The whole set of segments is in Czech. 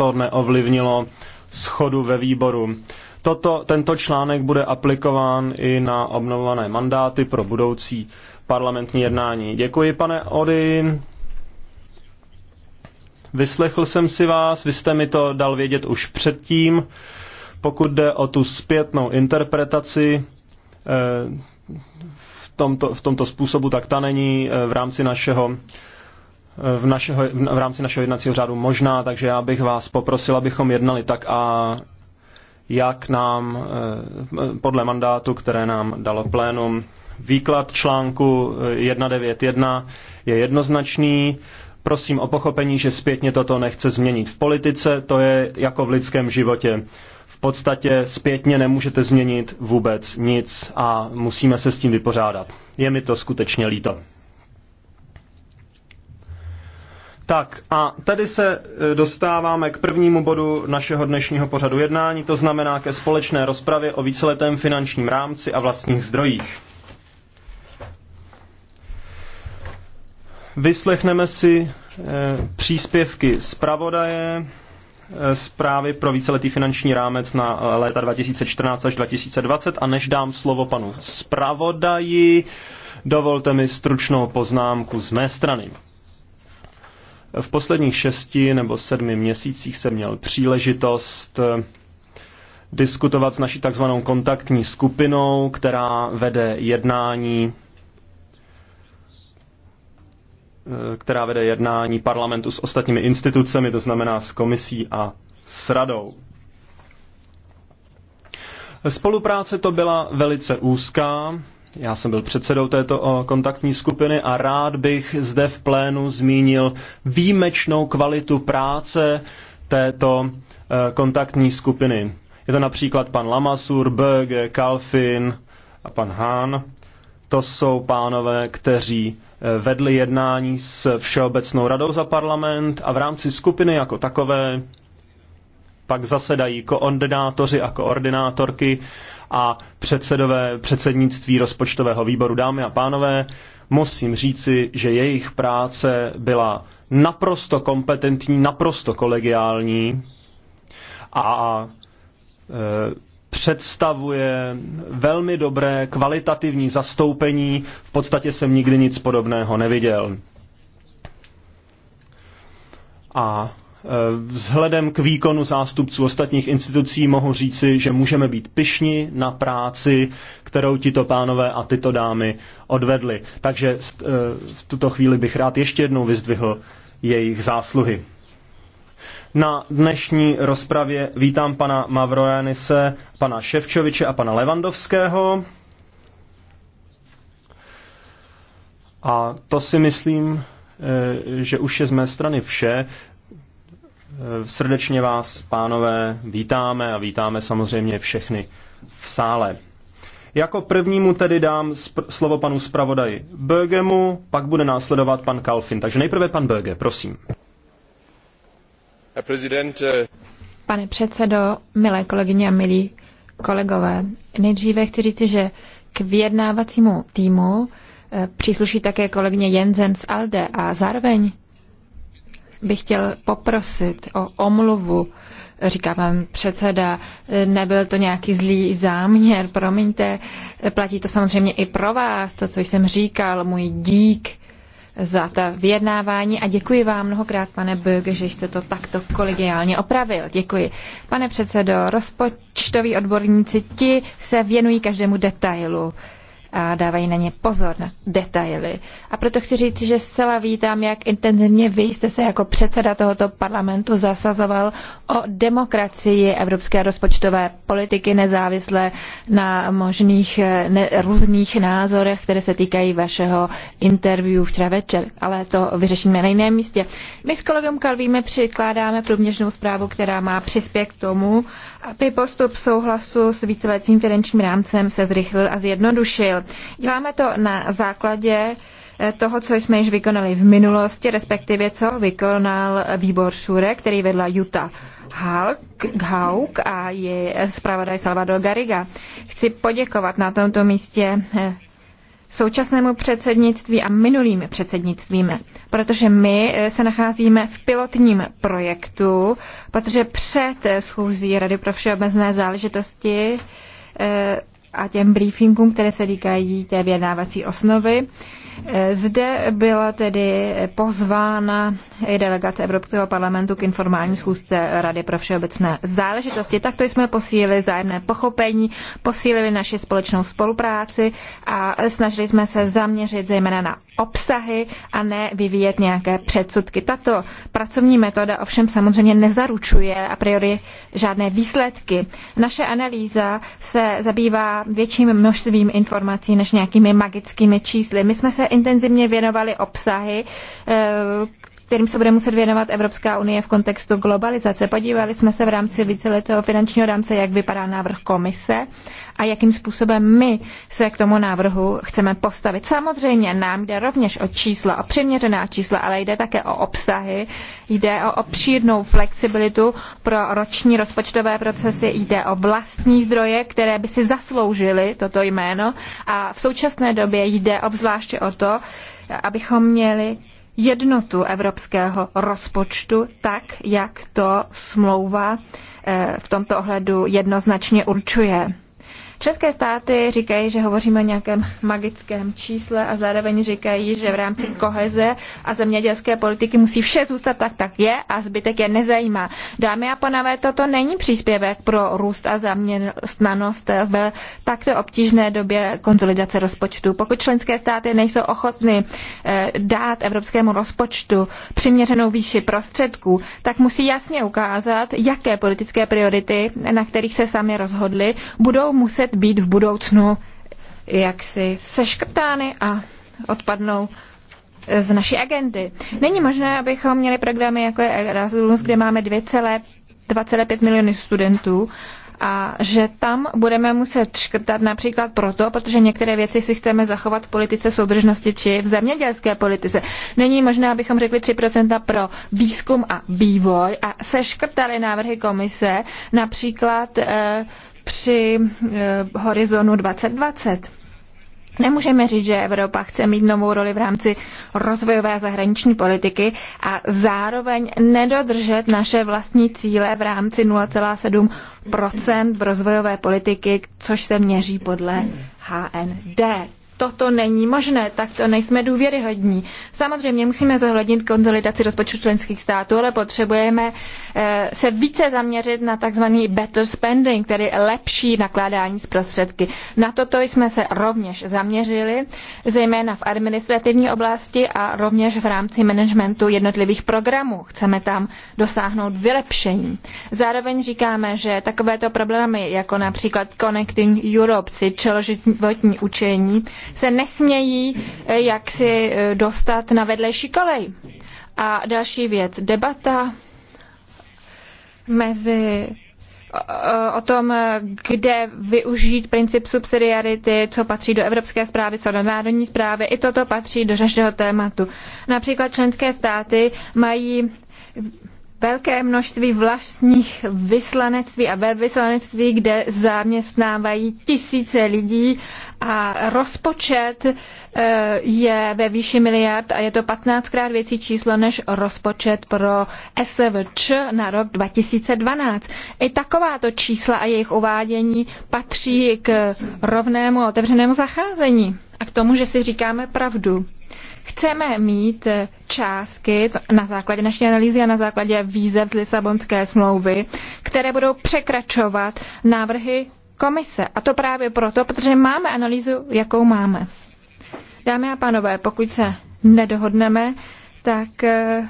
to neovlivnilo schodu ve výboru. Toto, tento článek bude aplikován i na obnovované mandáty pro budoucí parlamentní jednání. Děkuji, pane Ody. Vyslechl jsem si vás, vy jste mi to dal vědět už předtím. Pokud jde o tu zpětnou interpretaci eh, v tomto, v tomto způsobu, tak ta není eh, v rámci našeho v, našeho, v rámci našeho jednacího řádu možná, takže já bych vás poprosil, abychom jednali tak a jak nám eh, podle mandátu, které nám dalo plénum, výklad článku 191 eh, je jednoznačný. Prosím o pochopení, že zpětně toto nechce změnit. V politice to je jako v lidském životě. V podstatě zpětně nemůžete změnit vůbec nic a musíme se s tím vypořádat. Je mi to skutečně líto. Tak a tady se e, dostáváme k prvnímu bodu našeho dnešního pořadu jednání, to znamená ke společné rozpravě o víceletém finančním rámci a vlastních zdrojích. Vyslechneme si e, příspěvky zpravodaje, e, zprávy pro víceletý finanční rámec na léta 2014 až 2020 a než dám slovo panu zpravodaji, dovolte mi stručnou poznámku z mé strany. V posledních šesti nebo sedmi měsících jsem měl příležitost eh, diskutovat s naší takzvanou kontaktní skupinou, která vede jednání eh, která vede jednání parlamentu s ostatními institucemi, to znamená s komisí a s radou. Spolupráce to byla velice úzká, já jsem byl předsedou této kontaktní skupiny a rád bych zde v plénu zmínil výjimečnou kvalitu práce této e, kontaktní skupiny. Je to například pan Lamasur, Böge, Kalfin a pan Hahn. To jsou pánové, kteří e, vedli jednání s Všeobecnou radou za parlament a v rámci skupiny jako takové pak zasedají koordinátoři a koordinátorky a předsedové předsednictví rozpočtového výboru. Dámy a pánové, musím říci, že jejich práce byla naprosto kompetentní, naprosto kolegiální a e, představuje velmi dobré kvalitativní zastoupení. V podstatě jsem nikdy nic podobného neviděl. A Eh, vzhledem k výkonu zástupců ostatních institucí mohu říci, že můžeme být pišni na práci, kterou tito pánové a tyto dámy odvedli. Takže eh, v tuto chvíli bych rád ještě jednou vyzdvihl jejich zásluhy. Na dnešní rozpravě vítám pana Mavrojanise, pana Ševčoviče a pana Levandovského. A to si myslím, eh, že už je z mé strany vše. Eh, srdečně vás, pánové, vítáme a vítáme samozřejmě všechny v sále. Jako prvnímu tedy dám slovo panu zpravodaji Bögemu, pak bude následovat pan Kalfin. Takže nejprve pan Böge, prosím. Eh, Pane předsedo, milé kolegyně a milí kolegové, nejdříve chci říct, že k vyjednávacímu týmu eh, přísluší také kolegyně Jensen z ALDE a zároveň bych chtěl poprosit o omluvu. Říká vám předseda, nebyl to nějaký zlý záměr, promiňte, platí to samozřejmě i pro vás, to, co jsem říkal, můj dík za ta vyjednávání a děkuji vám mnohokrát, pane Böge, že jste to takto kolegiálně opravil. Děkuji. Pane předsedo, rozpočtoví odborníci, ti se věnují každému detailu a dávají na ně pozor na detaily. A proto chci říct, že zcela vítám, jak intenzivně vy jste se jako předseda tohoto parlamentu zasazoval o demokracii evropské rozpočtové politiky nezávisle na možných ne, různých názorech, které se týkají vašeho interview včera večer. Ale to vyřešíme na jiném místě. My s kolegem Kalvíme přikládáme průměžnou zprávu, která má přispět k tomu, aby postup souhlasu s víceletým finančním rámcem se zrychlil a zjednodušil. Děláme to na základě eh, toho, co jsme již vykonali v minulosti, respektive co vykonal výbor Šure, který vedla Juta Hauk a je zpravodaj Salvador Gariga. Chci poděkovat na tomto místě eh, současnému předsednictví a minulým předsednictvím, protože my eh, se nacházíme v pilotním projektu, protože před schůzí Rady pro všeobecné záležitosti a těm briefingům, které se týkají té vyjednávací osnovy. Zde byla tedy pozvána i delegace Evropského parlamentu k informální schůzce Rady pro všeobecné záležitosti. Takto jsme posílili zájemné pochopení, posílili naši společnou spolupráci a snažili jsme se zaměřit zejména na obsahy a ne vyvíjet nějaké předsudky. Tato pracovní metoda ovšem samozřejmě nezaručuje a priori žádné výsledky. Naše analýza se zabývá větším množstvím informací než nějakými magickými čísly. My jsme se intenzivně věnovali obsahy, eh, kterým se bude muset věnovat Evropská unie v kontextu globalizace. Podívali jsme se v rámci víceletého finančního rámce, jak vypadá návrh komise a jakým způsobem my se k tomu návrhu chceme postavit. Samozřejmě nám jde rovněž o čísla, o přiměřená čísla, ale jde také o obsahy, jde o obšírnou flexibilitu pro roční rozpočtové procesy, jde o vlastní zdroje, které by si zasloužily toto jméno a v současné době jde obzvláště o to, abychom měli jednotu evropského rozpočtu, tak jak to smlouva eh, v tomto ohledu jednoznačně určuje. České státy říkají, že hovoříme o nějakém magickém čísle a zároveň říkají, že v rámci koheze a zemědělské politiky musí vše zůstat tak, tak je a zbytek je nezajímá. Dámy a pánové, toto není příspěvek pro růst a zaměstnanost v takto obtížné době konsolidace rozpočtu. Pokud členské státy nejsou ochotny eh, dát evropskému rozpočtu přiměřenou výši prostředků, tak musí jasně ukázat, jaké politické priority, na kterých se sami rozhodli, budou muset opět být v budoucnu jaksi seškrtány a odpadnou z naší agendy. Není možné, abychom měli programy jako je Erasmus, kde máme 2,5 miliony studentů a že tam budeme muset škrtat například proto, protože některé věci si chceme zachovat v politice soudržnosti či v zemědělské politice. Není možné, abychom řekli 3% pro výzkum a vývoj a seškrtali návrhy komise, například eh, při eh, horizonu 2020. Nemůžeme říct, že Evropa chce mít novou roli v rámci rozvojové zahraniční politiky a zároveň nedodržet naše vlastní cíle v rámci 0,7 v rozvojové politiky, což se měří podle HND toto není možné, tak to nejsme důvěryhodní. Samozřejmě musíme zohlednit konzolidaci rozpočtu členských států, ale potřebujeme eh, se více zaměřit na tzv. better spending, tedy lepší nakládání s prostředky. Na toto jsme se rovněž zaměřili, zejména v administrativní oblasti a rovněž v rámci managementu jednotlivých programů. Chceme tam dosáhnout vylepšení. Zároveň říkáme, že takovéto problémy, jako například Connecting Europe, si celoživotní učení, se nesmějí eh, jaksi eh, dostat na vedlejší kolej. A další věc, debata mezi eh, o tom, kde využít princip subsidiarity, co patří do evropské zprávy, co do národní zprávy. I toto patří do našeho tématu. Například členské státy mají velké množství vlastních vyslanectví a velvyslanectví, kde zaměstnávají tisíce lidí a rozpočet eh, je ve výši miliard a je to 15krát větší číslo než rozpočet pro SVČ na rok 2012. I takováto čísla a jejich uvádění patří k rovnému otevřenému zacházení a k tomu, že si říkáme pravdu. Chceme mít částky na základě naší analýzy a na základě výzev z Lisabonské smlouvy, které budou překračovat návrhy komise. A to právě proto, protože máme analýzu, jakou máme. Dámy a pánové, pokud se nedohodneme, tak eh,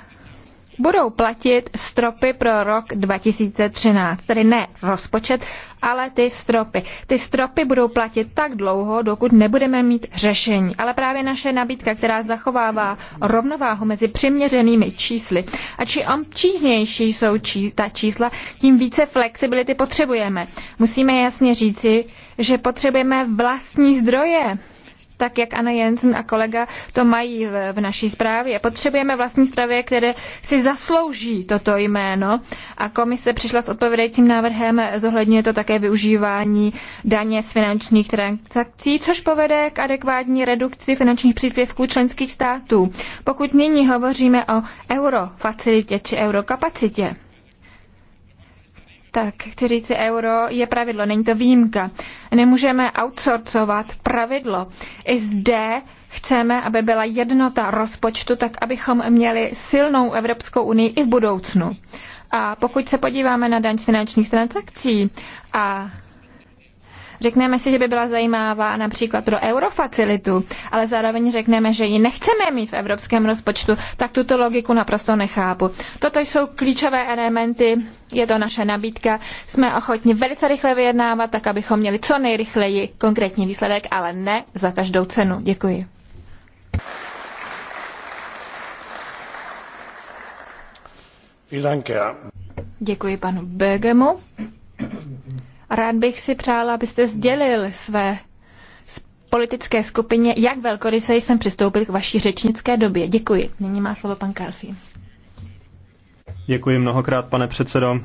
budou platit stropy pro rok 2013. Tedy ne rozpočet, ale ty stropy. Ty stropy budou platit tak dlouho, dokud nebudeme mít řešení. Ale právě naše nabídka, která zachovává rovnováhu mezi přiměřenými čísly a či obtížnější jsou čí, ta čísla, tím více flexibility potřebujeme. Musíme jasně říci, že potřebujeme vlastní zdroje tak jak Anna Jensen a kolega to mají v, v naší zprávě. Potřebujeme vlastní zprávě, které si zaslouží toto jméno a komise přišla s odpovědajícím návrhem, zohledňuje to také využívání daně z finančních transakcí, což povede k adekvátní redukci finančních příspěvků členských států. Pokud nyní hovoříme o eurofacilitě či eurokapacitě, tak chci říct, euro je pravidlo, není to výjimka. Nemůžeme outsourcovat pravidlo. I zde chceme, aby byla jednota rozpočtu, tak abychom měli silnou Evropskou unii i v budoucnu. A pokud se podíváme na daň z finančních transakcí a Řekneme si, že by byla zajímavá například pro eurofacilitu, ale zároveň řekneme, že ji nechceme mít v evropském rozpočtu, tak tuto logiku naprosto nechápu. Toto jsou klíčové elementy, je to naše nabídka. Jsme ochotni velice rychle vyjednávat, tak abychom měli co nejrychleji konkrétní výsledek, ale ne za každou cenu. Děkuji. Děkuji panu Begemu. Rád bych si přála, abyste sdělil své politické skupině, jak velkoryse jsem přistoupil k vaší řečnické době. Děkuji. Nyní má slovo pan Kalfi. Děkuji mnohokrát, pane předsedo.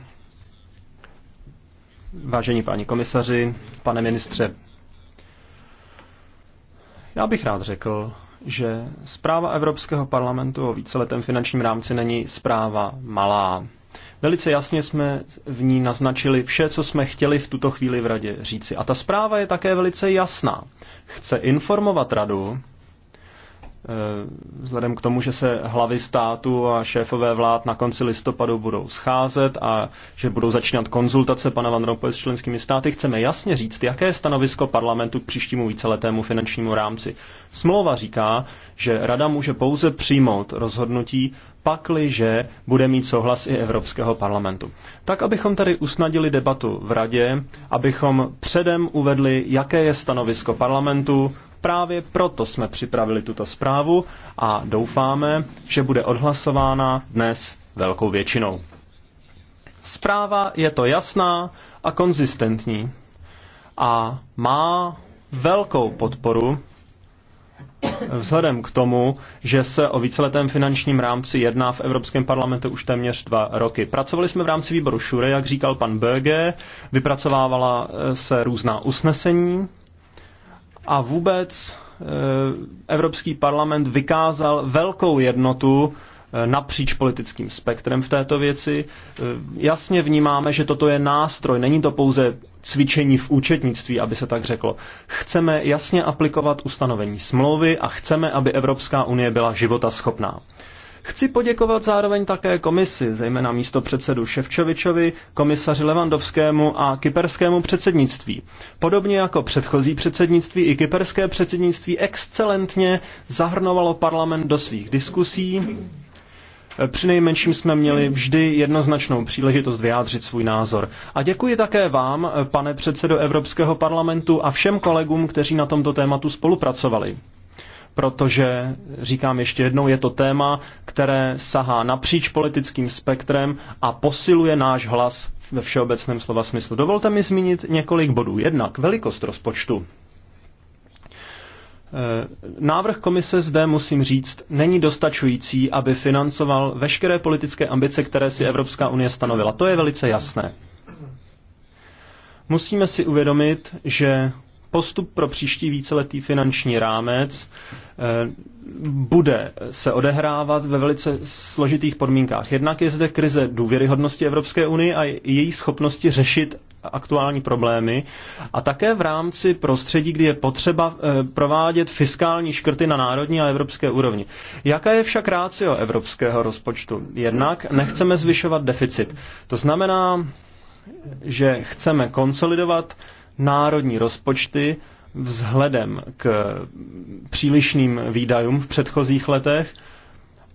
Vážení páni komisaři, pane ministře, já bych rád řekl, že zpráva Evropského parlamentu o víceletém finančním rámci není zpráva malá. Velice jasně jsme v ní naznačili vše, co jsme chtěli v tuto chvíli v radě říci. A ta zpráva je také velice jasná. Chce informovat radu Eh, vzhledem k tomu, že se hlavy státu a šéfové vlád na konci listopadu budou scházet a že budou začínat konzultace pana Van Rompuy s členskými státy, chceme jasně říct, jaké je stanovisko parlamentu k příštímu víceletému finančnímu rámci. Smlouva říká, že Rada může pouze přijmout rozhodnutí, pakliže bude mít souhlas i Evropského parlamentu. Tak, abychom tady usnadili debatu v Radě, abychom předem uvedli, jaké je stanovisko parlamentu, Právě proto jsme připravili tuto zprávu a doufáme, že bude odhlasována dnes velkou většinou. Zpráva je to jasná a konzistentní a má velkou podporu vzhledem k tomu, že se o víceletém finančním rámci jedná v Evropském parlamentu už téměř dva roky. Pracovali jsme v rámci výboru Šure, jak říkal pan Böge, vypracovávala se různá usnesení a vůbec eh, Evropský parlament vykázal velkou jednotu eh, napříč politickým spektrem v této věci. Eh, jasně vnímáme, že toto je nástroj, není to pouze cvičení v účetnictví, aby se tak řeklo. Chceme jasně aplikovat ustanovení smlouvy a chceme, aby Evropská unie byla životaschopná. Chci poděkovat zároveň také komisi, zejména místo předsedu Ševčovičovi, komisaři Levandovskému a kyperskému předsednictví. Podobně jako předchozí předsednictví, i kyperské předsednictví excelentně zahrnovalo parlament do svých diskusí. nejmenším jsme měli vždy jednoznačnou příležitost vyjádřit svůj názor. A děkuji také vám, pane předsedo Evropského parlamentu a všem kolegům, kteří na tomto tématu spolupracovali protože, říkám ještě jednou, je to téma, které sahá napříč politickým spektrem a posiluje náš hlas ve všeobecném slova smyslu. Dovolte mi zmínit několik bodů. Jednak velikost rozpočtu. E, návrh komise zde, musím říct, není dostačující, aby financoval veškeré politické ambice, které si Evropská unie stanovila. To je velice jasné. Musíme si uvědomit, že Postup pro příští víceletý finanční rámec eh, bude se odehrávat ve velice složitých podmínkách. Jednak je zde krize důvěryhodnosti Evropské unie a její schopnosti řešit aktuální problémy a také v rámci prostředí, kdy je potřeba eh, provádět fiskální škrty na národní a evropské úrovni. Jaká je však rácio evropského rozpočtu? Jednak nechceme zvyšovat deficit. To znamená, že chceme konsolidovat národní rozpočty vzhledem k přílišným výdajům v předchozích letech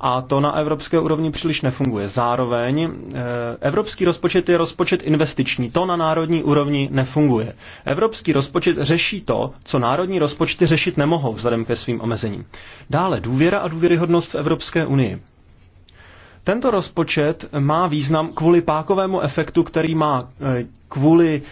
a to na evropské úrovni příliš nefunguje. Zároveň eh, evropský rozpočet je rozpočet investiční, to na národní úrovni nefunguje. Evropský rozpočet řeší to, co národní rozpočty řešit nemohou vzhledem ke svým omezením. Dále důvěra a důvěryhodnost v Evropské unii. Tento rozpočet má význam kvůli pákovému efektu, který má eh, kvůli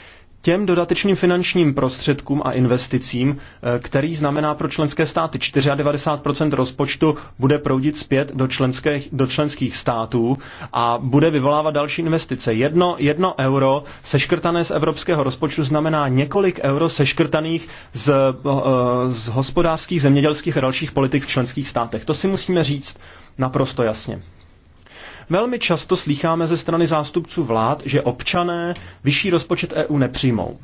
těm dodatečným finančním prostředkům a investicím, eh, který znamená pro členské státy 94% rozpočtu bude proudit zpět do, členských, do členských států a bude vyvolávat další investice. Jedno, jedno euro seškrtané z evropského rozpočtu znamená několik euro seškrtaných z, eh, z hospodářských, zemědělských a dalších politik v členských státech. To si musíme říct naprosto jasně. Velmi často slýcháme ze strany zástupců vlád, že občané vyšší rozpočet EU nepřijmou.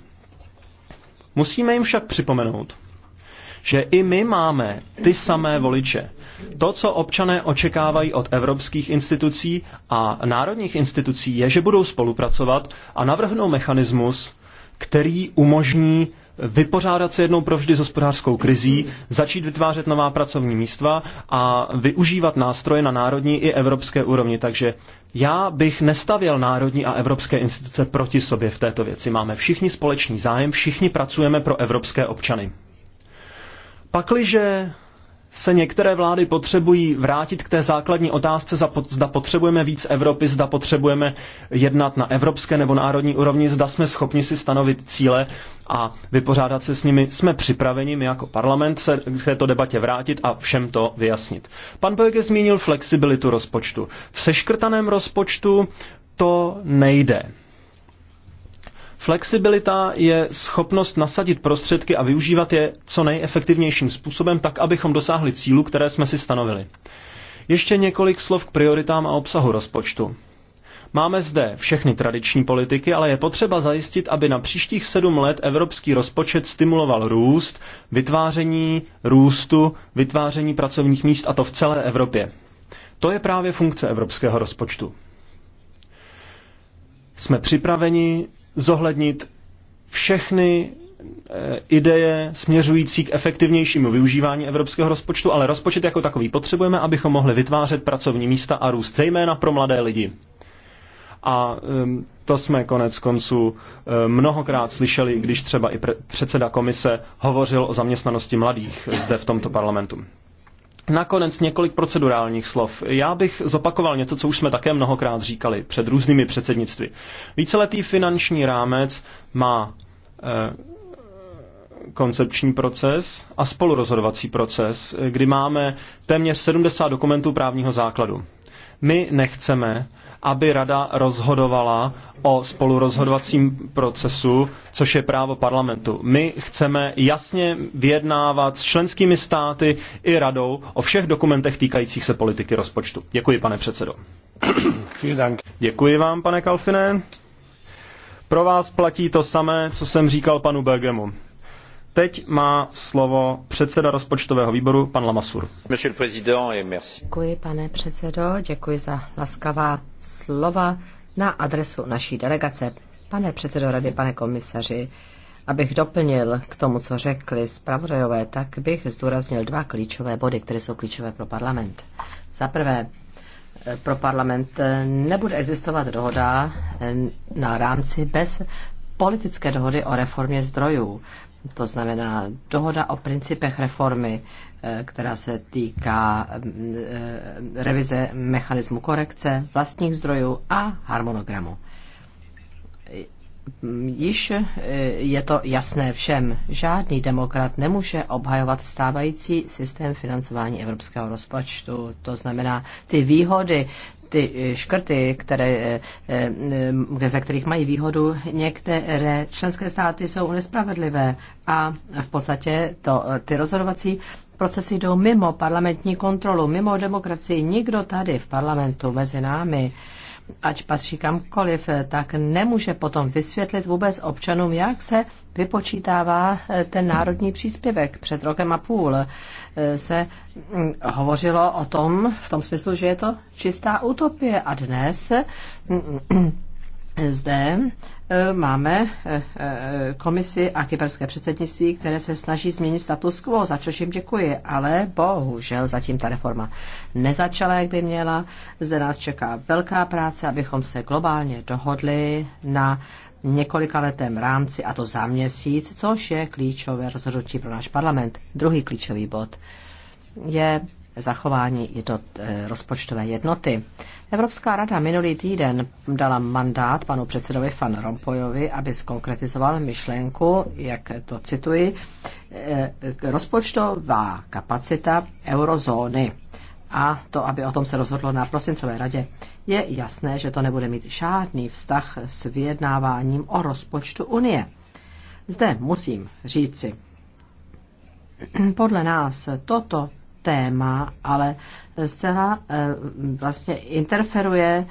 Musíme jim však připomenout, že i my máme ty samé voliče. To, co občané očekávají od evropských institucí a národních institucí, je, že budou spolupracovat a navrhnou mechanismus, který umožní vypořádat se jednou provždy s hospodářskou krizí, začít vytvářet nová pracovní místa a využívat nástroje na národní i evropské úrovni. Takže já bych nestavěl národní a evropské instituce proti sobě v této věci. Máme všichni společný zájem, všichni pracujeme pro evropské občany. Pakliže se některé vlády potřebují vrátit k té základní otázce, zda potřebujeme víc Evropy, zda potřebujeme jednat na evropské nebo národní úrovni, zda jsme schopni si stanovit cíle a vypořádat se s nimi. Jsme připraveni my jako parlament se k této debatě vrátit a všem to vyjasnit. Pan Bojke zmínil flexibilitu rozpočtu. V seškrtaném rozpočtu to nejde. Flexibilita je schopnost nasadit prostředky a využívat je co nejefektivnějším způsobem, tak abychom dosáhli cílu, které jsme si stanovili. Ještě několik slov k prioritám a obsahu rozpočtu. Máme zde všechny tradiční politiky, ale je potřeba zajistit, aby na příštích sedm let evropský rozpočet stimuloval růst, vytváření růstu, vytváření pracovních míst a to v celé Evropě. To je právě funkce evropského rozpočtu. Jsme připraveni zohlednit všechny eh, ideje směřující k efektivnějšímu využívání evropského rozpočtu, ale rozpočet jako takový potřebujeme, abychom mohli vytvářet pracovní místa a růst, zejména pro mladé lidi. A ehm, to jsme konec konců eh, mnohokrát slyšeli, když třeba i předseda komise hovořil o zaměstnanosti mladých zde v tomto parlamentu. Nakonec několik procedurálních slov. Já bych zopakoval něco, co už jsme také mnohokrát říkali před různými předsednictvy. Víceletý finanční rámec má eh, koncepční proces a spolurozhodovací proces, eh, kdy máme téměř 70 dokumentů právního základu. My nechceme, aby rada rozhodovala o spolurozhodovacím procesu, což je právo parlamentu. My chceme jasně vyjednávat s členskými státy i radou o všech dokumentech týkajících se politiky rozpočtu. Děkuji, pane předsedo. Děkuji vám, pane Kalfine. Pro vás platí to samé, co jsem říkal panu Begemu. Teď má slovo předseda rozpočtového výboru, pan Lamasur. Děkuji, pane předsedo, děkuji za laskavá slova na adresu naší delegace. Pane předsedo rady, pane komisaři, abych doplnil k tomu, co řekli zpravodajové, tak bych zdůraznil dva klíčové body, které jsou klíčové pro parlament. Za prvé, pro parlament nebude existovat dohoda na rámci bez politické dohody o reformě zdrojů to znamená dohoda o principech reformy, eh, která se týká mm, eh, revize mechanismu korekce, vlastních zdrojů a harmonogramu. Již eh, je to jasné všem. Žádný demokrat nemůže obhajovat stávající systém financování evropského rozpočtu. To znamená ty výhody ty eh, škrty, které, eh, eh, ze kterých mají výhodu, některé členské státy jsou nespravedlivé a v podstatě to, ty rozhodovací procesy jdou mimo parlamentní kontrolu, mimo demokracii. Nikdo tady v parlamentu mezi námi ať patří kamkoliv, tak nemůže potom vysvětlit vůbec občanům, jak se vypočítává eh, ten národní příspěvek. Před rokem a půl eh, se mm, hovořilo o tom, v tom smyslu, že je to čistá utopie. A dnes mm, mm, zde E, máme e, e, komisi a kyperské předsednictví, které se snaží změnit status quo, za což jim děkuji, ale bohužel zatím ta reforma nezačala, jak by měla. Zde nás čeká velká práce, abychom se globálně dohodli na několika letém rámci, a to za měsíc, což je klíčové rozhodnutí pro náš parlament. Druhý klíčový bod je zachování jednot, eh, rozpočtové jednoty. Evropská rada minulý týden dala mandát panu předsedovi Van Rompojovi, aby skonkretizoval myšlenku, jak to cituji, eh, rozpočtová kapacita eurozóny. A to, aby o tom se rozhodlo na prosincové radě, je jasné, že to nebude mít žádný vztah s vyjednáváním o rozpočtu Unie. Zde musím říci, podle nás toto téma, ale zcela eh, vlastně interferuje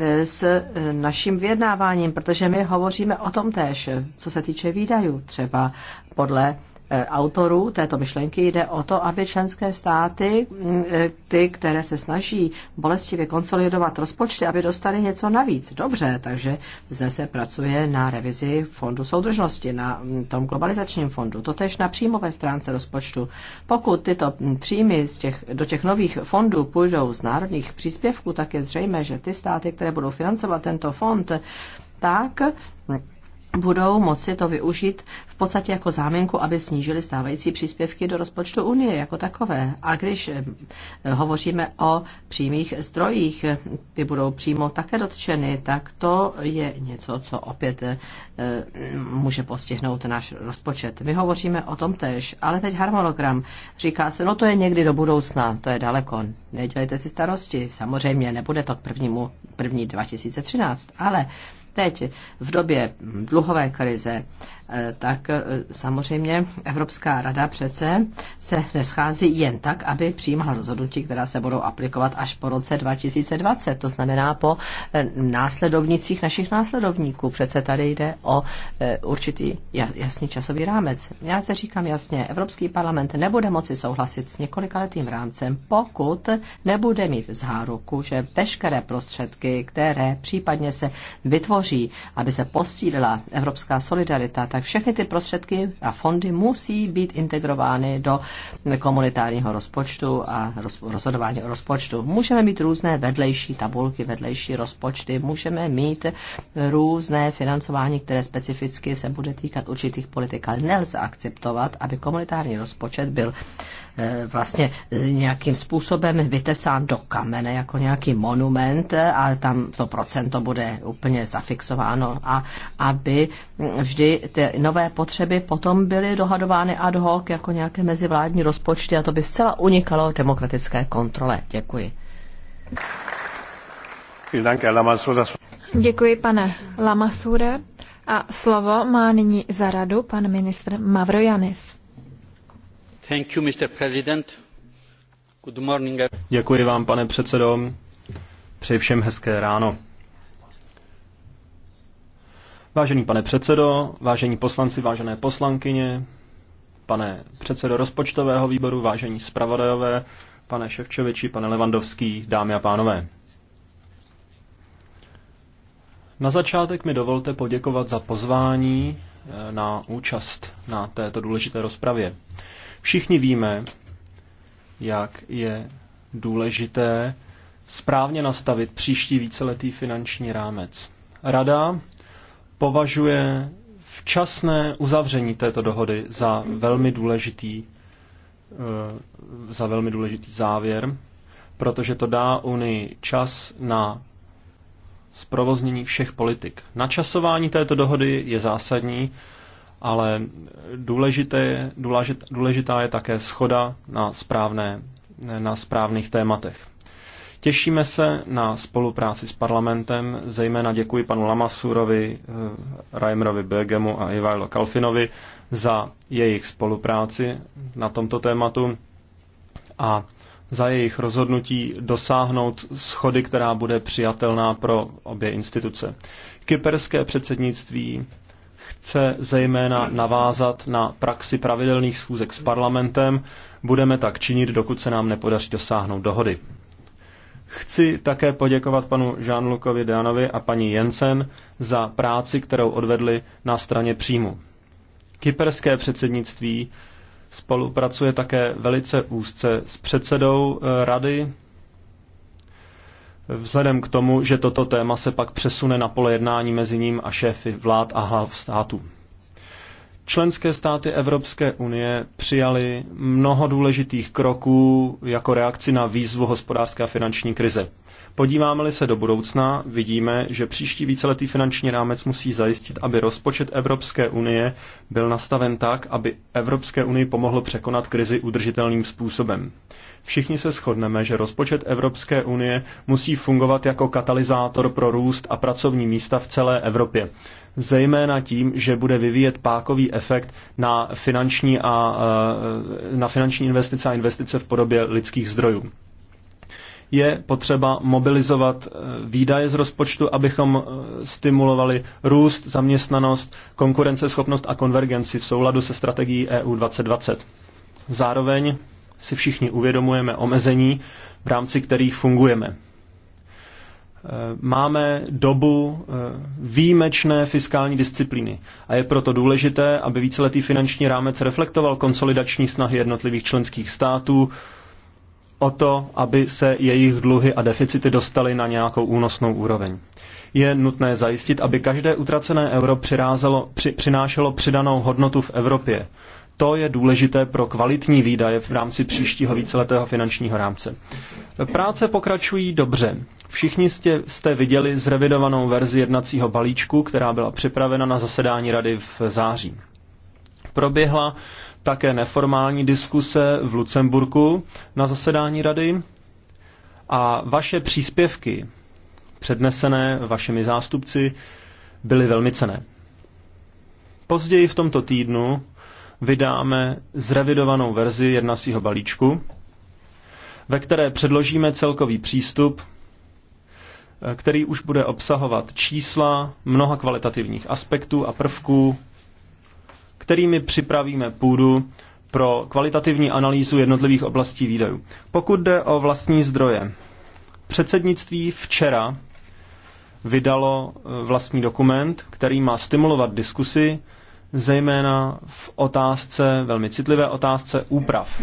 eh, s eh, naším vyjednáváním, protože my hovoříme o tom též, co se týče výdajů třeba podle E, autorů této myšlenky jde o to, aby členské státy, e, ty, které se snaží bolestivě konsolidovat rozpočty, aby dostali něco navíc. Dobře, takže zde se pracuje na revizi fondu soudržnosti, na tom globalizačním fondu, totež na příjmové stránce rozpočtu. Pokud tyto příjmy z těch, do těch nových fondů půjdou z národních příspěvků, tak je zřejmé, že ty státy, které budou financovat tento fond, tak budou moci to využít v podstatě jako záminku, aby snížili stávající příspěvky do rozpočtu Unie jako takové. A když eh, hovoříme o přímých zdrojích, ty budou přímo také dotčeny, tak to je něco, co opět eh, může postihnout náš rozpočet. My hovoříme o tom tež, ale teď harmonogram. Říká se, no to je někdy do budoucna, to je daleko. Nedělejte si starosti, samozřejmě nebude to k prvnímu, první 2013, ale teď v době dluhové krize Eh, tak eh, samozřejmě Evropská rada přece se neschází jen tak, aby přijímala rozhodnutí, která se budou aplikovat až po roce 2020, to znamená po eh, následovnicích našich následovníků. Přece tady jde o určitý jasný časový rámec. Já zde říkám jasně, Evropský parlament nebude moci souhlasit s několikaletým rámcem, pokud nebude mít záruku, že veškeré prostředky, které případně se vytvoří, aby se posílila evropská solidarita, tak všechny ty prostředky a fondy musí být integrovány do komunitárního rozpočtu a rozhodování o rozpočtu. Můžeme mít různé vedlejší tabulky, vedlejší rozpočty, můžeme mít různé financování, které specificky se bude týkat určitých politik, ale nelze akceptovat, aby komunitární rozpočet byl Eh, vlastně eh, nějakým způsobem vytesán do kamene jako nějaký monument eh, a tam to procento bude úplně zafixováno a aby hm, vždy ty nové potřeby potom byly dohadovány ad hoc jako nějaké mezivládní rozpočty a to by zcela unikalo demokratické kontrole. Děkuji. Děkuji, pane Lamasure. A slovo má nyní za radu pan ministr Mavrojanis. Děkuji vám, pane předsedo. Přeji všem hezké ráno. Vážený pane předsedo, vážení poslanci, vážené poslankyně, pane předsedo rozpočtového výboru, vážení zpravodajové, pane Ševčoviči, pane Levandovský, dámy a pánové. Na začátek mi dovolte poděkovat za pozvání eh, na účast na této důležité rozpravě. Všichni víme, jak je důležité správně nastavit příští víceletý finanční rámec. Rada považuje včasné uzavření této dohody za velmi důležitý, eh, za velmi důležitý závěr, protože to dá Unii čas na zprovoznění všech politik. Načasování této dohody je zásadní, ale důležité, důležitá je také schoda na, správné, na správných tématech. Těšíme se na spolupráci s parlamentem, zejména děkuji panu Lamasurovi, eh, Reimerovi Begemu a Ivailo Kalfinovi za jejich spolupráci na tomto tématu a za jejich rozhodnutí dosáhnout schody, která bude přijatelná pro obě instituce. Kyperské předsednictví chce zejména navázat na praxi pravidelných schůzek s parlamentem. Budeme tak činit, dokud se nám nepodaří dosáhnout dohody. Chci také poděkovat panu Žánlukovi Deanovi a paní Jensen za práci, kterou odvedli na straně příjmu. Kyperské předsednictví spolupracuje také velice úzce s předsedou eh, rady vzhledem k tomu, že toto téma se pak přesune na pole jednání mezi ním a šéfy vlád a hlav států. Členské státy Evropské unie přijaly mnoho důležitých kroků jako reakci na výzvu hospodářské a finanční krize. Podíváme-li se do budoucna, vidíme, že příští víceletý finanční rámec musí zajistit, aby rozpočet Evropské unie byl nastaven tak, aby Evropské unii pomohlo překonat krizi udržitelným způsobem. Všichni se shodneme, že rozpočet Evropské unie musí fungovat jako katalyzátor pro růst a pracovní místa v celé Evropě. Zejména tím, že bude vyvíjet pákový efekt na finanční, a, eh, na finanční investice a investice v podobě lidských zdrojů je potřeba mobilizovat eh, výdaje z rozpočtu, abychom eh, stimulovali růst, zaměstnanost, konkurenceschopnost a konvergenci v souladu se strategií EU 2020. Zároveň si všichni uvědomujeme omezení, v rámci kterých fungujeme. E, máme dobu e, výjimečné fiskální disciplíny a je proto důležité, aby víceletý finanční rámec reflektoval konsolidační snahy jednotlivých členských států o to, aby se jejich dluhy a deficity dostaly na nějakou únosnou úroveň je nutné zajistit, aby každé utracené euro při, přinášelo přidanou hodnotu v Evropě to je důležité pro kvalitní výdaje v rámci příštího víceletého finančního rámce. Práce pokračují dobře. Všichni jste, jste viděli zrevidovanou verzi jednacího balíčku, která byla připravena na zasedání rady v září. Proběhla také neformální diskuse v Lucemburku na zasedání rady a vaše příspěvky, přednesené vašimi zástupci, byly velmi cené. Později v tomto týdnu vydáme zrevidovanou verzi jednacího balíčku, ve které předložíme celkový přístup, eh, který už bude obsahovat čísla mnoha kvalitativních aspektů a prvků, kterými připravíme půdu pro kvalitativní analýzu jednotlivých oblastí výdajů. Pokud jde o vlastní zdroje, předsednictví včera vydalo eh, vlastní dokument, který má stimulovat diskusy zejména v otázce, velmi citlivé otázce úprav.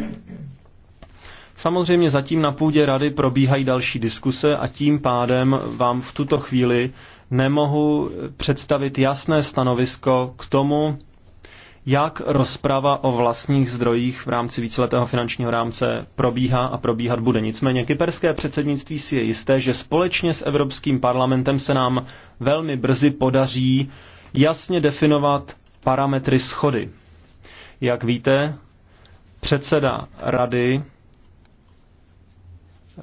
Samozřejmě zatím na půdě rady probíhají další diskuse a tím pádem vám v tuto chvíli nemohu představit jasné stanovisko k tomu, jak rozprava o vlastních zdrojích v rámci víceletého finančního rámce probíhá a probíhat bude. Nicméně kyperské předsednictví si je jisté, že společně s Evropským parlamentem se nám velmi brzy podaří jasně definovat parametry schody. Jak víte, předseda rady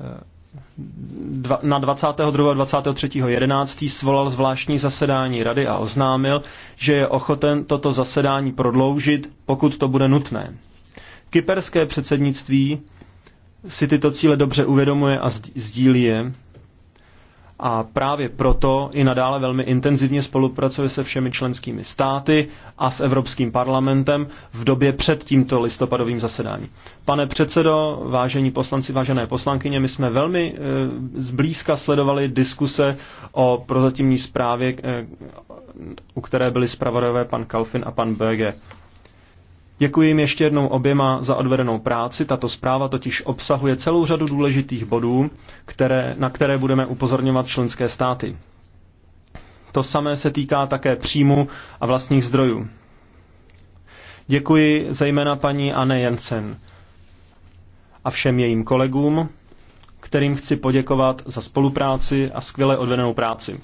eh, na 22. a 23. 11. svolal zvláštní zasedání rady a oznámil, že je ochoten toto zasedání prodloužit, pokud to bude nutné. Kyperské předsednictví si tyto cíle dobře uvědomuje a sdílí je a právě proto i nadále velmi intenzivně spolupracuje se všemi členskými státy a s Evropským parlamentem v době před tímto listopadovým zasedáním. Pane předsedo, vážení poslanci, vážené poslankyně, my jsme velmi e, zblízka sledovali diskuse o prozatímní zprávě, e, u které byli zpravodajové pan Kalfin a pan Böge. Děkuji jim ještě jednou oběma za odvedenou práci. Tato zpráva totiž obsahuje celou řadu důležitých bodů, které, na které budeme upozorňovat členské státy. To samé se týká také příjmu a vlastních zdrojů. Děkuji zejména paní Anne Jensen a všem jejím kolegům, kterým chci poděkovat za spolupráci a skvěle odvedenou práci.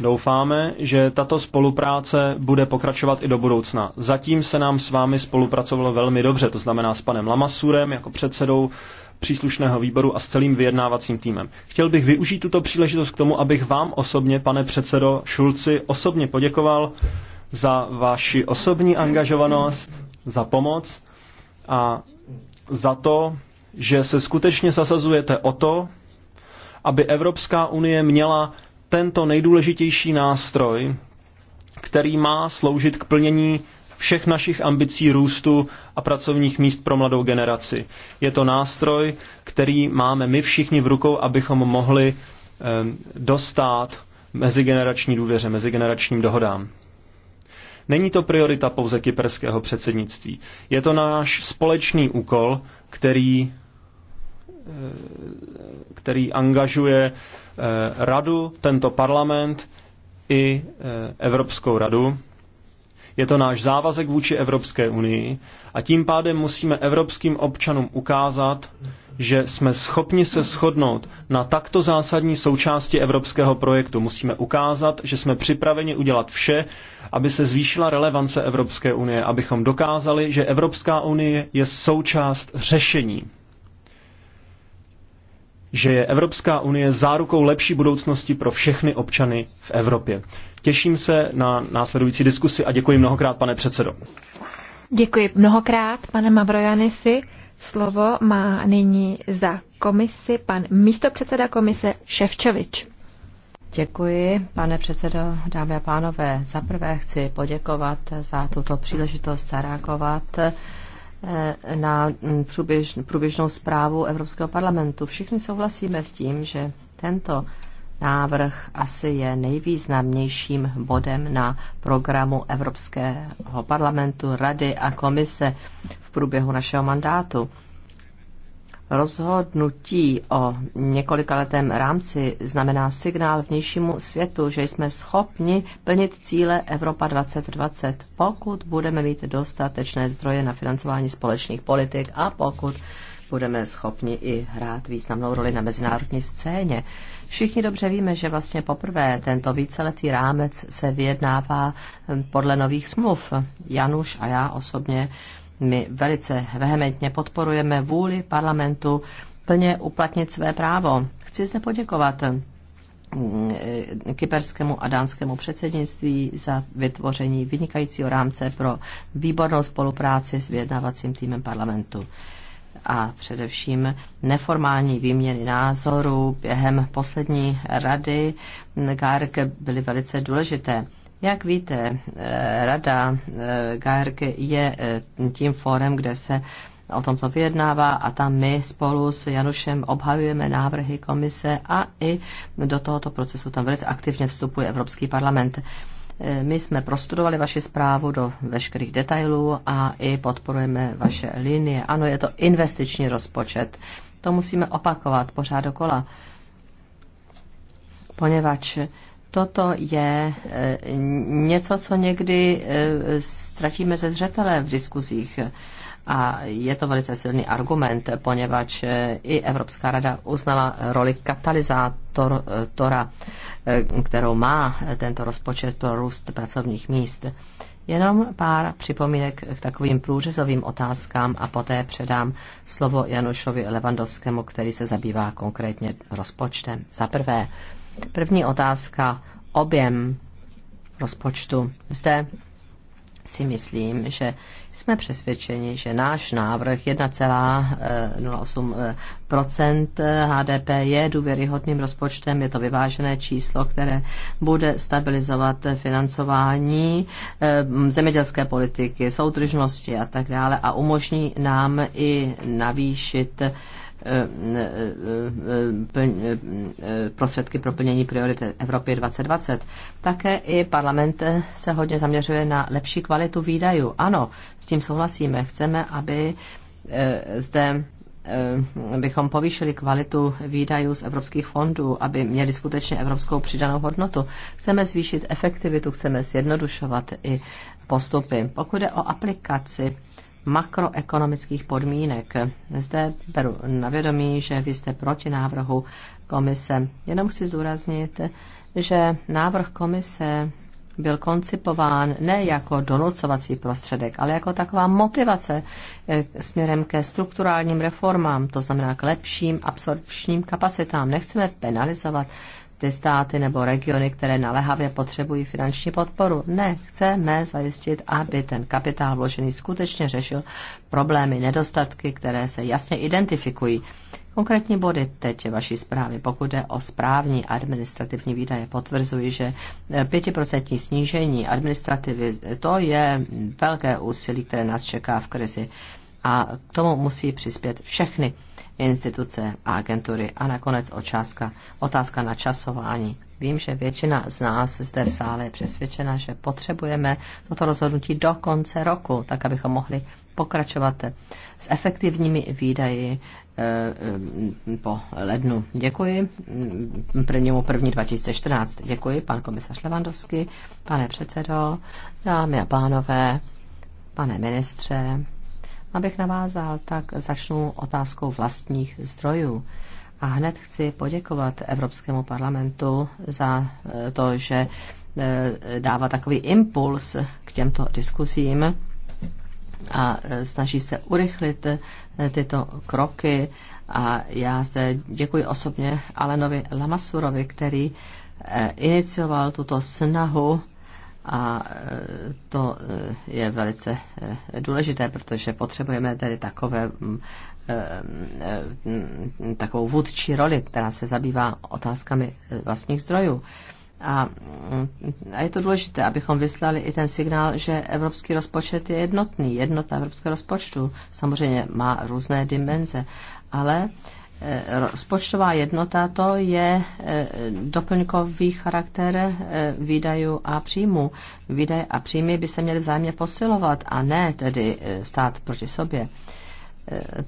Doufáme, že tato spolupráce bude pokračovat i do budoucna. Zatím se nám s vámi spolupracovalo velmi dobře, to znamená s panem Lamasurem jako předsedou příslušného výboru a s celým vyjednávacím týmem. Chtěl bych využít tuto příležitost k tomu, abych vám osobně, pane předsedo Šulci, osobně poděkoval za vaši osobní angažovanost, za pomoc a za to, že se skutečně zasazujete o to, aby Evropská unie měla tento nejdůležitější nástroj, který má sloužit k plnění všech našich ambicí růstu a pracovních míst pro mladou generaci. Je to nástroj, který máme my všichni v rukou, abychom mohli eh, dostat mezigenerační důvěře, mezigeneračním dohodám. Není to priorita pouze kyperského předsednictví. Je to náš společný úkol, který Eh, který angažuje eh, radu, tento parlament i eh, Evropskou radu. Je to náš závazek vůči Evropské unii a tím pádem musíme evropským občanům ukázat, že jsme schopni se shodnout na takto zásadní součásti evropského projektu. Musíme ukázat, že jsme připraveni udělat vše, aby se zvýšila relevance Evropské unie, abychom dokázali, že Evropská unie je součást řešení že je Evropská unie zárukou lepší budoucnosti pro všechny občany v Evropě. Těším se na následující diskusi a děkuji mnohokrát, pane předsedo. Děkuji mnohokrát, pane Mavrojanisi. Slovo má nyní za komisi pan místopředseda komise Ševčovič. Děkuji, pane předsedo, dámy a pánové. Za prvé chci poděkovat za tuto příležitost zareagovat Eh, na mm, průběž, průběžnou zprávu Evropského parlamentu. Všichni souhlasíme s tím, že tento návrh asi je nejvýznamnějším bodem na programu Evropského parlamentu, Rady a Komise v průběhu našeho mandátu. Rozhodnutí o několikaletém rámci znamená signál vnějšímu světu, že jsme schopni plnit cíle Evropa 2020, pokud budeme mít dostatečné zdroje na financování společných politik a pokud budeme schopni i hrát významnou roli na mezinárodní scéně. Všichni dobře víme, že vlastně poprvé tento víceletý rámec se vyjednává hm, podle nových smluv. Januš a já osobně my velice vehementně podporujeme vůli parlamentu plně uplatnit své právo. Chci zde poděkovat mm, eh, kyperskému a dánskému předsednictví za vytvoření vynikajícího rámce pro výbornou spolupráci s vyjednávacím týmem parlamentu a především neformální výměny názorů během poslední rady GARK byly velice důležité. Jak víte, eh, Rada eh, GARG je eh, tím fórem, kde se o tomto vyjednává a tam my spolu s Janušem obhajujeme návrhy komise a i do tohoto procesu tam velice aktivně vstupuje Evropský parlament. My jsme prostudovali vaši zprávu do veškerých detailů a i podporujeme vaše linie. Ano, je to investiční rozpočet. To musíme opakovat pořád dokola, poněvadž toto je eh, něco, co někdy eh, ztratíme ze zřetele v diskuzích. A je to velice silný argument, poněvadž eh, i Evropská rada uznala roli katalyzátora, kterou má tento rozpočet pro růst pracovních míst. Jenom pár připomínek k takovým průřezovým otázkám a poté předám slovo Janušovi Levandovskému, který se zabývá konkrétně rozpočtem. Za prvé, První otázka, objem rozpočtu. Zde si myslím, že jsme přesvědčeni, že náš návrh 1,08 eh, eh, eh, HDP je důvěryhodným rozpočtem, je to vyvážené číslo, které bude stabilizovat financování zemědělské politiky, soudržnosti a tak dále a umožní nám i navýšit prostředky pro plnění priorit Evropy 2020. Také i parlament se hodně zaměřuje na lepší kvalitu výdajů. Ano, s tím souhlasíme. Chceme, aby eh, zde eh, bychom povýšili kvalitu výdajů z evropských fondů, aby měli skutečně evropskou přidanou hodnotu. Chceme zvýšit efektivitu, chceme zjednodušovat i postupy. Pokud je o aplikaci makroekonomických podmínek. Zde beru na vědomí, že vy jste proti návrhu komise. Jenom chci zdůraznit, že návrh komise byl koncipován ne jako donucovací prostředek, ale jako taková motivace eh, směrem ke strukturálním reformám, to znamená k lepším absorpčním kapacitám. Nechceme penalizovat ty státy nebo regiony, které naléhavě potřebují finanční podporu. Ne, chceme zajistit, aby ten kapitál vložený skutečně řešil problémy, nedostatky, které se jasně identifikují. Konkrétní body teď vaší zprávy. Pokud jde o správní administrativní výdaje, potvrzuji, že 5% eh, snížení administrativy, to je velké úsilí, které nás čeká v krizi. A k tomu musí přispět všechny instituce a agentury. A nakonec otázka, otázka na časování. Vím, že většina z nás zde v sále je přesvědčena, že potřebujeme toto rozhodnutí do konce roku, tak abychom mohli pokračovat s efektivními výdaji eh, eh, po lednu. Děkuji. Mm, prvnímu první 2014. Děkuji, pan komisař Levandovský, pane předsedo, dámy a pánové, pane ministře. Abych navázal, tak začnu otázkou vlastních zdrojů. A hned chci poděkovat Evropskému parlamentu za eh, to, že eh, dává takový impuls k těmto diskuzím a eh, snaží se urychlit tyto kroky. A já zde děkuji osobně Alenovi Lamasurovi, který inicioval tuto snahu a e, to e, je velice e, důležité, protože potřebujeme tedy takové, mm, mm, takovou vůdčí roli, která se zabývá otázkami vlastních zdrojů. A, mm, a je to důležité, abychom vyslali i ten signál, že evropský rozpočet je jednotný, jednota evropského rozpočtu. Samozřejmě má různé dimenze, ale eh, Rozpočtová jednota to je e, doplňkový charakter e, výdajů a příjmů. Výdaje a příjmy by se měly vzájemně posilovat a ne tedy e, stát proti sobě.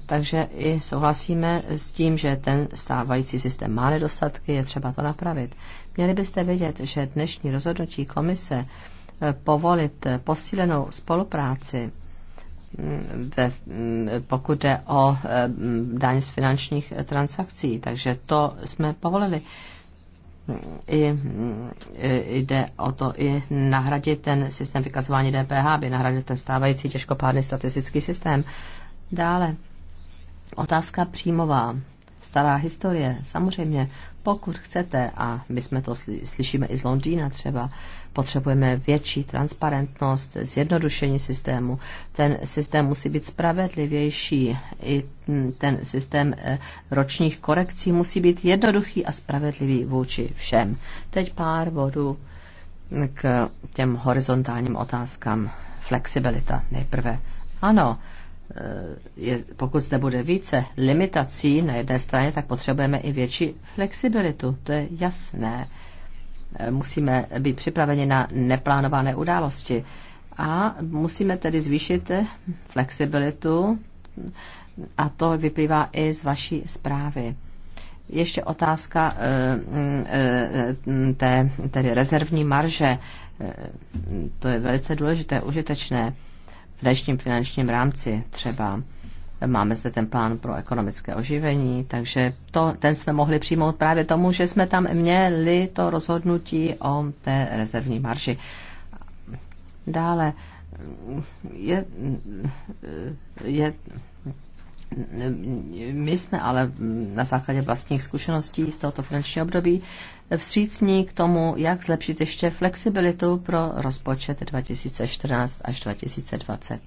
Takže i souhlasíme s tím, že ten stávající systém má nedostatky, je třeba to napravit. Měli byste vědět, že dnešní rozhodnutí komise povolit posílenou spolupráci ve, pokud jde o eh, daň z finančních transakcí. Takže to jsme povolili. I, eh, jde o to i nahradit ten systém vykazování DPH, aby nahradil ten stávající těžkopádný statistický systém. Dále, otázka příjmová. Stará historie, samozřejmě. Pokud chcete, a my jsme to slyšíme i z Londýna třeba, potřebujeme větší transparentnost, zjednodušení systému. Ten systém musí být spravedlivější. I ten systém e, ročních korekcí musí být jednoduchý a spravedlivý vůči všem. Teď pár bodů k těm horizontálním otázkám. Flexibilita nejprve. Ano, Eh, je, pokud zde bude více limitací na jedné straně, tak potřebujeme i větší flexibilitu. To je jasné. Eh, musíme být připraveni na neplánované události. A musíme tedy zvýšit flexibilitu a to vyplývá i z vaší zprávy. Ještě otázka eh, mm, mm, té tedy rezervní marže. To je velice důležité, užitečné dnešním finančním rámci třeba. Máme zde ten plán pro ekonomické oživení, takže to, ten jsme mohli přijmout právě tomu, že jsme tam měli to rozhodnutí o té rezervní marži. Dále je, je my jsme ale na základě vlastních zkušeností z tohoto finančního období vstřícní k tomu, jak zlepšit ještě flexibilitu pro rozpočet 2014 až 2020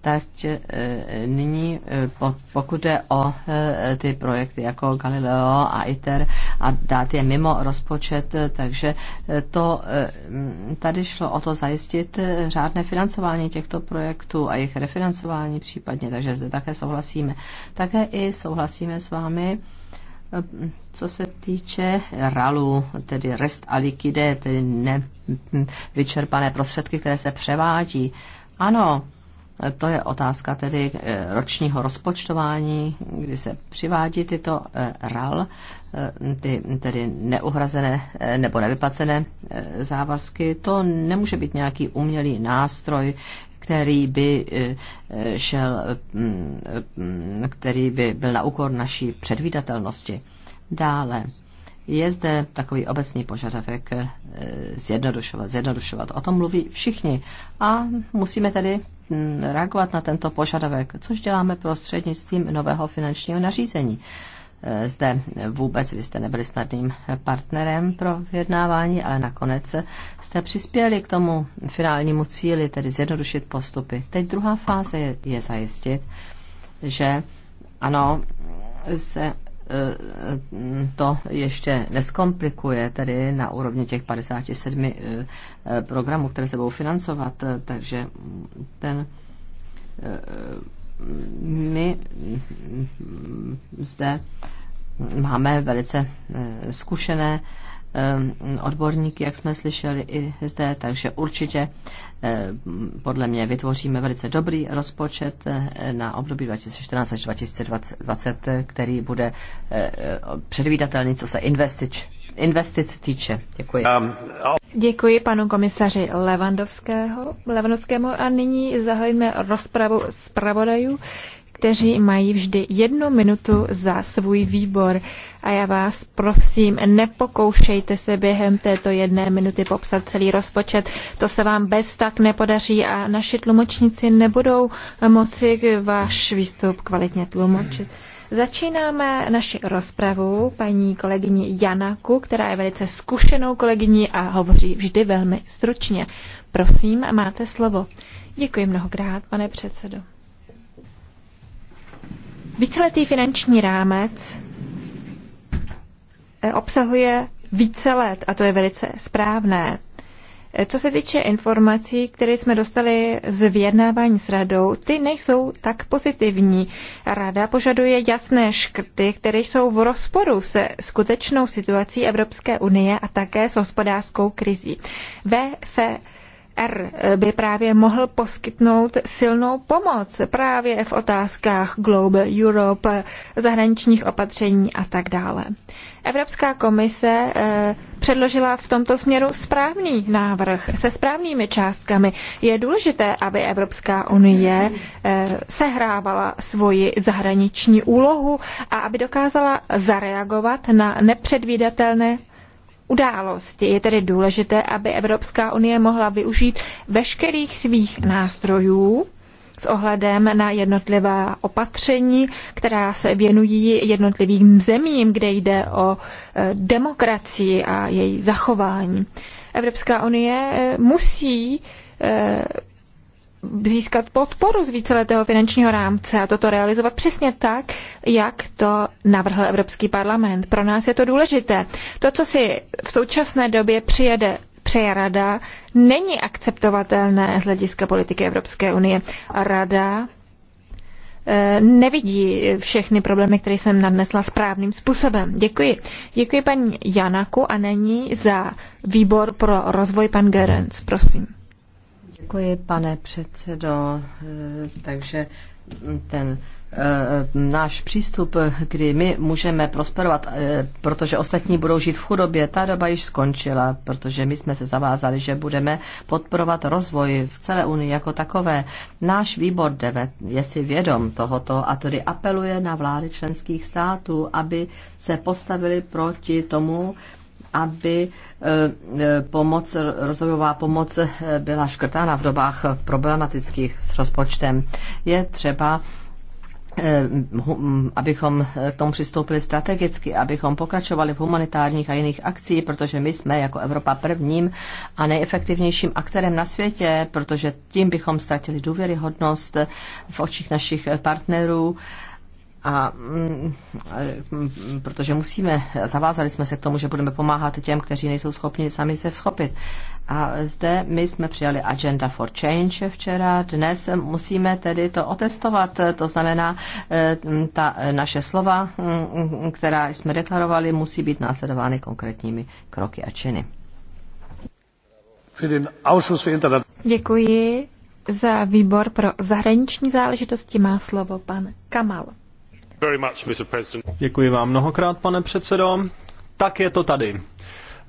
tak e, nyní, e, pokud jde o e, ty projekty jako Galileo a ITER a dát je mimo rozpočet, takže to tady šlo o to zajistit řádné financování těchto projektů a jejich refinancování případně, takže zde také souhlasíme. Také i souhlasíme s vámi, co se týče RALu, tedy rest a liquide, tedy nevyčerpané prostředky, které se převádí. Ano, to je otázka tedy eh, ročního rozpočtování, kdy se přivádí tyto eh, RAL, eh, ty tedy neuhrazené nebo nevyplacené závazky. To nemůže být nějaký umělý nástroj, který by šel, mm, mm, který by byl na úkor naší předvídatelnosti. Dále je zde takový obecný požadavek zjednodušovat, zjednodušovat. O tom mluví všichni. A musíme tedy Mm, reagovat na tento požadavek, což děláme prostřednictvím nového finančního nařízení. E, zde vůbec vy jste nebyli snadným partnerem pro vyjednávání, ale nakonec jste přispěli k tomu finálnímu cíli, tedy zjednodušit postupy. Teď druhá fáze je, je zajistit, že ano, se to ještě neskomplikuje, tedy na úrovni těch 57 eh, eh, programů, které se budou financovat, eh, takže ten my mm, zde máme velice zkušené Ehm, odborníky, jak jsme slyšeli i zde, takže určitě ehm, podle mě vytvoříme velice dobrý rozpočet eh, na období 2014 až 2020, který bude eh, eh, předvídatelný, co se investič, investic týče. Děkuji. Um, Děkuji panu komisaři Levandovského, Levandovskému a nyní zahajíme rozpravu zpravodajů kteří mají vždy jednu minutu za svůj výbor. A já vás prosím, nepokoušejte se během této jedné minuty popsat celý rozpočet. To se vám bez tak nepodaří a naši tlumočníci nebudou moci váš výstup kvalitně tlumočit. Začínáme naši rozpravu paní kolegyni Janaku, která je velice zkušenou kolegyní a hovoří vždy velmi stručně. Prosím, máte slovo. Děkuji mnohokrát, pane předsedo. Víceletý finanční rámec eh, obsahuje více let a to je velice správné. Eh, co se týče informací, které jsme dostali z vyjednávání s radou, ty nejsou tak pozitivní. Rada požaduje jasné škrty, které jsou v rozporu se skutečnou situací Evropské unie a také s hospodářskou krizí. VFR e R by právě mohl poskytnout silnou pomoc právě v otázkách Global Europe, zahraničních opatření a tak dále. Evropská komise eh, předložila v tomto směru správný návrh se správnými částkami. Je důležité, aby Evropská unie eh, sehrávala svoji zahraniční úlohu a aby dokázala zareagovat na nepředvídatelné události. Je tedy důležité, aby Evropská unie mohla využít veškerých svých nástrojů s ohledem na jednotlivá opatření, která se věnují jednotlivým zemím, kde jde o e, demokracii a její zachování. Evropská unie e, musí e, získat podporu z víceletého finančního rámce a toto realizovat přesně tak, jak to navrhl Evropský parlament. Pro nás je to důležité. To, co si v současné době přijede přeje rada, není akceptovatelné z hlediska politiky Evropské unie. Rada eh, nevidí všechny problémy, které jsem nadnesla správným způsobem. Děkuji. Děkuji paní Janaku a není za výbor pro rozvoj pan Gerenc. Prosím. Děkuji, pane předsedo. Eh, takže ten eh, náš přístup, kdy my můžeme prosperovat, eh, protože ostatní budou žít v chudobě, ta doba již skončila, protože my jsme se zavázali, že budeme podporovat rozvoj v celé Unii jako takové. Náš výbor 9 je si vědom tohoto a tedy apeluje na vlády členských států, aby se postavili proti tomu, aby Eh, eh, pomoc, rozvojová pomoc eh, byla škrtána v dobách problematických s rozpočtem. Je třeba hm, abychom k tomu přistoupili strategicky, abychom pokračovali v humanitárních a jiných akcích, protože my jsme jako Evropa prvním a nejefektivnějším aktérem na světě, protože tím bychom ztratili důvěryhodnost v očích našich partnerů Mm, a protože musíme, zavázali jsme se k tomu, že budeme pomáhat těm, kteří nejsou schopni sami se vzchopit. A zde my jsme přijali Agenda for Change včera, dnes musíme tedy to otestovat, to znamená, e, ta naše slova, mm, která jsme deklarovali, musí být následovány konkrétními kroky a činy. Děkuji. Za výbor pro zahraniční záležitosti má slovo pan Kamal. Děkuji vám mnohokrát, pane předsedo. Tak je to tady.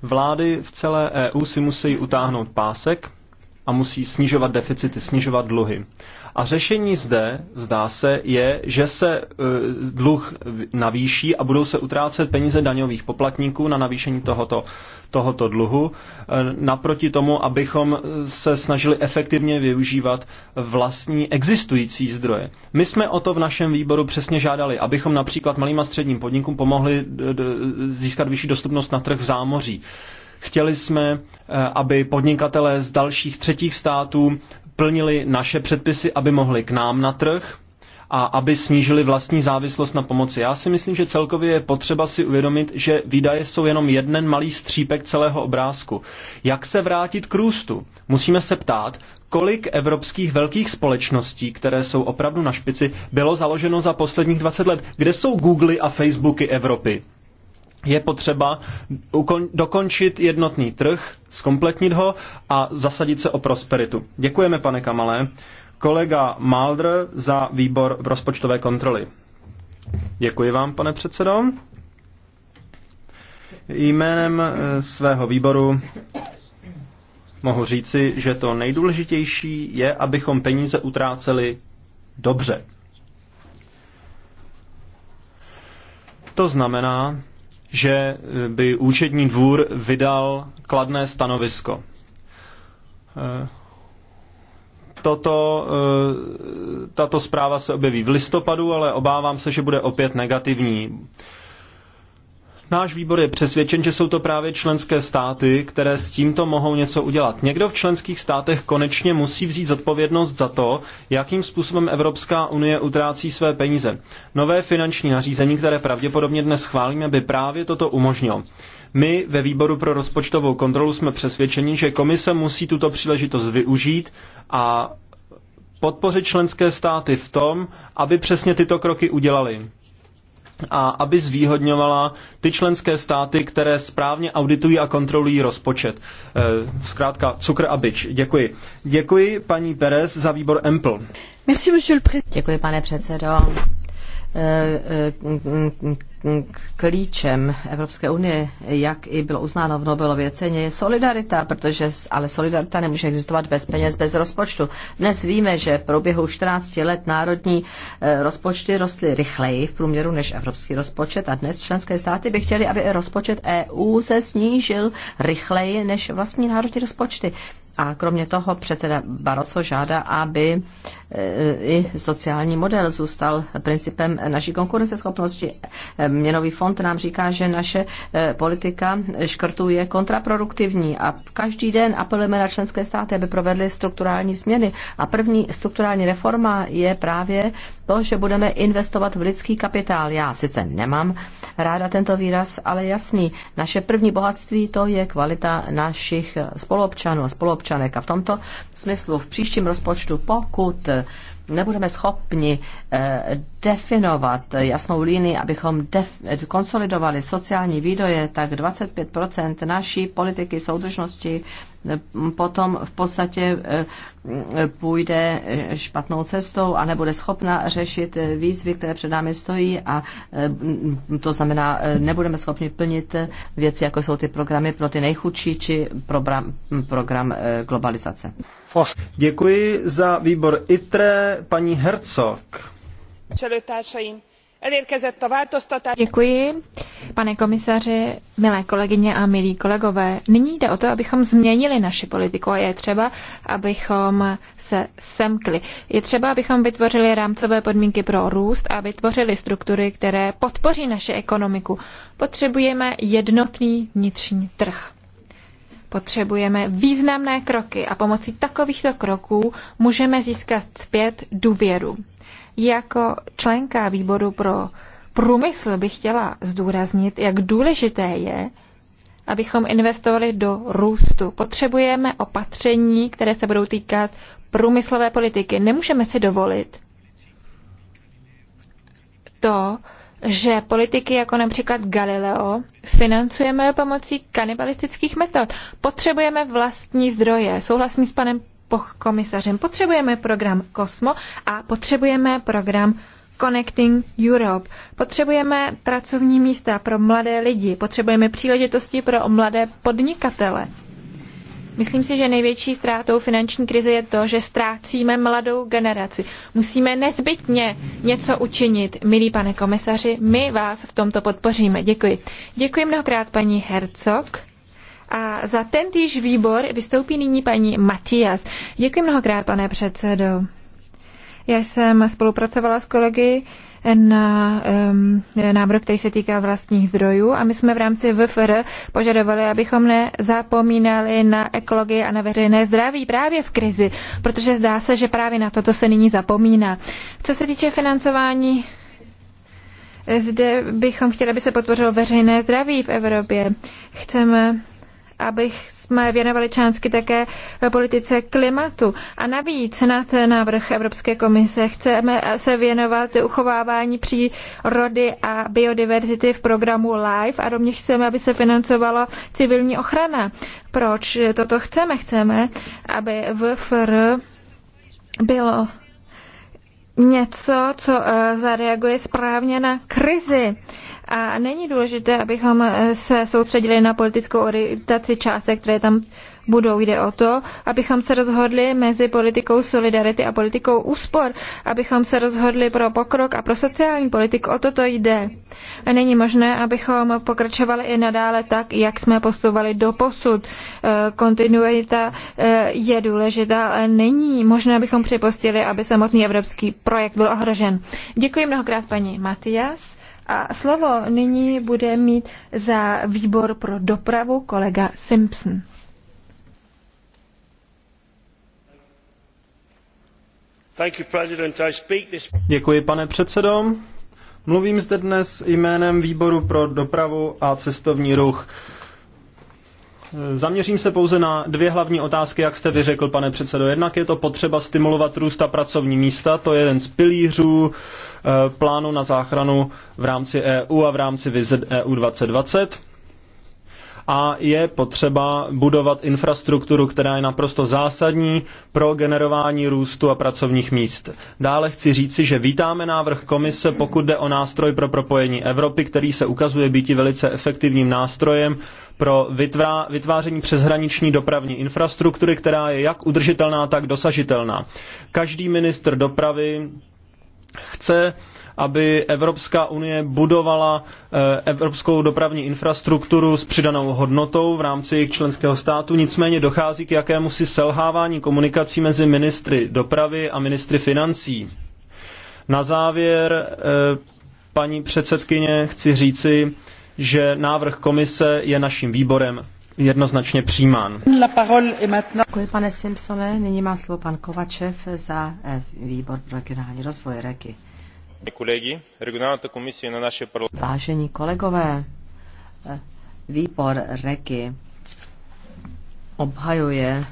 Vlády v celé EU si musí utáhnout pásek, a musí snižovat deficity, snižovat dluhy. A řešení zde, zdá se, je, že se e, dluh navýší a budou se utrácet peníze daňových poplatníků na navýšení tohoto, tohoto dluhu, e, naproti tomu, abychom se snažili efektivně využívat vlastní existující zdroje. My jsme o to v našem výboru přesně žádali, abychom například malým a středním podnikům pomohli získat vyšší dostupnost na trh v zámoří. Chtěli jsme, eh, aby podnikatelé z dalších třetích států plnili naše předpisy, aby mohli k nám na trh a aby snížili vlastní závislost na pomoci. Já si myslím, že celkově je potřeba si uvědomit, že výdaje jsou jenom jeden malý střípek celého obrázku. Jak se vrátit k růstu? Musíme se ptát, kolik evropských velkých společností, které jsou opravdu na špici, bylo založeno za posledních 20 let. Kde jsou Google a Facebooky Evropy? je potřeba dokončit jednotný trh, zkompletnit ho a zasadit se o prosperitu. Děkujeme, pane Kamale. Kolega Maldr za výbor rozpočtové kontroly. Děkuji vám, pane předsedo. Jménem eh, svého výboru mohu říci, že to nejdůležitější je, abychom peníze utráceli dobře. To znamená, že eh, by účetní dvůr vydal kladné stanovisko. Eh, toto, eh, tato zpráva se objeví v listopadu, ale obávám se, že bude opět negativní. Náš výbor je přesvědčen, že jsou to právě členské státy, které s tímto mohou něco udělat. Někdo v členských státech konečně musí vzít zodpovědnost za to, jakým způsobem Evropská unie utrácí své peníze. Nové finanční nařízení, které pravděpodobně dnes schválíme, by právě toto umožnilo. My ve výboru pro rozpočtovou kontrolu jsme přesvědčeni, že komise musí tuto příležitost využít a podpořit členské státy v tom, aby přesně tyto kroky udělali a aby zvýhodňovala ty členské státy, které správně auditují a kontrolují rozpočet. Eh, zkrátka cukr a bič. Děkuji. Děkuji paní Perez za výbor EMPL. Děkuji, pane předsedo klíčem Evropské unie, jak i bylo uznáno v Nobelově ceně, je solidarita, protože ale solidarita nemůže existovat bez peněz, bez rozpočtu. Dnes víme, že v průběhu 14 let národní eh, rozpočty rostly rychleji v průměru než evropský rozpočet a dnes členské státy by chtěly, aby rozpočet EU se snížil rychleji než vlastní národní rozpočty. A kromě toho předseda Barroso žádá, aby e, i sociální model zůstal principem naší konkurenceschopnosti. E, měnový fond nám říká, že naše e, politika škrtů je kontraproduktivní a každý den apelujeme na členské státy, aby provedly strukturální změny. A první strukturální reforma je právě to, že budeme investovat v lidský kapitál. Já sice nemám ráda tento výraz, ale jasný, naše první bohatství to je kvalita našich spoluobčanů a spoluobčanek. A v tomto smyslu v příštím rozpočtu, pokud nebudeme schopni Eh, definovat jasnou línii, abychom def- konsolidovali sociální výdoje, tak 25 naší politiky soudržnosti eh, potom v podstatě eh, půjde špatnou cestou a nebude schopna řešit výzvy, které před námi stojí a to znamená, nebudeme schopni plnit věci, jako jsou ty programy pro ty nejchudší či program, hm, program globalizace. Děkuji za výbor ITRE, paní Hercog. Děkuji, pane komisaři, milé kolegyně a milí kolegové. Nyní jde o to, abychom změnili naši politiku a je třeba, abychom se semkli. Je třeba, abychom vytvořili rámcové podmínky pro růst a vytvořili struktury, které podpoří naši ekonomiku. Potřebujeme jednotný vnitřní trh. Potřebujeme významné kroky a pomocí takovýchto kroků můžeme získat zpět důvěru. Jako členka výboru pro průmysl bych chtěla zdůraznit, jak důležité je, abychom investovali do růstu. Potřebujeme opatření, které se budou týkat průmyslové politiky. Nemůžeme si dovolit to, že politiky jako například Galileo financujeme pomocí kanibalistických metod. Potřebujeme vlastní zdroje. Souhlasím s panem komisařem. Potřebujeme program Kosmo a potřebujeme program Connecting Europe. Potřebujeme pracovní místa pro mladé lidi, potřebujeme příležitosti pro mladé podnikatele. Myslím si, že největší ztrátou finanční krize je to, že ztrácíme mladou generaci. Musíme nezbytně něco učinit, milí pane komisaři, my vás v tomto podpoříme. Děkuji. Děkuji mnohokrát paní Hercog. A za tentýž výbor vystoupí nyní paní Matias. Děkuji mnohokrát, pane předsedo. Já jsem spolupracovala s kolegy na um, návrh, který se týká vlastních zdrojů a my jsme v rámci VFR požadovali, abychom nezapomínali na ekologii a na veřejné zdraví právě v krizi, protože zdá se, že právě na toto se nyní zapomíná. Co se týče financování zde bychom chtěli, aby se podpořilo veřejné zdraví v Evropě. Chceme abych jsme věnovali čánsky také politice klimatu. A navíc ten návrh Evropské komise chceme se věnovat uchovávání přírody a biodiverzity v programu LIFE a rovněž chceme, aby se financovalo civilní ochrana. Proč toto chceme? Chceme, aby VFR bylo něco, co eh, zareaguje správně na krizi. A není důležité, abychom eh, se soustředili na politickou orientaci částek, které tam budou. Jde o to, abychom se rozhodli mezi politikou solidarity a politikou úspor, abychom se rozhodli pro pokrok a pro sociální politiku. O toto jde. A není možné, abychom pokračovali i nadále tak, jak jsme postouvali do posud. E, kontinuita e, je důležitá, ale není možné, abychom připustili, aby samotný evropský projekt byl ohrožen. Děkuji mnohokrát paní Matias. A slovo nyní bude mít za výbor pro dopravu kolega Simpson. Děkuji, pane předsedo. Mluvím zde dnes jménem Výboru pro dopravu a cestovní ruch. Zaměřím se pouze na dvě hlavní otázky, jak jste vyřekl, pane předsedo. Jednak je to potřeba stimulovat růst a pracovní místa, to je jeden z pilířů eh, plánu na záchranu v rámci EU a v rámci vize EU 2020 a je potřeba budovat infrastrukturu, která je naprosto zásadní pro generování růstu a pracovních míst. Dále chci říci, že vítáme návrh komise, pokud jde o nástroj pro propojení Evropy, který se ukazuje být velice efektivním nástrojem pro vytváření přeshraniční dopravní infrastruktury, která je jak udržitelná, tak dosažitelná. Každý ministr dopravy chce, aby Evropská unie budovala eh, evropskou dopravní infrastrukturu s přidanou hodnotou v rámci jejich členského státu, nicméně dochází k jakémusi selhávání komunikací mezi ministry dopravy a ministry financí. Na závěr, eh, paní předsedkyně, chci říci, že návrh komise je naším výborem jednoznačně přijímán. Děkuji, pane Simpsone. Nyní má slovo pan Kovačev za eh, výbor pro regionální rozvoj REKY. Vážení kolegové, eh, výbor REKY obhajuje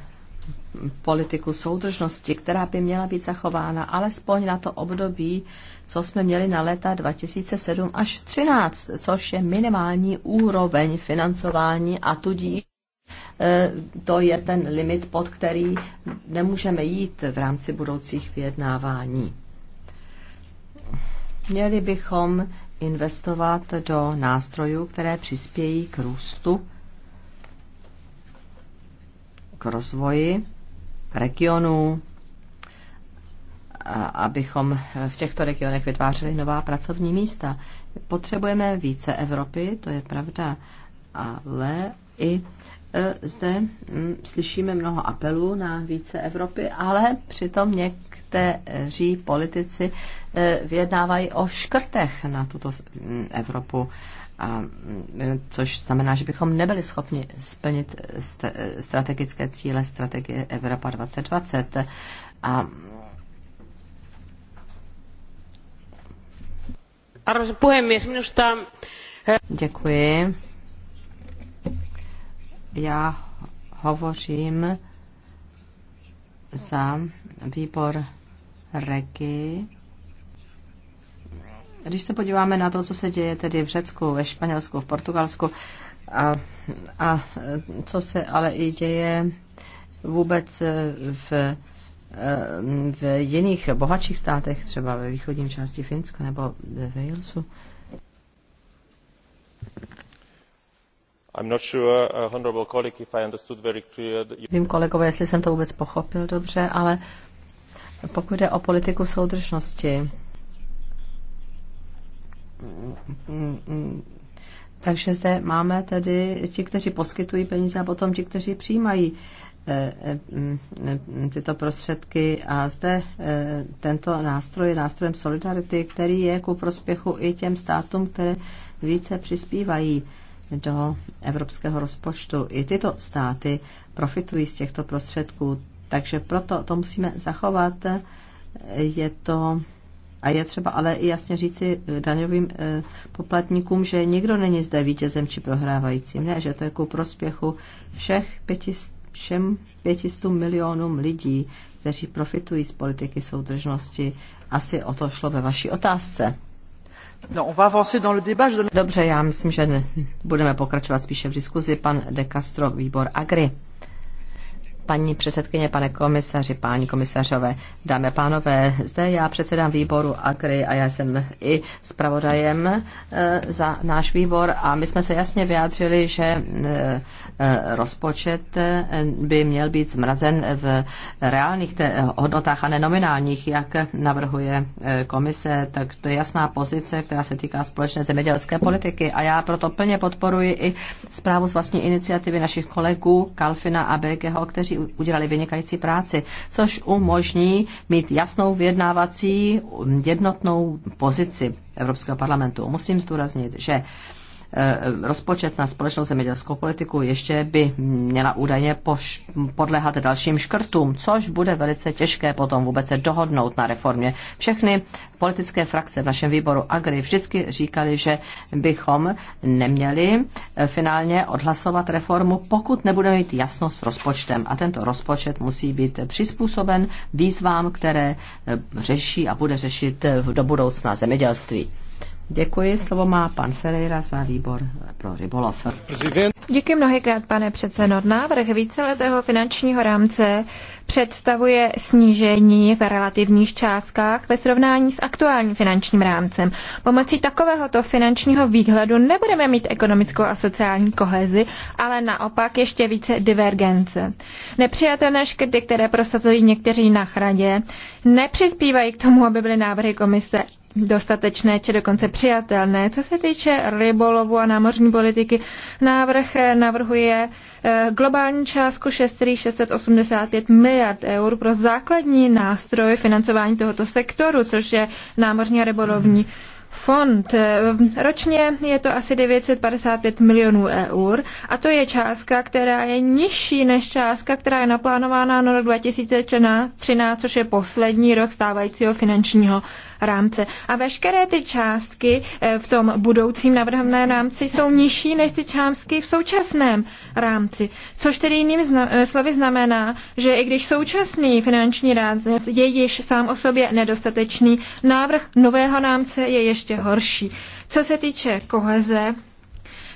politiku soudržnosti, která by měla být zachována alespoň na to období, co jsme měli na léta 2007 až 2013, což je minimální úroveň financování a tudíž e, to je ten limit, pod který nemůžeme jít v rámci budoucích vyjednávání. Měli bychom investovat do nástrojů, které přispějí k růstu, k rozvoji regionů, abychom v těchto regionech vytvářeli nová pracovní místa. Potřebujeme více Evropy, to je pravda, ale i e, zde mm, slyšíme mnoho apelů na více Evropy, ale přitom někteří politici e, vyjednávají o škrtech na tuto mm, Evropu a, mm, což znamená, že bychom nebyli schopni splnit st- strategické cíle strategie Evropa 2020. A, Arvoisa puhemies, minusta... Eh, Děkuji. Já hovořím za výbor REGI když se podíváme na to, co se děje tedy v Řecku, ve Španělsku, v Portugalsku a, a co se ale i děje vůbec v, e, v jiných bohatších státech, třeba ve východním části Finska nebo ve Walesu, Sure, uh, colleague, clear... Vím, kolegové, jestli jsem to vůbec pochopil dobře, ale pokud jde o politiku soudržnosti, takže zde máme tedy ti, kteří poskytují peníze a potom ti, kteří přijímají eh, eh, mm, tyto prostředky. A zde eh, tento nástroj je nástrojem solidarity, který je ku prospěchu i těm státům, které více přispívají do evropského rozpočtu. I tyto státy profitují z těchto prostředků, takže proto to musíme zachovat. Je to a je třeba ale i jasně říci eh, daňovým eh, poplatníkům, že nikdo není zde vítězem či prohrávajícím. Ne, že to je ku prospěchu všech pěti, všem 500 milionům lidí, kteří profitují z politiky soudržnosti. Asi o to šlo ve vaší otázce. No, Dobře, já myslím, že ne. budeme pokračovat spíše v diskuzi. Pan De Castro, výbor Agri. Paní předsedkyně, pane komisaři, páni komisařové, dámy a pánové, zde já předsedám výboru AGRI a já jsem i zpravodajem eh, za náš výbor a my jsme se jasně vyjádřili, že eh, eh, rozpočet by měl být zmrazen v reálných hodnotách a nenominálních, jak navrhuje komise, tak to je jasná pozice, která se týká společné zemědělské politiky a já proto plně podporuji i zprávu z vlastní iniciativy našich kolegů Kalfina a Bekeho, kteří udělali vynikající práci, což umožní mít jasnou vyjednávací jednotnou pozici Evropského parlamentu. Musím zdůraznit, že Eh, rozpočet na společnou zemědělskou politiku ještě by měla údajně poš- podléhat dalším škrtům, což bude velice těžké potom vůbec se dohodnout na reformě. Všechny politické frakce v našem výboru Agri vždycky říkali, že bychom neměli eh, finálně odhlasovat reformu, pokud nebudeme mít jasno s rozpočtem. A tento rozpočet musí být přizpůsoben výzvám, které eh, řeší a bude řešit do budoucna zemědělství. Děkuji, slovo má pan Ferreira za výbor pro rybolov. Díky mnohokrát, pane předsedo. Návrh víceletého finančního rámce představuje snížení v relativních částkách ve srovnání s aktuálním finančním rámcem. Pomocí takovéhoto finančního výhledu nebudeme mít ekonomickou a sociální kohezi, ale naopak ještě více divergence. Nepřijatelné škrty, které prosazují někteří na chradě, nepřispívají k tomu, aby byly návrhy komise dostatečné či dokonce přijatelné. Co se týče rybolovu a námořní politiky, návrh eh, navrhuje eh, globální částku 6,685 miliard eur pro základní nástroj financování tohoto sektoru, což je námořní a rybolovní fond. Eh, ročně je to asi 955 milionů eur a to je částka, která je nižší než částka, která je naplánována na rok 2013, což je poslední rok stávajícího finančního rámce. A veškeré ty částky eh, v tom budoucím navrhovné rámci jsou nižší než ty částky v současném rámci. Což tedy jinými zna- eh, slovy znamená, že i když současný finanční rámec je již sám o sobě nedostatečný, návrh nového rámce je ještě horší. Co se týče koheze,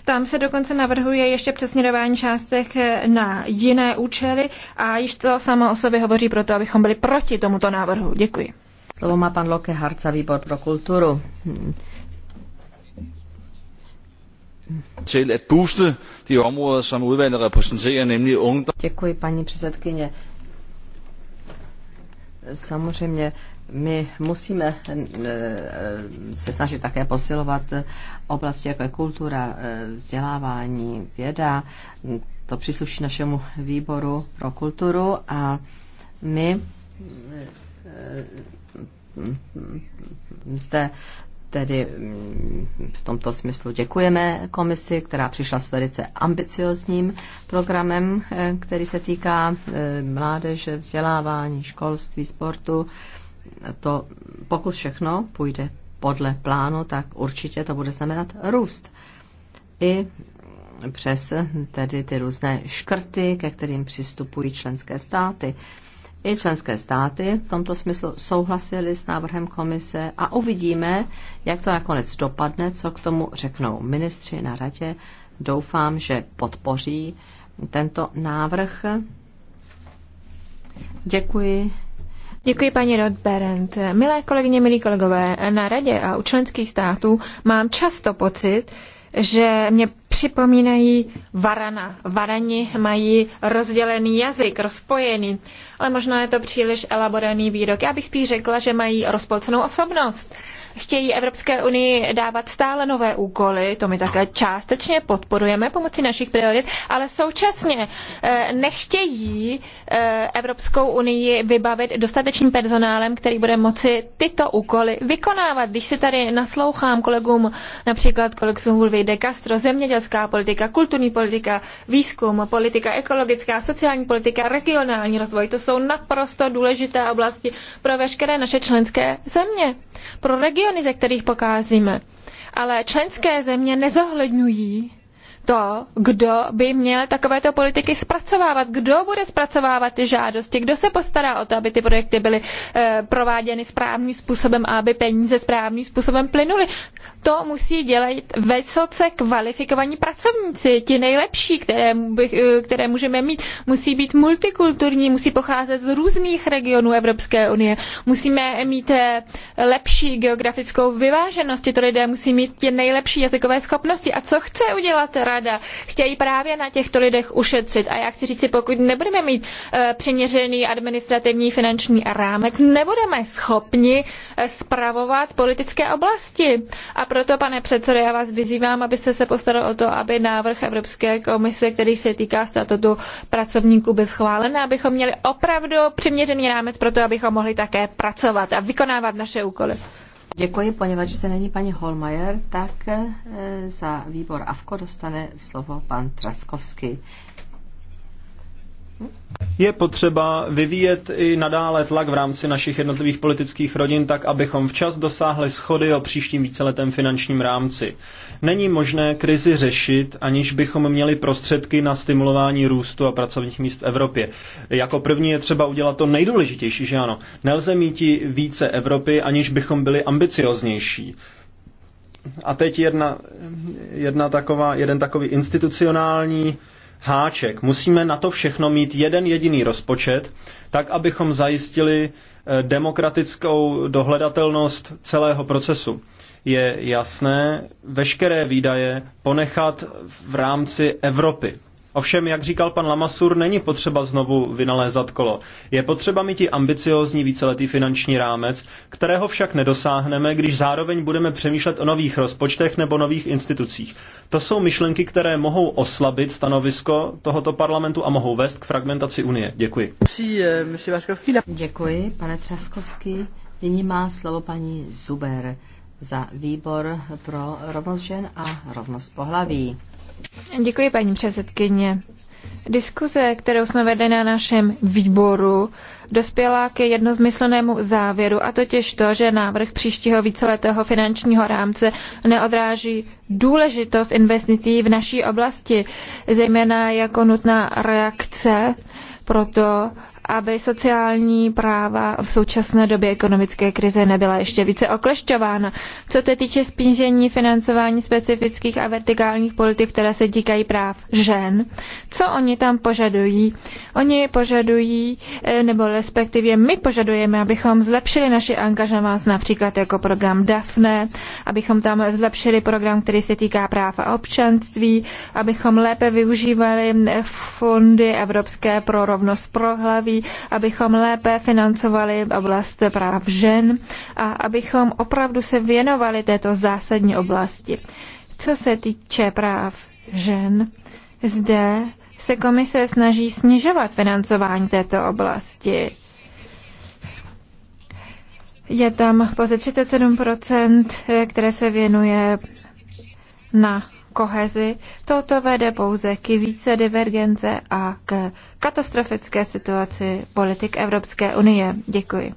tam se dokonce navrhuje ještě přesměrování částek eh, na jiné účely a již to samo o sobě hovoří proto, abychom byli proti tomuto návrhu. Děkuji. Slovo má pan Loke Harca, výbor pro kulturu. til at booste de områder, som udvalget repræsenterer, nemlig ungdom. Děkuji, paní předsedkyně. Samozřejmě my musíme eh, eh, se snažit také posilovat eh, oblasti, jako je kultura, vzdělávání, věda. To přísluší našemu výboru pro kulturu a my zde tedy mm, v tomto smyslu děkujeme komisi, která přišla s velice ambiciozním programem, eh, který se týká eh, mládeže, vzdělávání, školství, sportu. To, pokud všechno půjde podle plánu, tak určitě to bude znamenat růst. I přes tedy ty různé škrty, ke kterým přistupují členské státy. I členské státy v tomto smyslu souhlasili s návrhem komise a uvidíme, jak to nakonec dopadne, co k tomu řeknou ministři na radě. Doufám, že podpoří tento návrh. Děkuji. Děkuji paní Rodberent. Milé kolegyně, milí kolegové, na radě a u členských států mám často pocit, že mě připomínají varana. Varani mají rozdělený jazyk, rozpojený, ale možná je to příliš elaborovaný výrok. Já bych spíš řekla, že mají rozpolcenou osobnost. Chtějí Evropské unii dávat stále nové úkoly, to my také částečně podporujeme pomocí našich priorit, ale současně eh, nechtějí eh, Evropskou unii vybavit dostatečným personálem, který bude moci tyto úkoly vykonávat. Když si tady naslouchám kolegům, například kolegům Hulvy de Castro, zemědělství, zemědělská politika, kulturní politika, výzkum, politika ekologická, sociální politika, regionální rozvoj. To jsou naprosto důležité oblasti pro veškeré naše členské země, pro regiony, ze kterých pokázíme. Ale členské země nezohledňují to, kdo by měl takovéto politiky zpracovávat, kdo bude zpracovávat ty žádosti, kdo se postará o to, aby ty projekty byly e, prováděny správným způsobem a aby peníze správným způsobem plynuly to musí dělat vysoce kvalifikovaní pracovníci, ti nejlepší, které, bych, eh, které můžeme mít. Musí být multikulturní, musí pocházet z různých regionů Evropské unie. Musíme mít eh, lepší geografickou vyváženost, tito lidé musí mít ty nejlepší jazykové schopnosti. A co chce udělat rada? Chtějí právě na těchto lidech ušetřit. A já chci říct pokud nebudeme mít eh, přiměřený administrativní finanční rámec, nebudeme schopni spravovat politické oblasti. A proto, pane předsedo, já vás vyzývám, abyste se postaral o to, aby návrh Evropské komise, který se týká statutu pracovníků, byl schválen, abychom měli opravdu přiměřený rámec pro to, abychom mohli také pracovat a vykonávat naše úkoly. Děkuji, poněvadž zde není paní Holmajer, tak eh, za výbor AFKO dostane slovo pan Traskovský. Je potřeba vyvíjet i nadále tlak v rámci našich jednotlivých politických rodin tak, abychom včas dosáhli schody o příštím víceletém finančním rámci. Není možné krizi řešit, aniž bychom měli prostředky na stimulování růstu a pracovních míst v Evropě. Jako první je třeba udělat to nejdůležitější, že ano. Nelze mít více Evropy, aniž bychom byli ambicioznější. A teď jedna, jedna taková, jeden takový institucionální háček. Musíme na to všechno mít jeden jediný rozpočet, tak abychom zajistili eh, demokratickou dohledatelnost celého procesu. Je jasné veškeré výdaje ponechat v rámci Evropy. Ovšem, jak říkal pan Lamasur, není potřeba znovu vynalézat kolo. Je potřeba mít i ambiciózní víceletý finanční rámec, kterého však nedosáhneme, když zároveň budeme přemýšlet o nových rozpočtech nebo nových institucích. To jsou myšlenky, které mohou oslabit stanovisko tohoto parlamentu a mohou vést k fragmentaci Unie. Děkuji. Eh, Děkuji, pane Třaskovský. Nyní má slovo paní Zuber za výbor pro rovnost žen a rovnost pohlaví. Děkuji, paní předsedkyně. Diskuze, kterou jsme vedli na našem výboru, dospěla k jednozmyslnému závěru, a totiž to, že návrh příštího víceletého finančního rámce neodráží důležitost investicí v naší oblasti, zejména jako nutná reakce pro to, aby sociální práva v současné době ekonomické krize nebyla ještě více oklešťována. Co se týče spížení financování specifických a vertikálních politik, které se týkají práv žen, co oni tam požadují? Oni požadují, eh, nebo respektive my požadujeme, abychom zlepšili naši angažovanost například jako program DAFNE, abychom tam zlepšili program, který se týká práv a občanství, abychom lépe využívali eh, fondy Evropské pro rovnost pro hlaví, abychom lépe financovali oblast práv žen a abychom opravdu se věnovali této zásadní oblasti. Co se týče práv žen, zde se komise snaží snižovat financování této oblasti. Je tam pouze 37%, které se věnuje na kohezi. Toto vede pouze k více divergence a k katastrofické situaci politik Evropské unie. Děkuji.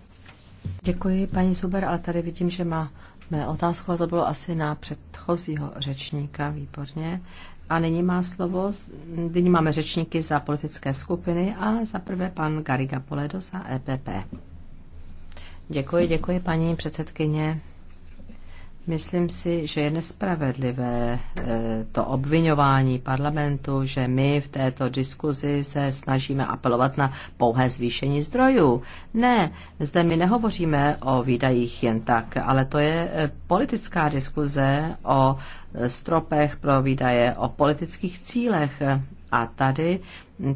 Děkuji, paní Suber, ale tady vidím, že má mé otázku, a to bylo asi na předchozího řečníka, výborně. A nyní má slovo, nyní máme řečníky za politické skupiny a za prvé pan Gariga Poledo za EPP. Děkuji, děkuji paní předsedkyně. Myslím si, že je nespravedlivé eh, to obvinování parlamentu, že my v této diskuzi se snažíme apelovat na pouhé zvýšení zdrojů. Ne, zde my nehovoříme o výdajích jen tak, ale to je eh, politická diskuze o eh, stropech pro výdaje, o politických cílech a tady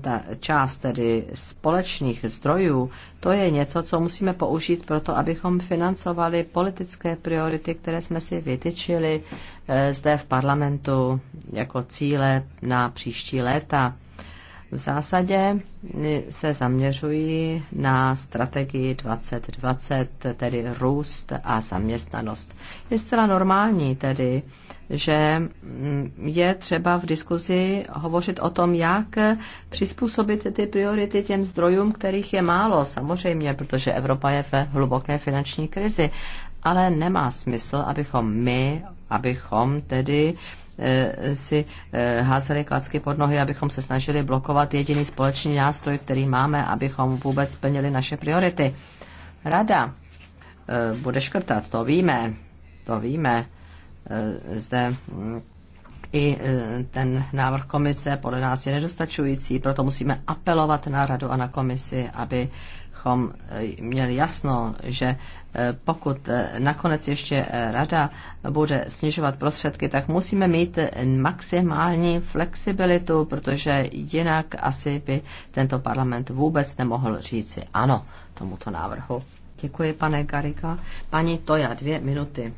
ta část tedy společných zdrojů, to je něco, co musíme použít pro to, abychom financovali politické priority, které jsme si vytyčili eh, zde v parlamentu jako cíle na příští léta v zásadě eh, se zaměřují na strategii 2020, tedy růst a zaměstnanost. Je zcela normální tedy, že mm, je třeba v diskuzi hovořit o tom, jak přizpůsobit ty priority těm zdrojům, kterých je málo, samozřejmě, protože Evropa je ve hluboké finanční krizi. Ale nemá smysl, abychom my, abychom tedy Eh, si eh, házeli klacky pod nohy, abychom se snažili blokovat jediný společný nástroj, který máme, abychom vůbec splnili naše priority. Rada eh, bude škrtat, to víme, to víme. Zde hm, i ten návrh komise podle nás je nedostačující, proto musíme apelovat na radu a na komisi, abychom měli jasno, že Eh, pokud eh, nakonec ještě eh, rada bude snižovat prostředky, tak musíme mít maximální flexibilitu, protože jinak asi by tento parlament vůbec nemohl říci ano tomuto návrhu. Děkuji, pane Garika. Paní Toja, dvě minuty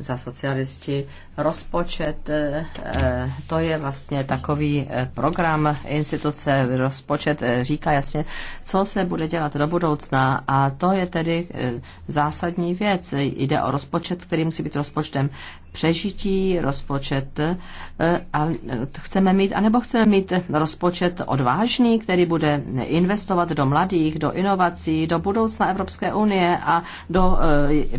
za socialisti. Rozpočet eh, eh, to je vlastně takový eh, program instituce. Rozpočet říká jasně, co se bude dělat do budoucna a to je tedy zásadní věc. Jde o rozpočet, který musí být rozpočtem přežití, rozpočet a chceme mít, anebo chceme mít rozpočet odvážný, který bude investovat do mladých, do inovací, do budoucna Evropské unie a do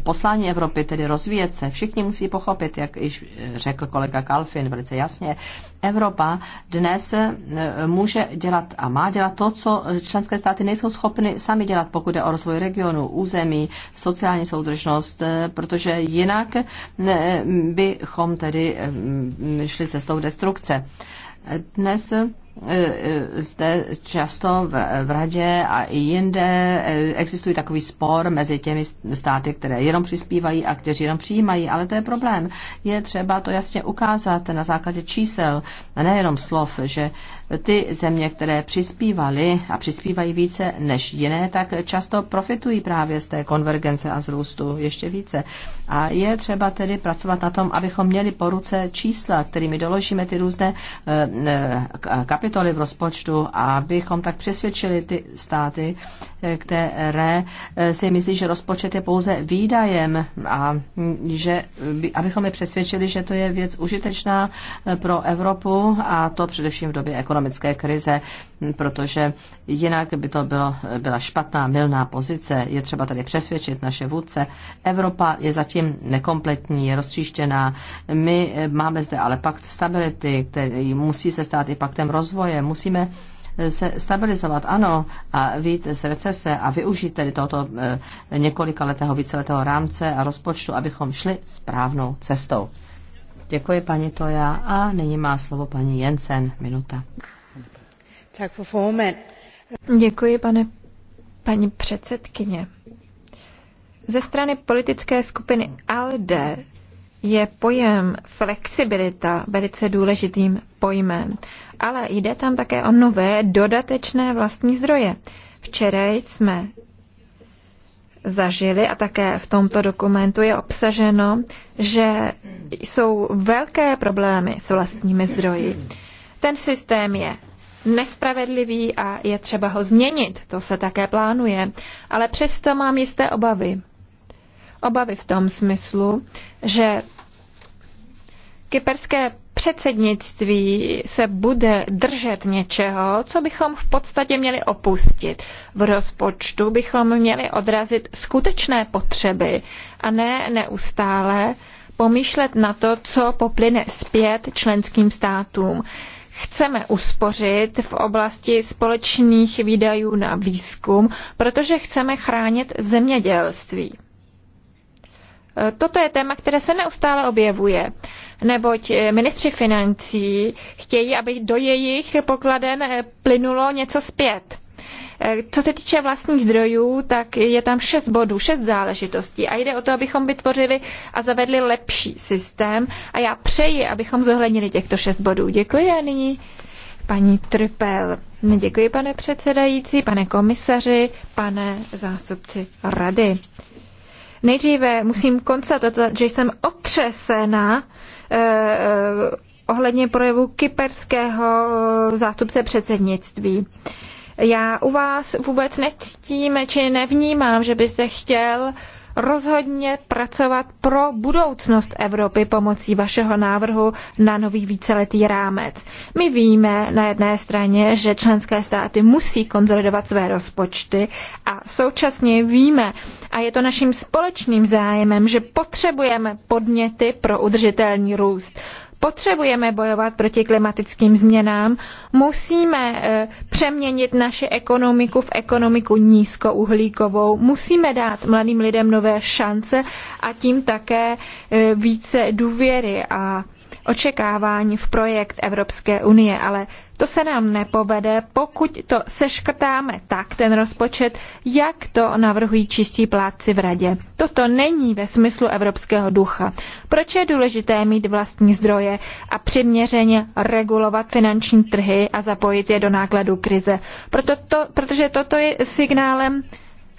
poslání Evropy, tedy rozvíjet se. Všichni všichni musí pochopit, jak již řekl kolega Kalfin velice jasně, Evropa dnes e, může dělat a má dělat to, co členské státy nejsou schopny sami dělat, pokud je o rozvoj regionu, území, sociální soudržnost, e, protože jinak e, bychom tedy šli cestou destrukce. Dnes E, e, zde často v radě a i jinde e, existuje takový spor mezi těmi státy, které jenom přispívají a kteří jenom přijímají, ale to je problém. Je třeba to jasně ukázat na základě čísel, a nejenom slov, že ty země, které přispívaly a přispívají více než jiné, tak často profitují právě z té konvergence a z růstu ještě více. A je třeba tedy pracovat na tom, abychom měli po ruce čísla, kterými doložíme ty různé eh, eh, kapitoly v rozpočtu, abychom tak přesvědčili ty státy, eh, které si myslí, že rozpočet je pouze výdajem a že, abychom je přesvědčili, že to je věc užitečná pro Evropu a to především v době ekonomické ekonomické krize, protože jinak by to bylo, byla špatná, milná pozice. Je třeba tady přesvědčit naše vůdce. Evropa je zatím nekompletní, je roztříštěná. My máme zde ale pakt stability, který musí se stát i paktem rozvoje. Musíme se stabilizovat, ano, a víc z recese a využít tedy tohoto eh, několika letého, víceletého rámce a rozpočtu, abychom šli správnou cestou. Děkuji paní Toja a nyní má slovo paní Jensen. Minuta. Tak Děkuji, pane, paní předsedkyně. Ze strany politické skupiny ALDE je pojem flexibilita velice důležitým pojmem, ale jde tam také o nové dodatečné vlastní zdroje. Včera jsme zažili a také v tomto dokumentu je obsaženo, že jsou velké problémy s vlastními zdroji. Ten systém je nespravedlivý a je třeba ho změnit. To se také plánuje. Ale přesto mám jisté obavy. Obavy v tom smyslu, že kyperské předsednictví se bude držet něčeho, co bychom v podstatě měli opustit. V rozpočtu bychom měli odrazit skutečné potřeby a ne neustále pomýšlet na to, co poplyne zpět členským státům. Chceme uspořit v oblasti společných výdajů na výzkum, protože chceme chránit zemědělství. E, toto je téma, které se neustále objevuje neboť eh, ministři financí chtějí, aby do jejich pokladen eh, plynulo něco zpět. Eh, co se týče vlastních zdrojů, tak je tam šest bodů, šest záležitostí a jde o to, abychom vytvořili a zavedli lepší systém a já přeji, abychom zohlednili těchto šest bodů. Děkuji a nyní paní Trypel. Děkuji, pane předsedající, pane komisaři, pane zástupci rady. Nejdříve musím konstatovat, že jsem otřesena Eh, eh, ohledně projevu kyperského eh, zástupce předsednictví. Já u vás vůbec necítím, či nevnímám, že byste chtěl uh, rozhodně pracovat pro budoucnost Evropy pomocí vašeho návrhu na nový víceletý rámec. My víme na jedné straně, že členské státy musí konsolidovat své rozpočty a současně víme, a je to naším společným zájmem, že potřebujeme podněty pro udržitelný růst potřebujeme bojovat proti klimatickým změnám, musíme eh, přeměnit naši ekonomiku v ekonomiku nízkouhlíkovou, musíme dát mladým lidem nové šance a tím také eh, více důvěry a očekávání v projekt Evropské unie, ale to se nám nepovede, pokud to seškrtáme tak, ten rozpočet, jak to navrhují čistí plátci v radě. Toto není ve smyslu evropského ducha. Proč je důležité mít vlastní zdroje a přiměřeně regulovat finanční trhy a zapojit je do nákladů krize? Proto to, protože toto je signálem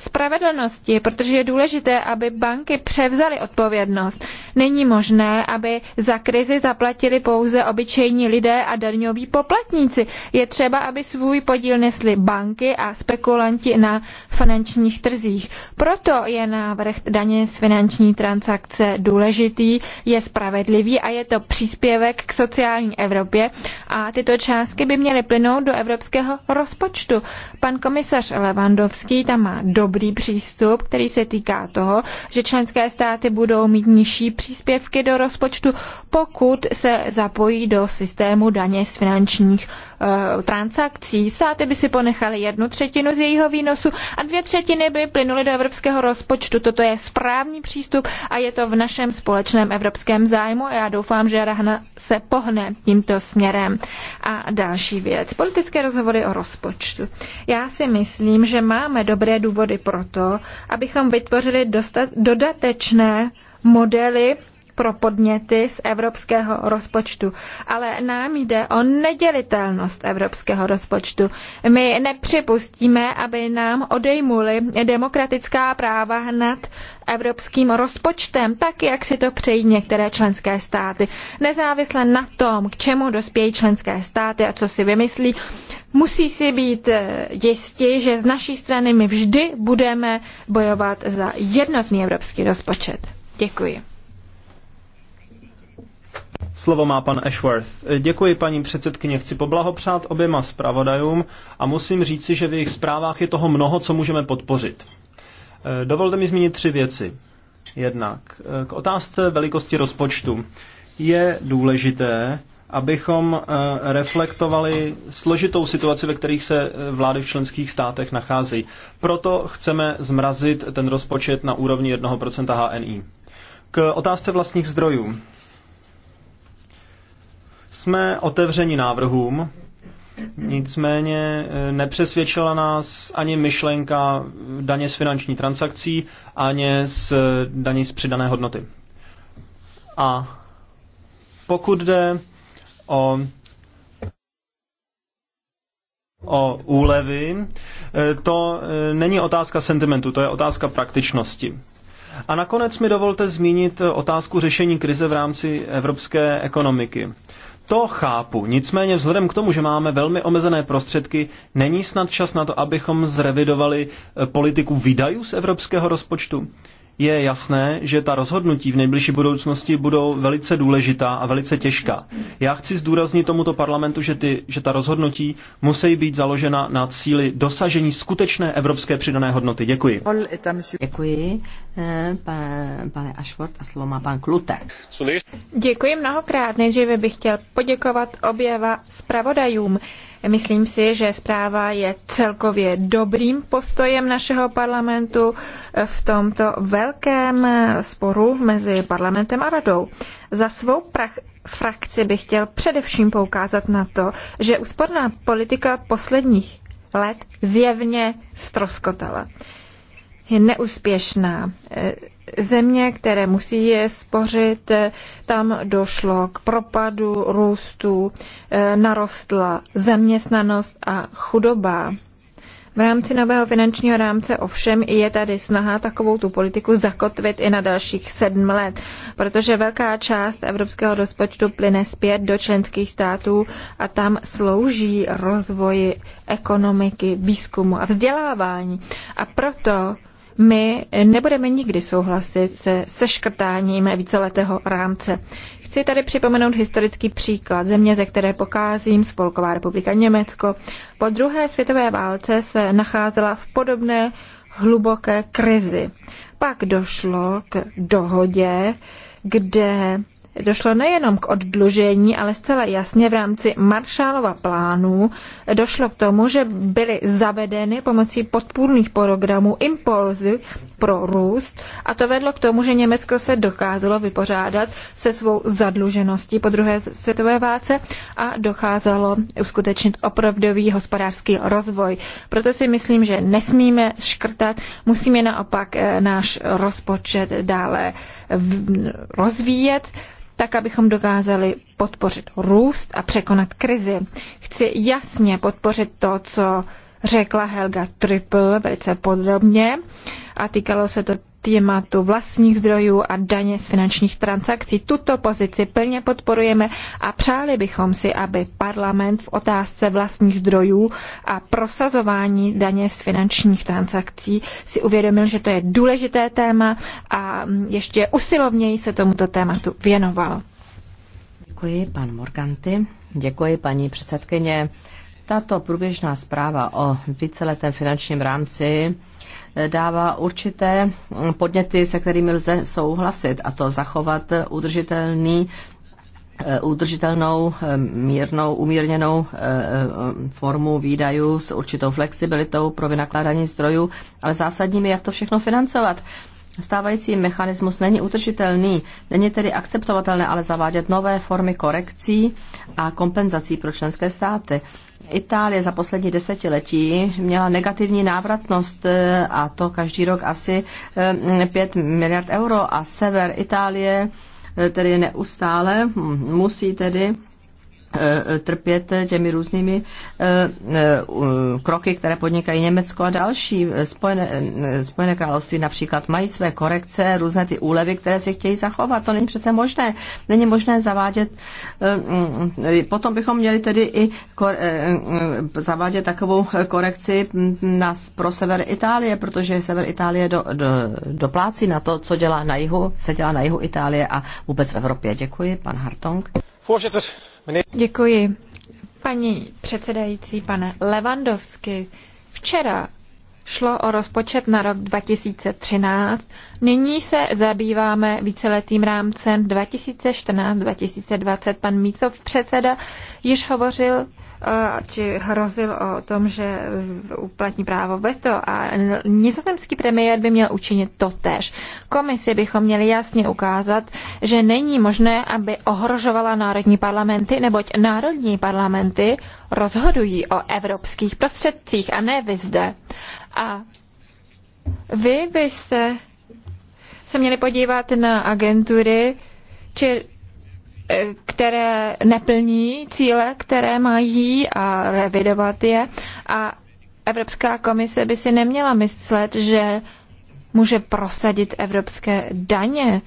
spravedlnosti, protože je důležité, aby banky převzaly odpovědnost. Není možné, aby za krizi zaplatili pouze obyčejní lidé a daňoví poplatníci. Je třeba, aby svůj podíl nesly banky a spekulanti na finančních trzích. Proto je návrh daně z finanční transakce důležitý, je spravedlivý a je to příspěvek k sociální Evropě a tyto částky by měly plynout do evropského rozpočtu. Pan komisař Levandovský tam má dobrý dobrý přístup, který se týká toho, že členské státy budou mít nižší příspěvky do rozpočtu, pokud se zapojí do systému daně z finančních e, transakcí. Státy by si ponechaly jednu třetinu z jejího výnosu a dvě třetiny by plynuly do evropského rozpočtu. Toto je správný přístup a je to v našem společném evropském zájmu a já doufám, že Rahna se pohne tímto směrem. A další věc. Politické rozhovory o rozpočtu. Já si myslím, že máme dobré důvody proto, abychom vytvořili dostat, dodatečné modely pro podněty z evropského rozpočtu. Ale nám jde o nedělitelnost evropského rozpočtu. My nepřipustíme, aby nám odejmuli demokratická práva nad evropským rozpočtem, tak jak si to přejí některé členské státy. Nezávisle na tom, k čemu dospějí členské státy a co si vymyslí, musí si být eh, jistí, že z naší strany my vždy budeme bojovat za jednotný evropský rozpočet. Děkuji. Slovo má pan Ashworth. Děkuji paní předsedkyně, chci poblahopřát oběma zpravodajům a musím říci, že v jejich zprávách je toho mnoho, co můžeme podpořit. Eh, dovolte mi zmínit tři věci. Jednak eh, k otázce velikosti rozpočtu. Je důležité, abychom eh, reflektovali složitou situaci, ve kterých se vlády v členských státech nacházejí. Proto chceme zmrazit ten rozpočet na úrovni 1% HNI. K otázce vlastních zdrojů. Jsme otevřeni návrhům, nicméně e, nepřesvědčila nás ani myšlenka daně z finanční transakcí, ani z e, daní z přidané hodnoty. A pokud jde o o úlevy, e, to není otázka sentimentu, to je otázka praktičnosti. A nakonec mi dovolte zmínit otázku řešení krize v rámci evropské ekonomiky. To chápu. Nicméně vzhledem k tomu, že máme velmi omezené prostředky, není snad čas na to, abychom zrevidovali eh, politiku výdajů z evropského rozpočtu? je jasné, že ta rozhodnutí v nejbližší budoucnosti budou velice důležitá a velice těžká. Já chci zdůraznit tomuto parlamentu, že, ty, že ta rozhodnutí musí být založena na cíli dosažení skutečné evropské přidané hodnoty. Děkuji. Děkuji, eh, pane, Ashford, a slovo má pan Klute. Děkuji mnohokrát. Nejdříve bych chtěl poděkovat oběva zpravodajům. Myslím si, že zpráva je celkově dobrým postojem našeho parlamentu v tomto velkém sporu mezi parlamentem a radou. Za svou prach frakci bych chtěl především poukázat na to, že úsporná politika posledních let zjevně stroskotala. Je neúspěšná země, které musí je spořit, tam došlo k propadu, růstu, eh, narostla zaměstnanost a chudoba. V rámci nového finančního rámce ovšem je tady snaha takovou tu politiku zakotvit i na dalších sedm let, protože velká část evropského rozpočtu plyne zpět do členských států a tam slouží rozvoji ekonomiky, výzkumu a vzdělávání. A proto my nebudeme nikdy souhlasit se seškrtáním víceletého rámce. Chci tady připomenout historický příklad země, ze které pokázím, Spolková republika Německo. Po druhé světové válce se nacházela v podobné hluboké krizi. Pak došlo k dohodě, kde došlo nejenom k oddlužení, ale zcela jasně v rámci Maršálova plánu došlo k tomu, že byly zavedeny pomocí podpůrných programů impulzy pro růst a to vedlo k tomu, že Německo se dokázalo vypořádat se svou zadlužeností po druhé světové válce a dokázalo uskutečnit opravdový hospodářský rozvoj. Proto si myslím, že nesmíme škrtat, musíme naopak eh, náš rozpočet dále rozvíjet tak abychom dokázali podpořit růst a překonat krizi. Chci jasně podpořit to, co řekla Helga Triple velice podrobně a týkalo se to tématu vlastních zdrojů a daně z finančních transakcí. Tuto pozici plně podporujeme a přáli bychom si, aby parlament v otázce vlastních zdrojů a prosazování daně z finančních transakcí si uvědomil, že to je důležité téma a ještě usilovněji se tomuto tématu věnoval. Děkuji, pan Morganti. Děkuji, paní předsedkyně. Tato průběžná zpráva o víceletém finančním rámci eh, dává určité mm, podněty, se kterými lze souhlasit, a to zachovat udržitelný eh, udržitelnou, eh, mírnou, umírněnou formu výdajů s určitou flexibilitou pro vynakládání zdrojů, ale zásadním je, jak to všechno financovat. Stávající mechanismus není udržitelný, není tedy akceptovatelné ale zavádět nové formy korekcí a kompenzací pro členské státy. Itálie za poslední desetiletí měla negativní návratnost e, a to každý rok asi 5 e, miliard euro a sever Itálie e, tedy neustále musí tedy Eh, trpět těmi různými eh, eh, kroky, které podnikají Německo a další. Spojené, Spojené království například mají své korekce, různé ty úlevy, které si chtějí zachovat. To není přece možné. Není možné zavádět. Mm, potom bychom měli tedy i mm, zavádět takovou korekci mm, na, pro sever Itálie, protože sever Itálie do, do, doplácí na to, co dělá na jihu, se dělá na jihu Itálie a vůbec v Evropě. Děkuji, pan Hartong. Voorzitter, Děkuji. Paní předsedající, pane Levandovsky, včera šlo o rozpočet na rok 2013, nyní se zabýváme víceletým rámcem 2014-2020. Pan Mícov předseda již hovořil či hrozil o tom, že e, uplatní právo veto a nizozemský premiér by měl učinit to tež. Komisi bychom měli jasně ukázat, že není možné, aby ohrožovala národní parlamenty, neboť národní parlamenty rozhodují o evropských prostředcích a ne vy zde. A vy byste se měli podívat na agentury, či které neplní cíle, které mají a revidovat je. A Evropská komise by si neměla myslet, že může prosadit evropské daně.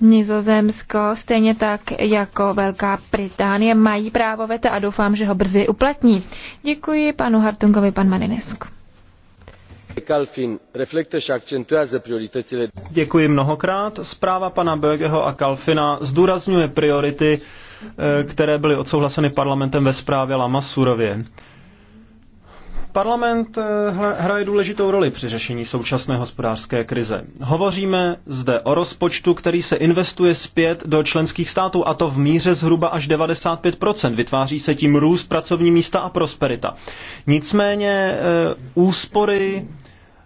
Nizozemsko, stejně tak jako Velká Británie, mají právo veta a doufám, že ho brzy uplatní. Děkuji panu Hartungovi, pan Maninesku. Děkuji mnohokrát. Zpráva pana Bögeho a Kalfina zdůrazňuje priority, eh, které byly odsouhlaseny parlamentem ve zprávě Lamasurově. Parlament eh, hraje důležitou roli při řešení současné hospodářské krize. Hovoříme zde o rozpočtu, který se investuje zpět do členských států, a to v míře zhruba až 95%. Vytváří se tím růst pracovní místa a prosperita. Nicméně eh, úspory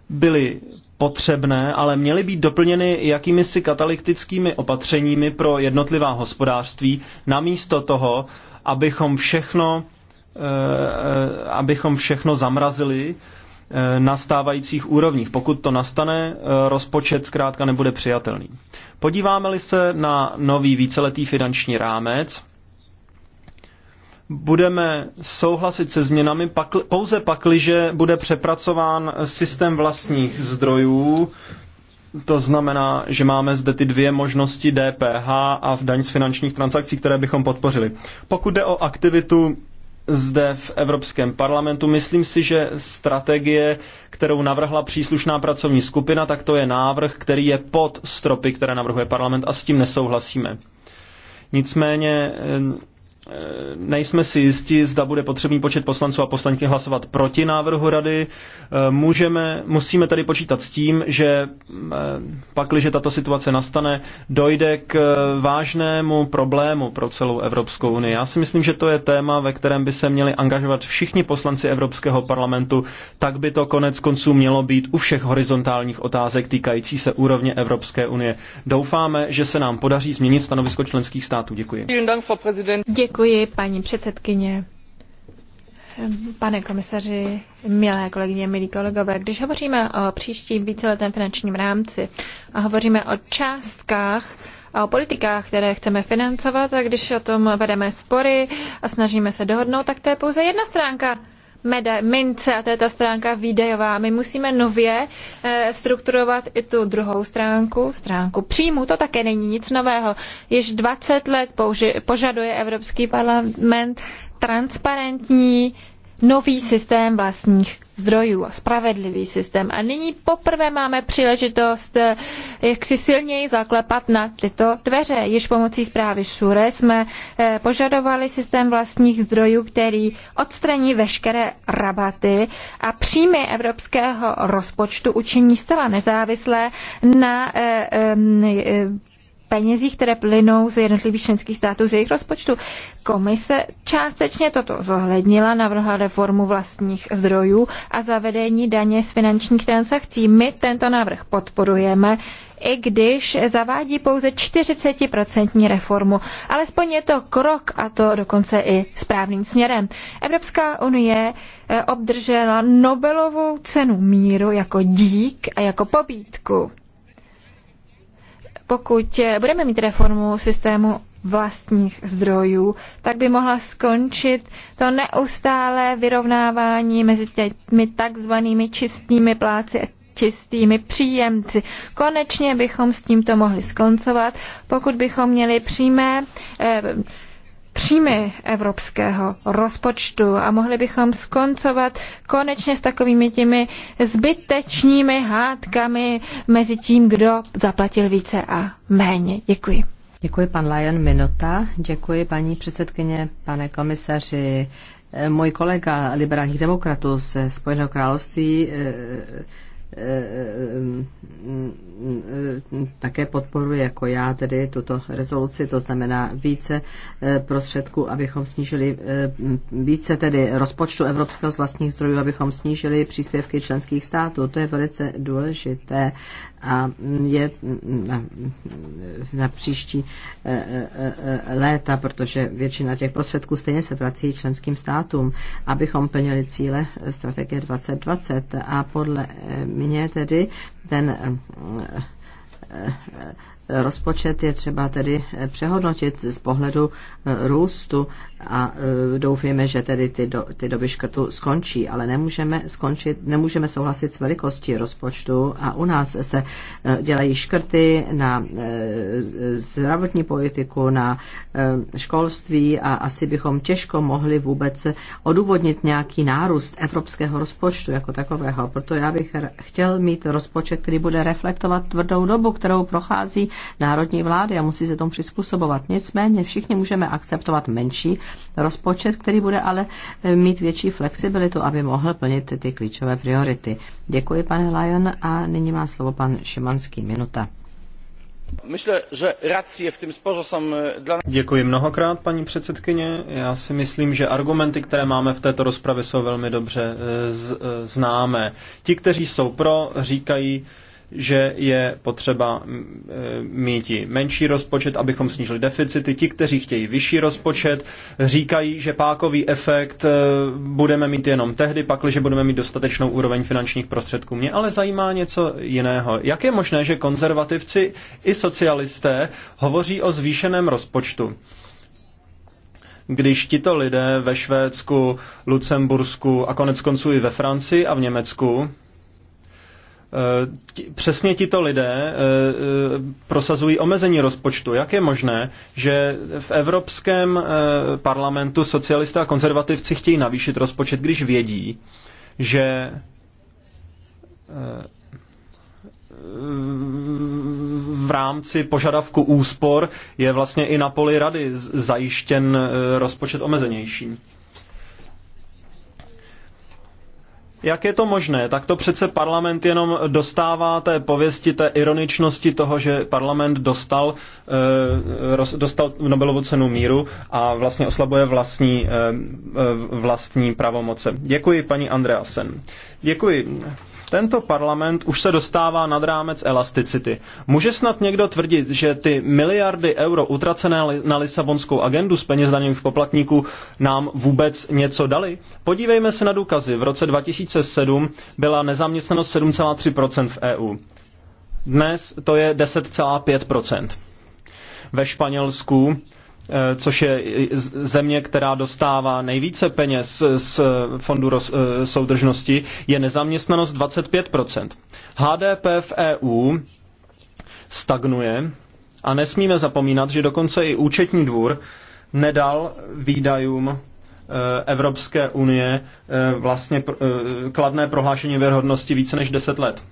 byly potřebné, ale měly být doplněny jakýmisi katalytickými opatřeními pro jednotlivá hospodářství, namísto toho, abychom všechno, eh, eh, abychom všechno zamrazili eh, na stávajících úrovních. Pokud to nastane, rozpočet zkrátka nebude přijatelný. Podíváme-li se na nový víceletý finanční rámec, budeme souhlasit se změnami pakli, pouze pakliže bude přepracován systém vlastních zdrojů, to znamená, že máme zde ty dvě možnosti DPH a v daň z finančních transakcí, které bychom podpořili. Pokud jde o aktivitu zde v Evropském parlamentu, myslím si, že strategie, kterou navrhla příslušná pracovní skupina, tak to je návrh, který je pod stropy, které navrhuje parlament a s tím nesouhlasíme. Nicméně Eh, nejsme si jisti, zda bude potřebný počet poslanců a poslankyň hlasovat proti návrhu rady. Eh, můžeme, musíme tady počítat s tím, že eh, pakliže tato situace nastane, dojde k vážnému problému pro celou Evropskou unii. Já si myslím, že to je téma, ve kterém by se měli angažovat všichni poslanci Evropského parlamentu. Tak by to konec konců mělo být u všech horizontálních otázek týkající se úrovně Evropské unie. Doufáme, že se nám podaří změnit stanovisko členských států. Děkuji. Děkuji. Děkuji, paní předsedkyně. Pane komisaři, milé kolegyně, milí kolegové, když hovoříme o příštím víceletém finančním rámci a hovoříme o částkách a o politikách, které chceme financovat, a když o tom vedeme spory a snažíme se dohodnout, tak to je pouze jedna stránka meda, mince a to je ta stránka výdejová. My musíme nově eh, strukturovat i tu druhou stránku, stránku příjmu. To také není nic nového. Již 20 let použi- požaduje Evropský parlament transparentní nový systém vlastních zdrojů, spravedlivý systém. A nyní poprvé máme příležitost eh, jak si silněji zaklepat na tyto dveře. Již pomocí zprávy Šure jsme eh, požadovali systém vlastních zdrojů, který odstraní veškeré rabaty a příjmy evropského rozpočtu učiní zcela nezávislé na eh, penězích, které plynou z jednotlivých členských států z jejich rozpočtu. Komise částečně toto zohlednila, navrhla reformu vlastních zdrojů a zavedení daně z finančních transakcí. My tento návrh podporujeme, i když zavádí pouze 40% reformu. Alespoň je to krok a to dokonce i správným směrem. Evropská unie eh, obdržela Nobelovou cenu míru jako dík a jako pobídku. Pokud budeme mít reformu systému vlastních zdrojů, tak by mohla skončit to neustálé vyrovnávání mezi těmi takzvanými čistými pláci a čistými příjemci. Konečně bychom s tímto mohli skoncovat, pokud bychom měli přímé eh, příjmy evropského rozpočtu a mohli bychom skoncovat konečně s takovými těmi zbytečnými hádkami mezi tím, kdo zaplatil více a méně. Děkuji. Děkuji, pan Lajon Minota. Děkuji, paní předsedkyně, pane komisaři. Eh, můj kolega liberálních demokratů ze Spojeného království eh, Eh, eh, eh, také podporuje jako já tedy tuto rezoluci, to znamená více prostředků, abychom snížili více tedy rozpočtu evropského z vlastních zdrojů, abychom snížili příspěvky členských států. To je velice důležité a je na, na příští eh, eh, eh, léta, protože většina těch prostředků stejně se vrací členským státům, abychom plnili cíle strategie 2020 a podle mě tedy ten rozpočet je třeba tedy přehodnotit z pohledu eh, růstu a eh, doufíme, že tedy ty, do, ty doby škrtu skončí, ale nemůžeme, skončit, nemůžeme souhlasit s velikostí rozpočtu a u nás se eh, dělají škrty na zdravotní politiku, na školství a asi bychom těžko mohli vůbec odůvodnit nějaký nárůst evropského rozpočtu jako takového. Proto já bych chtěl mít rozpočet, který bude reflektovat tvrdou dobu, kterou prochází národní vlády a musí se tomu přizpůsobovat. Nicméně všichni můžeme akceptovat menší rozpočet, který bude ale eh, mít větší flexibilitu, aby mohl plnit ty klíčové priority. Děkuji, pane Lion, a nyní má slovo pan Šimanský. Minuta. Myslím, že racje v tom spoře jsou e, dla Děkuji mnohokrát, paní předsedkyně. Já si myslím, že argumenty, které máme v této rozpravě, jsou velmi dobře e, e, známé. Ti, kteří jsou pro, říkají, že je potřeba e, mít menší rozpočet, abychom snížili deficity. Ti, kteří chtějí vyšší rozpočet, říkají, že pákový efekt e, budeme mít jenom tehdy, pakliže budeme mít dostatečnou úroveň finančních prostředků. Mě ale zajímá něco jiného. Jak je možné, že konzervativci i socialisté hovoří o zvýšeném rozpočtu? když tito lidé ve Švédsku, Lucembursku a konec konců i ve Francii a v Německu Eh, přesně tito lidé eh, eh, prosazují omezení rozpočtu. Jak je možné, že v Evropském parlamentu socialisté a konzervativci chtějí navýšit rozpočet, když vědí, že v rámci požadavku úspor je vlastně i na poli rady zajištěn rozpočet omezenější. Jak je to možné? Tak to přece parlament jenom dostává té pověsti, té ironičnosti toho, že parlament dostal, eh, dostal Nobelovu cenu míru a vlastně oslabuje vlastní, eh, eh, vlastní pravomoce. Děkuji, paní Andreasen. Děkuji. Tento parlament už se dostává nad rámec elasticity. Může snad někdo tvrdit, že ty miliardy euro utracené na Lisabonskou agendu z peněz daných poplatníků nám vůbec něco dali? Podívejme se na důkazy. V roce 2007 byla nezaměstnanost 7,3% v EU. Dnes to je 10,5%. Ve Španělsku Eh, což je země, která dostává nejvíce peněz z fondu eh, soudržnosti, je nezaměstnanost 25%. HDP v EU stagnuje a nesmíme zapomínat, že dokonce i účetní dvůr nedal výdajům eh, Evropské unie vlastně kladné prohlášení věrhodnosti více než 10 let.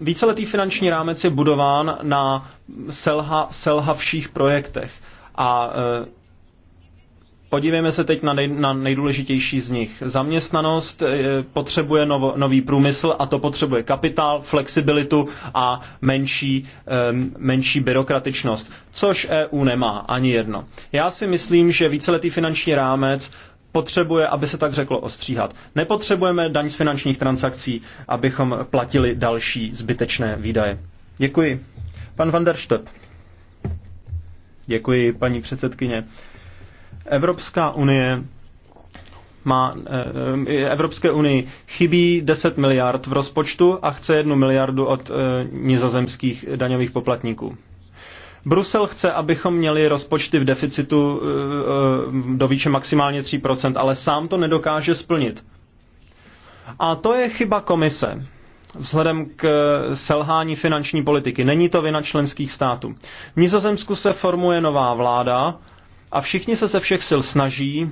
Víceletý finanční rámec je budován na selha, selhavších projektech. A e, Podívejme se teď na, nej, na nejdůležitější z nich. Zaměstnanost e, potřebuje novo, nový průmysl a to potřebuje kapitál, flexibilitu a menší, e, menší byrokratičnost, což EU nemá ani jedno. Já si myslím, že víceletý finanční rámec potřebuje, aby se tak řeklo, ostříhat. Nepotřebujeme daň z finančních transakcí, abychom platili další zbytečné výdaje. Děkuji. Pan van der Stöp. Děkuji, paní předsedkyně. Evropská unie má eh, eh, Evropské unii chybí 10 miliard v rozpočtu a chce 1 miliardu od eh, nizozemských daňových poplatníků. Brusel chce, abychom měli rozpočty v deficitu do výše maximálně 3%, ale sám to nedokáže splnit. A to je chyba komise vzhledem k eh, selhání finanční politiky. Není to vina členských států. V Nizozemsku se formuje nová vláda a všichni se ze všech sil snaží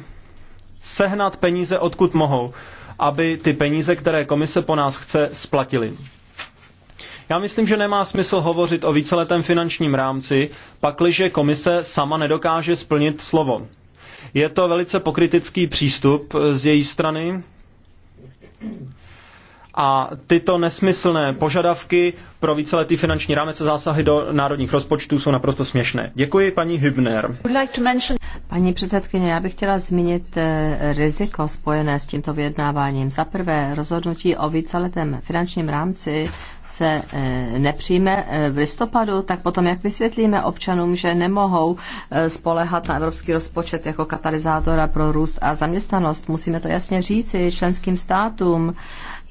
sehnat peníze, odkud mohou, aby ty peníze, které komise po nás chce, splatili. Já myslím, že nemá smysl hovořit o víceletém finančním rámci, pakliže komise sama nedokáže splnit slovo. Je to velice pokrytický přístup z její strany a tyto nesmyslné požadavky pro víceletý finanční rámec a zásahy do národních rozpočtů jsou naprosto směšné. Děkuji, paní Hübner. Paní předsedkyně, já bych chtěla zmínit eh, riziko spojené s tímto vyjednáváním. Za prvé, rozhodnutí o víceletém finančním rámci se eh, nepřijme eh, v listopadu, tak potom jak vysvětlíme občanům, že nemohou spolehat na evropský rozpočet jako katalyzátora pro růst a zaměstnanost? Musíme to jasně říci členským státům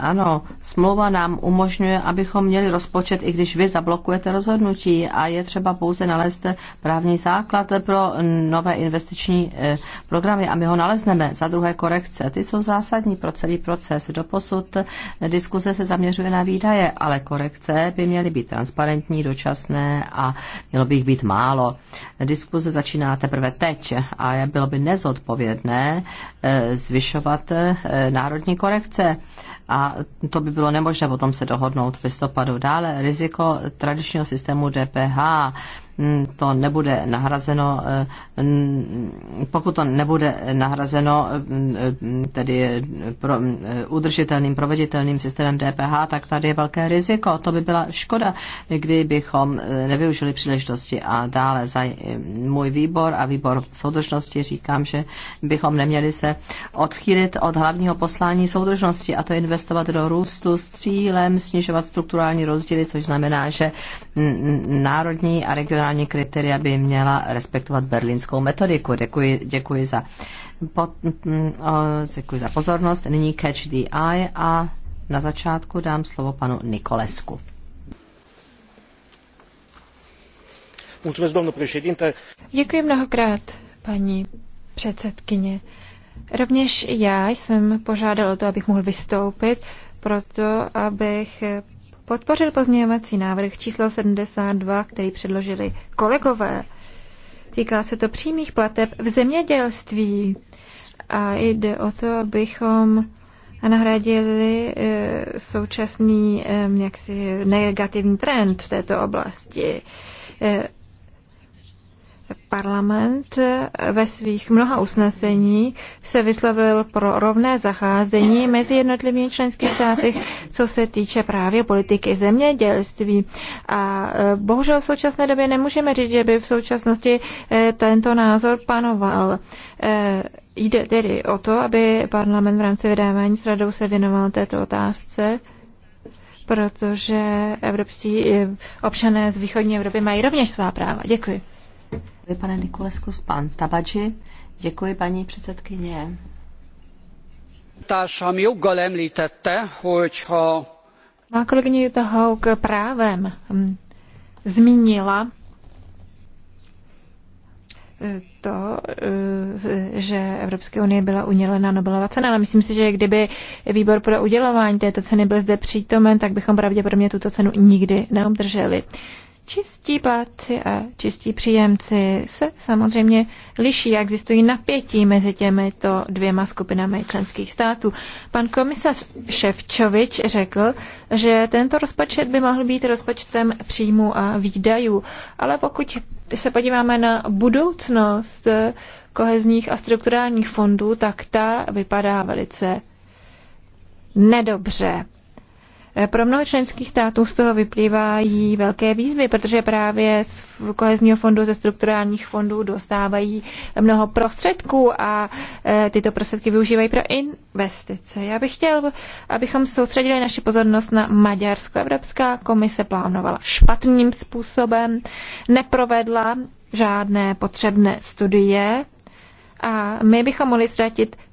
Ano, smlouva nám umožňuje, abychom měli rozpočet, i když vy zablokujete rozhodnutí a je třeba pouze nalézt právní základ pro nové investiční eh, programy a my ho nalezneme. Za druhé korekce, ty jsou zásadní pro celý proces. Doposud diskuze se zaměřuje na výdaje, ale korekce by měly být transparentní, dočasné a mělo by jich být málo. Diskuze začíná teprve teď a bylo by nezodpovědné eh, zvyšovat eh, národní korekce a to by bylo nemožné potom se dohodnout v listopadu. Dále riziko tradičního systému DPH to nebude nahrazeno, eh, pokud to nebude nahrazeno eh, tedy pro, eh, udržitelným, proveditelným systémem DPH, tak tady je velké riziko. To by byla škoda, kdybychom nevyužili příležitosti. A dále za můj výbor a výbor soudržnosti říkám, že bychom neměli se odchýlit od hlavního poslání soudržnosti a to investovat do růstu s cílem snižovat strukturální rozdíly, což znamená, že národní a regionální sociální kritéria by měla respektovat berlínskou metodiku. Děkuji, děkuji, za, po, děkuji za pozornost. Nyní Catch the Eye a na začátku dám slovo panu Nikolesku. Děkuji mnohokrát, paní předsedkyně. Rovněž já jsem požádal o to, abych mohl vystoupit, proto abych podpořil pozměňovací návrh číslo 72, který předložili kolegové. Týká se to přímých plateb v zemědělství a jde o to, abychom nahradili e, současný e, jaksi negativní trend v této oblasti e, Parlament ve svých mnoha usnesení se vyslovil pro rovné zacházení mezi jednotlivými členskými státy, co se týče právě politiky zemědělství. A e, bohužel v současné době nemůžeme říct, že by v současnosti e, tento názor panoval. E, jde tedy o to, aby parlament v rámci vydávání s radou se věnoval této otázce protože evropští občané z východní Evropy mají rovněž svá práva. Děkuji. Děkuji, pane Nikolesku, pan Tabadži. Děkuji, paní předsedkyně. Társam joggal említette, hogyha... Má kolegyně Jutta Haug právem hm, zmínila eh, to, eh, že Evropské unie byla udělena Nobelová cena, ale myslím si, že kdyby výbor pro udělování této ceny byl zde přítomen, tak bychom pravděpodobně tuto cenu nikdy neobdrželi čistí plátci a čistí příjemci se samozřejmě liší, existují napětí mezi těmito dvěma skupinami členských států. Pan komisař Ševčovič řekl, že tento rozpočet by mohl být rozpočtem příjmu a výdajů, ale pokud se podíváme na budoucnost kohezních a strukturálních fondů, tak ta vypadá velice nedobře. Eh, pro mnoho členských států z toho vyplývají velké výzvy, protože právě z kohezního fondu, ze strukturálních fondů dostávají mnoho prostředků a eh, tyto prostředky využívají pro investice. Já bych chtěl, abychom soustředili naši pozornost na Maďarsko. Evropská komise plánovala špatným způsobem, neprovedla žádné potřebné studie a my bychom mohli ztratit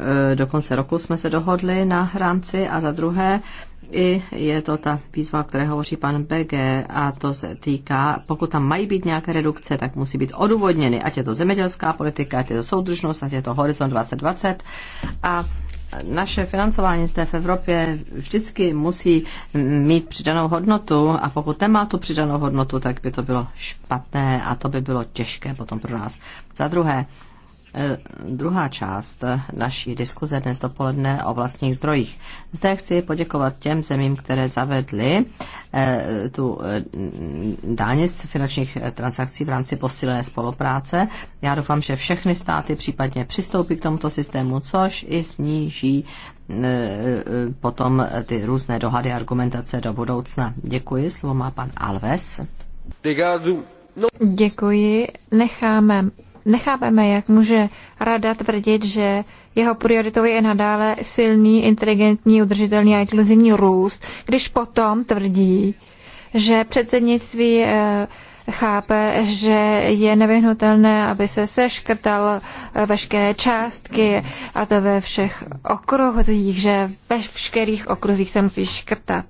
Eh, do konce roku jsme se dohodli na rámci a za druhé i je to ta výzva, o které hovoří pan BG a to se týká, pokud tam mají být nějaké redukce, tak musí být odůvodněny, ať je to zemědělská politika, ať je to soudržnost, ať je to Horizon 2020 a naše financování zde v Evropě vždycky musí mít přidanou hodnotu a pokud nemá tu přidanou hodnotu, tak by to bylo špatné a to by bylo těžké potom pro nás. Za druhé, Eh, druhá část naší diskuze dnes dopoledne o vlastních zdrojích. Zde chci poděkovat těm zemím, které zavedly eh, tu eh, daň z finančních transakcí v rámci posílené spolupráce. Já doufám, že všechny státy případně přistoupí k tomuto systému, což i sníží potom ty různé dohady a argumentace do budoucna. Děkuji, slovo má pan Alves. Děkuji. Necháme nechápeme, jak může rada tvrdit, že jeho prioritou je nadále silný, inteligentní, udržitelný a inkluzivní růst, když potom tvrdí, že předsednictví eh, chápe, že je nevyhnutelné, aby se seškrtal eh, veškeré částky a to ve všech okruzích, že ve všech okruzích se musí škrtat.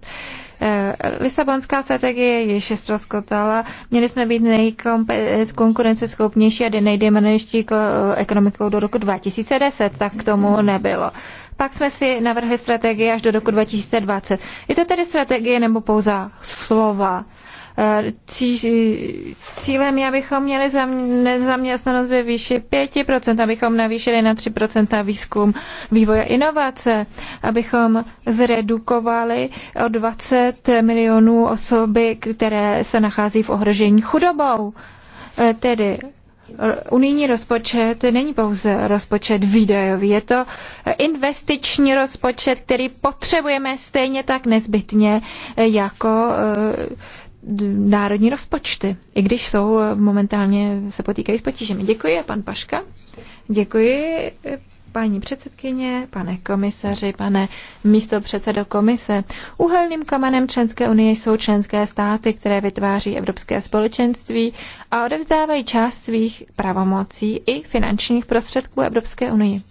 Eh, Lisabonská strategie již ztroskotala. Měli jsme být nejkonkurenceschopnější a nejdemenejší ekonomikou do roku 2010, tak k tomu nebylo. Pak jsme si navrhli strategii až do roku 2020. Je to tedy strategie nebo pouze slova? Cílem je, abychom měli nezaměstnanost ve výši 5%, abychom navýšili na 3% výzkum vývoje inovace, abychom zredukovali o 20 milionů osoby, které se nachází v ohrožení chudobou. E, tedy Unijní rozpočet není pouze rozpočet výdajový, je to investiční rozpočet, který potřebujeme stejně tak nezbytně jako e, národní rozpočty, i když jsou eh, momentálně se potýkají s potížemi. Děkuji pan Paška. Děkuji eh, paní předsedkyně, pane komisaři, pane místopředsedo komise. Uhelným kamenem členské unie jsou členské státy, které vytváří Evropské společenství a odevzdávají část svých pravomocí i finančních prostředků Evropské unii.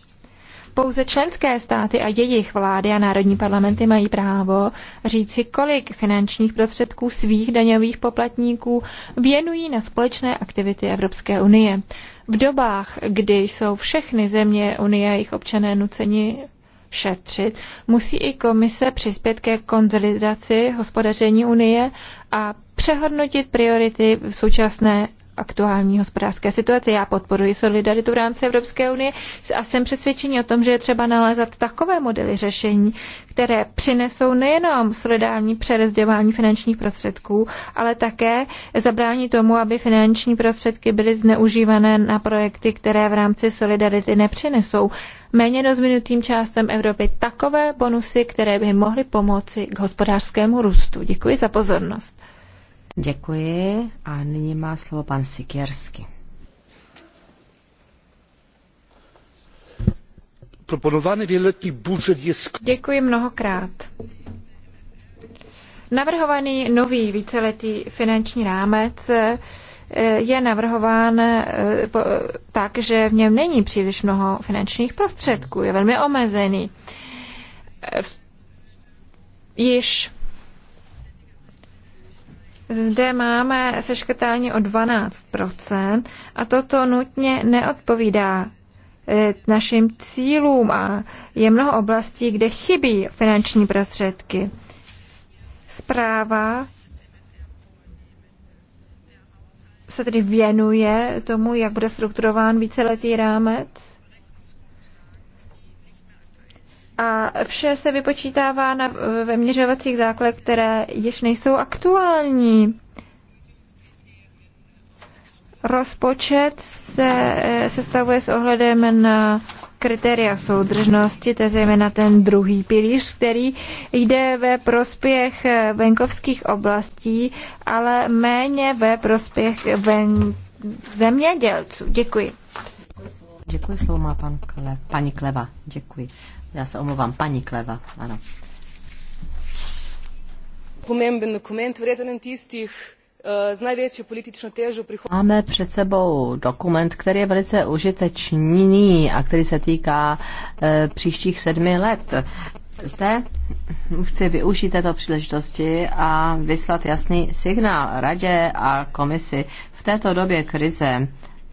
Pouze členské státy a jejich vlády a národní parlamenty mají právo říci, kolik finančních prostředků svých daňových poplatníků věnují na společné aktivity Evropské unie. V dobách, kdy jsou všechny země Unie a jejich občané nuceni šetřit, musí i komise přispět ke konzolidaci hospodaření Unie a přehodnotit priority v současné aktuální hospodářské situace. Já podporuji solidaritu v rámci Evropské unie a jsem přesvědčený o tom, že je třeba nalézat takové modely řešení, které přinesou nejenom solidární přerozdělování finančních prostředků, ale také zabrání tomu, aby finanční prostředky byly zneužívané na projekty, které v rámci solidarity nepřinesou méně rozvinutým částem Evropy takové bonusy, které by mohly pomoci k hospodářskému růstu. Děkuji za pozornost. Děkuji a nyní má slovo pan Sikiersky. Proponovaný wieloletní budżet jest... Děkuji mnohokrát. Navrhovaný nový víceletý finanční rámec eh, je navrhován eh, tak, že v něm není příliš mnoho finančních prostředků, je velmi omezený. Eh, již zde máme seškrtání o 12% a toto nutně neodpovídá eh, našim cílům a je mnoho oblastí, kde chybí finanční prostředky. Zpráva se tedy věnuje tomu, jak bude strukturován víceletý rámec a vše se vypočítává na, ve měřovacích základech, které již nejsou aktuální. Rozpočet se eh, sestavuje s ohledem na kritéria soudržnosti, to je zejména ten druhý pilíř, který jde ve prospěch eh, venkovských oblastí, ale méně ve prospěch ven... zemědělců. Děkuji. Děkuji, slovo má pan Kle... paní Kleva. Děkuji. Já se omlouvám, paní Kleva, ano. Pomemben dokument, verjetno tistih, s eh, největší politickou téžou přichod... Máme před sebou dokument, který je velice užitečný a který se týká e, příštích sedmi let. Zde chci využít této příležitosti a vyslat jasný signál radě a komisi. V této době krize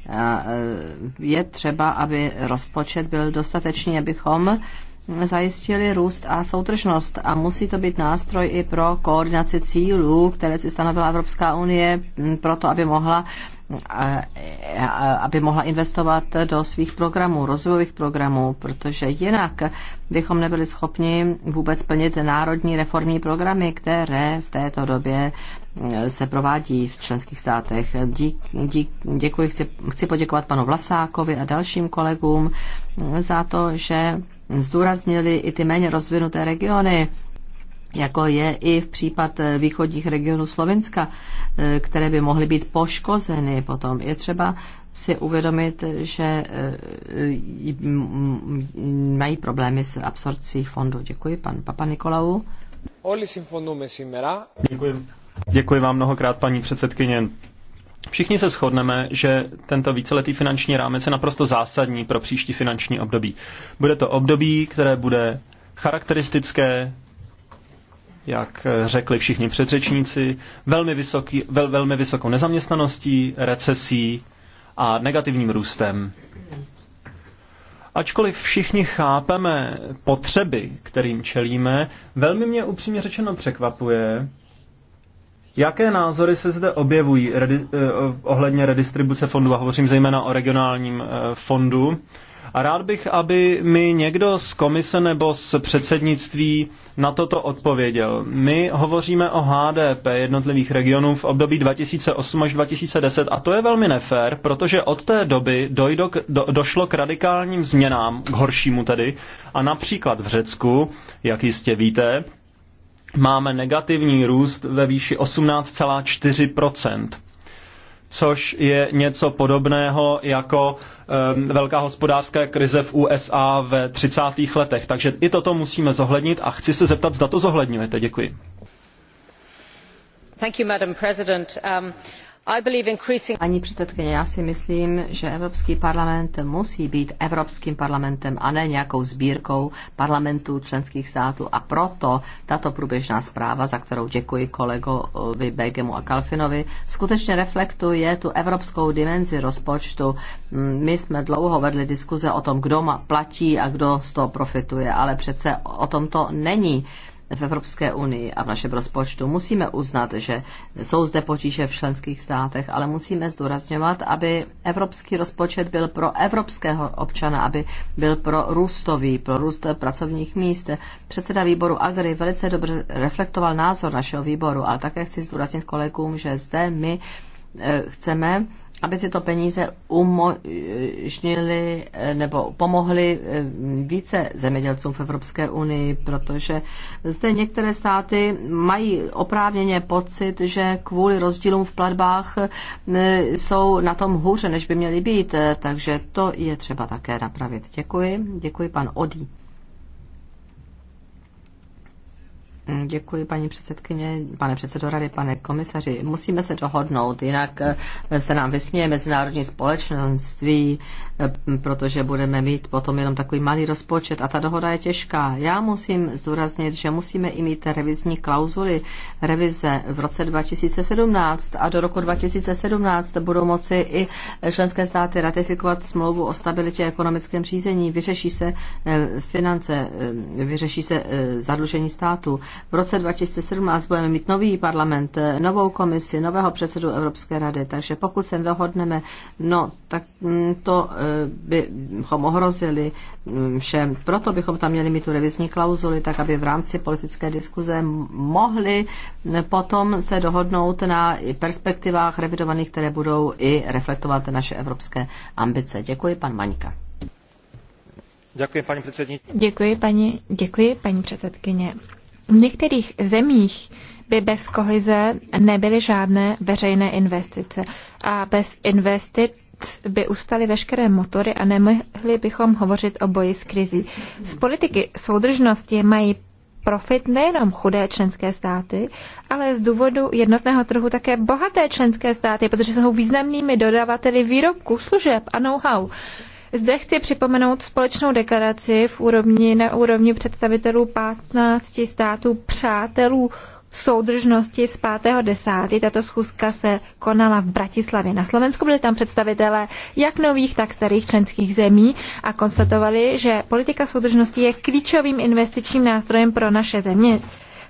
E, je třeba, aby rozpočet byl dostatečný, abychom zajistili růst a soudržnost a musí to být nástroj i pro koordinaci cílů, které si stanovila Evropská unie, proto aby mohla aby mohla investovat do svých programů, rozvojových programů, protože jinak bychom nebyli schopni vůbec plnit národní reformní programy, které v této době eh, se provádí v členských státech. Dík, dík, děkuji, chci, chci poděkovat panu Vlasákovi a dalším kolegům za to, že zdůraznili i ty méně rozvinuté regiony jako je i v případ eh, východních regionů Slovenska, eh, které by mohly být poškozeny potom. Je třeba si uvědomit, že eh, mají problémy s absorpcí fondu. Děkuji, pan Papa Nikolau. Děkuji. Děkuji vám mnohokrát, paní předsedkyně. Všichni se shodneme, že tento víceletý finanční rámec je naprosto zásadní pro příští finanční období. Bude to období, které bude charakteristické jak eh, řekli všichni předřečníci, velmi, vysoký, vel, velmi vysokou nezaměstnaností, recesí a negativním růstem. Ačkoliv všichni chápeme potřeby, kterým čelíme, velmi mě upřímně řečeno překvapuje, jaké názory se zde objevují redi, eh, ohledně redistribuce fondu, a hovořím zejména o regionálním eh, fondu, a rád bych, aby mi někdo z komise nebo z předsednictví na toto odpověděl. My hovoříme o HDP jednotlivých regionů v období 2008 až 2010 a to je velmi nefér, protože od té doby dojdo k, do, došlo k radikálním změnám, k horšímu tedy. A například v Řecku, jak jistě víte, máme negativní růst ve výši 18,4 což je něco podobného jako velká hospodářská krize v USA ve 30. letech. Takže i toto musíme zohlednit a chci se zeptat, zda to zohledňujete. Děkuji. Um, Paní předsedkyně, já si myslím, že Evropský parlament musí být Evropským parlamentem a ne nějakou sbírkou parlamentů členských států a proto tato průběžná zpráva, za kterou děkuji kolegovi Begemu a Kalfinovi, skutečně reflektuje tu evropskou dimenzi rozpočtu. Mm, my jsme dlouho vedli diskuze o tom, kdo platí a kdo z toho profituje, ale přece o tom to není v Evropské unii a v našem rozpočtu. Musíme uznat, že jsou zde potíže v členských státech, ale musíme zdůrazňovat, aby evropský rozpočet byl pro evropského občana, aby byl pro růstový, pro růst pracovních míst. Předseda výboru Agri velice dobře reflektoval názor našeho výboru, ale také chci zdůraznit kolegům, že zde my eh, chceme aby tyto peníze umožnily eh, nebo pomohly eh, více zemědělcům v Evropské unii, protože zde některé státy mají oprávněně pocit, že kvůli rozdílům v platbách eh, jsou na tom hůře, než by měly být, takže to je třeba také napravit. Děkuji, děkuji pan Odí. Děkuji, paní předsedkyně, pane předsedo rady, pane komisaři. Musíme se dohodnout, jinak se nám vysměje mezinárodní společenství Eh, protože budeme mít potom jenom takový malý rozpočet a ta dohoda je těžká. Já musím zdůraznit, že musíme i mít revizní klauzuly revize v roce 2017 a do roku 2017 budou moci i členské státy ratifikovat smlouvu o stabilitě a ekonomickém řízení. Vyřeší se eh, finance, eh, vyřeší se zadlužení státu. V roce 2017 budeme mít nový parlament, novou komisi, nového předsedu Evropské rady, takže pokud se dohodneme, no tak mm, to bychom ohrozili mm, všem. Proto bychom tam měli mít tu revizní klauzuli, tak aby v rámci politické diskuze mohli potom se dohodnout na perspektivách revidovaných, které budou i reflektovat naše evropské ambice. Děkuji, pan Maňka. Děkuji, paní předsedkyně. Děkuji, paní, děkuji, paní předsedkyně. V některých zemích by bez kohize nebyly žádné veřejné investice. A bez investic by ustaly veškeré motory a nemohli bychom hovořit o boji s krizí. Z politiky soudržnosti mají profit nejenom chudé členské státy, ale z důvodu jednotného trhu také bohaté členské státy, protože jsou významnými dodavateli výrobků, služeb a know-how. Zde chci připomenout společnou deklaraci v úrovni, na úrovni představitelů 15 států přátelů soudržnosti z 5.10. Tato schůzka se konala v Bratislavě na Slovensku. Byli tam představitelé jak nových, tak starých členských zemí a konstatovali, že politika soudržnosti je klíčovým investičním nástrojem pro naše země.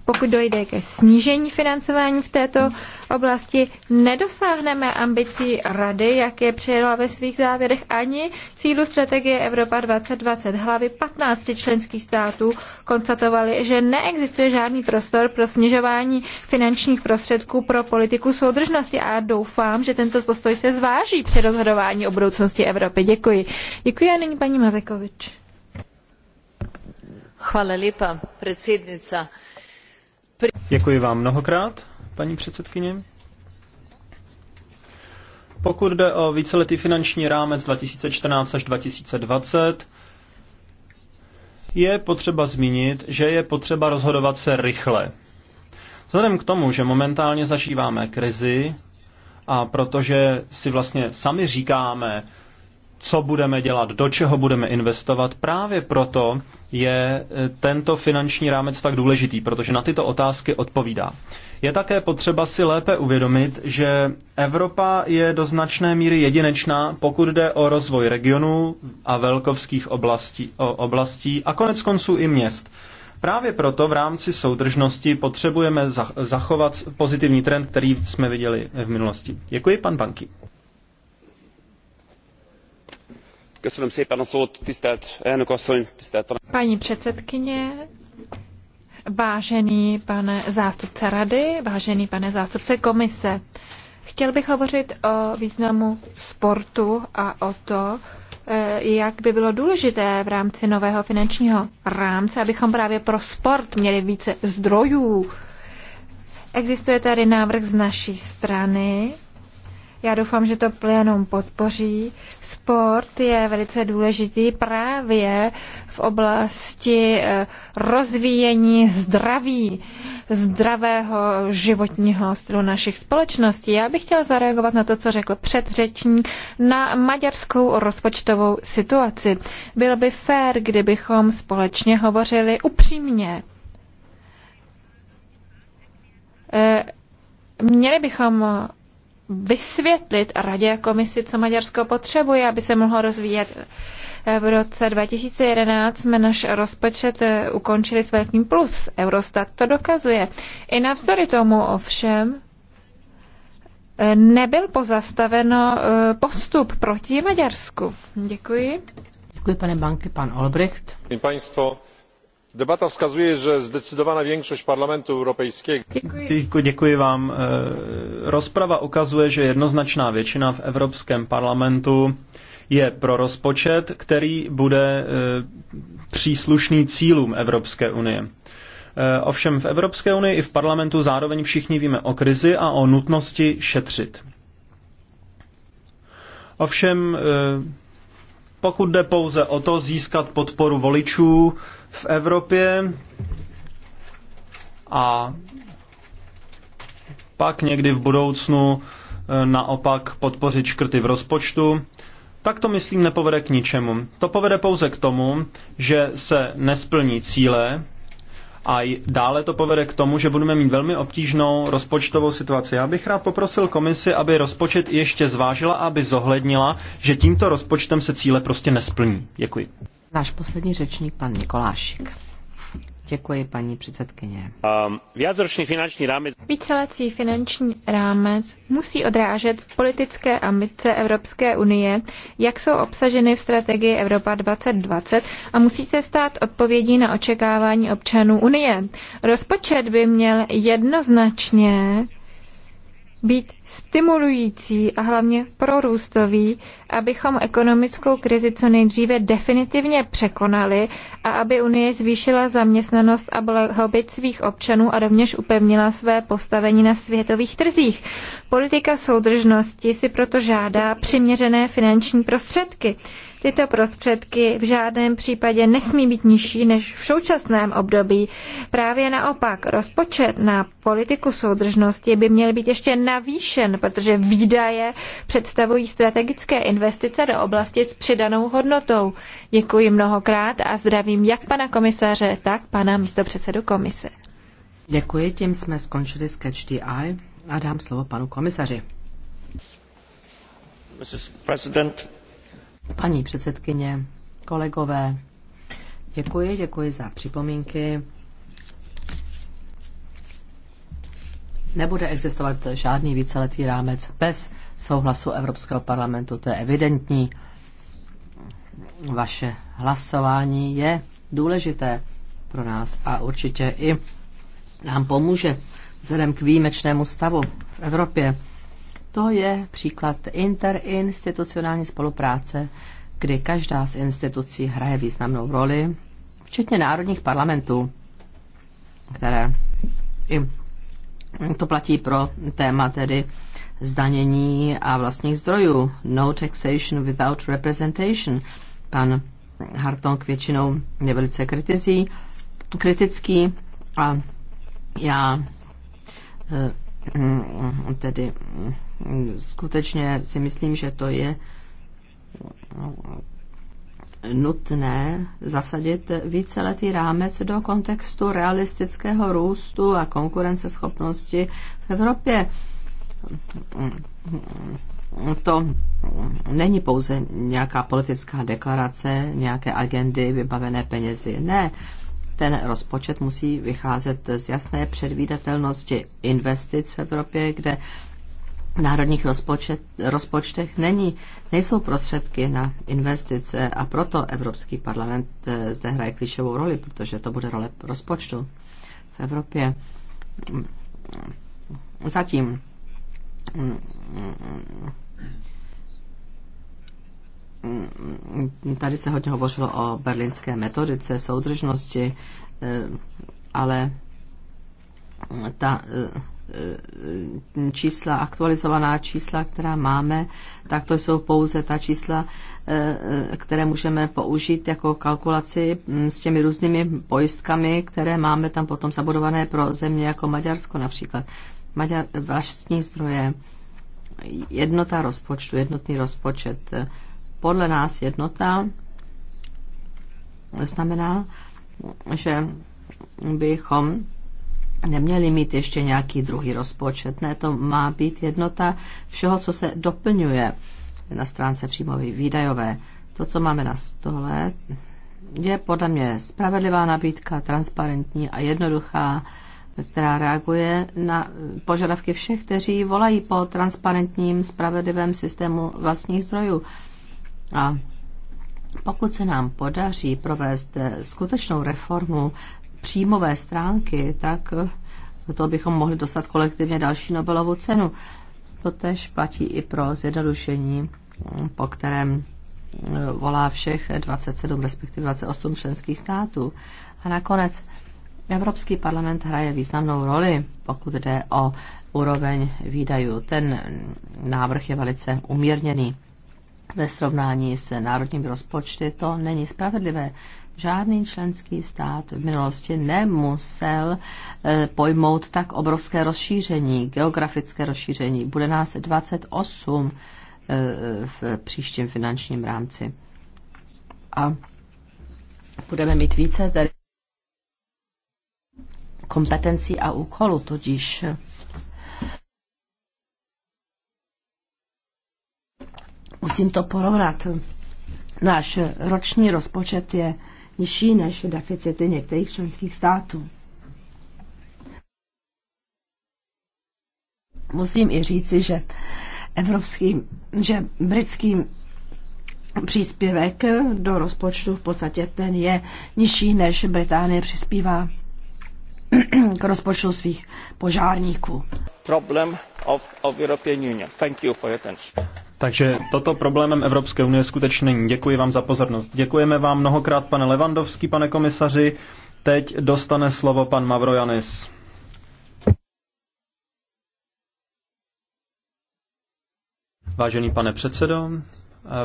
Pokud dojde ke snížení financování v této oblasti, nedosáhneme ambicí Rady, jak je přijela ve svých závěrech, ani cílu strategie Evropa 2020. Hlavy 15 členských států konstatovali, že neexistuje žádný prostor pro snižování finančních prostředků pro politiku soudržnosti a doufám, že tento postoj se zváží při rozhodování o budoucnosti Evropy. Děkuji. Děkuji a nyní paní Mazekovič. Hvala lepa, predsednica Děkuji vám mnohokrát, paní předsedkyně. Pokud jde o víceletý finanční rámec 2014 až 2020, je potřeba zmínit, že je potřeba rozhodovat se rychle. Vzhledem k tomu, že momentálně zažíváme krizi a protože si vlastně sami říkáme, co budeme dělat, do čeho budeme investovat. Právě proto je e, tento finanční rámec tak důležitý, protože na tyto otázky odpovídá. Je také potřeba si lépe uvědomit, že Evropa je do značné míry jedinečná, pokud jde o rozvoj regionů a velkovských oblastí, oblastí a konec konců i měst. Právě proto v rámci soudržnosti potřebujeme zachovat pozitivní trend, který jsme viděli v minulosti. Děkuji, pan Banky. Paní předsedkyně, vážený pane zástupce rady, vážený pane zástupce komise, chtěl bych hovořit o významu sportu a o to, eh, jak by bylo důležité v rámci nového finančního rámce, abychom právě pro sport měli více zdrojů. Existuje tady návrh z naší strany, já doufám, že to plénum podpoří. Sport je velice důležitý právě v oblasti eh, rozvíjení zdraví, zdravého životního stylu našich společností. Já bych chtěla zareagovat na to, co řekl předřečník, na maďarskou rozpočtovou situaci. Bylo by fér, kdybychom společně hovořili upřímně. Eh, měli bychom vysvětlit radě a komisi, co Maďarsko potřebuje, aby se mohlo rozvíjet. V roce 2011 jsme náš rozpočet eh, ukončili s velkým plus. Eurostat to dokazuje. I navzdory tomu ovšem eh, nebyl pozastaveno eh, postup proti Maďarsku. Děkuji. Děkuji, pane banky, pan Olbricht. Děkuji, debata wskazuje że zdecydowana większość parlamentu europejskiego. Děkuji. Děkuji vám. E, rozprava ukazuje, že jednoznačná většina v Evropském parlamentu je pro rozpočet, který bude e, příslušný cílům Evropské unie. E, ovšem v Evropské unii i v parlamentu zároveň všichni víme o krizi a o nutnosti šetřit. Ovšem, pokud jde pouze o to získat podporu voličů, v Evropě a pak někdy v budoucnu eh, naopak podpořit škrty v rozpočtu, tak to myslím nepovede k ničemu. To povede pouze k tomu, že se nesplní cíle a dále to povede k tomu, že budeme mít velmi obtížnou rozpočtovou situaci. Já bych rád poprosil komisi, aby rozpočet ještě zvážila, a aby zohlednila, že tímto rozpočtem se cíle prostě nesplní. Děkuji. Náš poslední řečník, pan Nikolášik. Děkuji, paní předsedkyně. Um, finanční rámec... Vícelecí finanční rámec musí odrážet politické ambice Evropské unie, jak jsou obsaženy v strategii Evropa 2020 a musí se stát odpovědí na očekávání občanů unie. Rozpočet by měl jednoznačně být stimulující a hlavně prorůstový, abychom ekonomickou krizi co nejdříve definitivně překonali a aby Unie zvýšila zaměstnanost a blahobyt svých občanů a rovněž upevnila své postavení na světových trzích. Politika soudržnosti si proto žádá přiměřené finanční prostředky. Tyto prostředky v žádném případě nesmí být nižší než v současném období. Právě naopak, rozpočet na politiku soudržnosti by měl být ještě navýšen, protože výdaje představují strategické investice do oblasti s přidanou hodnotou. Děkuji mnohokrát a zdravím jak pana komisaře, tak pana místopředsedu komise. Děkuji, tím jsme skončili s Catch the Eye a dám slovo panu komisaři. Mrs. President, Paní předsedkyně, kolegové, děkuji, děkuji za připomínky. Nebude existovat žádný víceletý rámec bez souhlasu Evropského parlamentu, to je evidentní. Vaše hlasování je důležité pro nás a určitě i nám pomůže vzhledem k výjimečnému stavu v Evropě. To je příklad interinstitucionální spolupráce, kdy každá z institucí hraje významnou roli, včetně národních parlamentů, které i to platí pro téma tedy zdanění a vlastních zdrojů. No taxation without representation. Pan Hartong většinou je velice kritizí, kritický a já eh, mm, tedy mm, skutečně si myslím, že to je nutné zasadit víceletý rámec do kontextu realistického růstu a konkurenceschopnosti v Evropě. To není pouze nějaká politická deklarace, nějaké agendy vybavené penězi. Ne, ten rozpočet musí vycházet z jasné předvídatelnosti investic v Evropě, kde v národních rozpočet, rozpočtech není, nejsou prostředky na investice a proto Evropský parlament eh, zde hraje klíčovou roli, protože to bude role rozpočtu v Evropě. Zatím mm, tady se hodně hovořilo o berlínské metodice soudržnosti, eh, ale ta eh, Eh, čísla, aktualizovaná čísla, která máme, tak to jsou pouze ta čísla, eh, které můžeme použít jako kalkulaci mm, s těmi různými pojistkami, které máme tam potom zabudované pro země jako Maďarsko například. Maďar, vlastní zdroje, jednota rozpočtu, jednotný rozpočet. Eh, podle nás jednota znamená, že bychom neměli mít ještě nějaký druhý rozpočet. Ne, to má být jednota všeho, co se doplňuje na stránce příjmové výdajové. To, co máme na stole, je podle mě spravedlivá nabídka, transparentní a jednoduchá, která reaguje na požadavky všech, kteří volají po transparentním, spravedlivém systému vlastních zdrojů. A pokud se nám podaří provést skutečnou reformu příjmové stránky, tak to bychom mohli dostat kolektivně další Nobelovu cenu. To tež platí i pro zjednodušení, po kterém eh, volá všech 27, respektive 28 členských států. A nakonec Evropský parlament hraje významnou roli, pokud jde o úroveň výdajů. Ten návrh je velice umírněný. Ve srovnání s národními rozpočty to není spravedlivé žádný členský stát v minulosti nemusel e, pojmout tak obrovské rozšíření, geografické rozšíření. Bude nás 28 e, v příštím finančním rámci. A budeme mít více tedy kompetencí a úkolu, tudíž e, musím to porovnat. Náš roční rozpočet je nižší než deficity některých členských států. Musím i říci, že evropský, že britský příspěvek do rozpočtu v podstatě ten je nižší, než Británie přispívá k rozpočtu svých požárníků. Problem of, of European Union. Thank you for your attention. Takže toto problémem Evropské unie skutečně není. Děkuji vám za pozornost. Děkujeme vám mnohokrát, pane Levandovský, pane komisaři. Teď dostane slovo pan Mavrojanis. Vážený pane předsedo,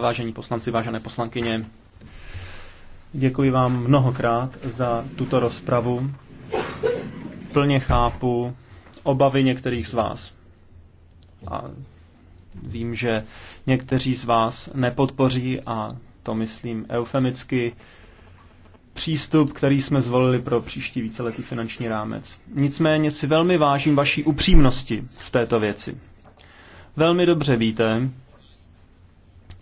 vážení poslanci, vážené poslankyně, děkuji vám mnohokrát za tuto rozpravu. Plně chápu obavy některých z vás. A Vím, že někteří z vás nepodpoří, a to myslím eufemicky, přístup, který jsme zvolili pro příští víceletý finanční rámec. Nicméně si velmi vážím vaší upřímnosti v této věci. Velmi dobře víte,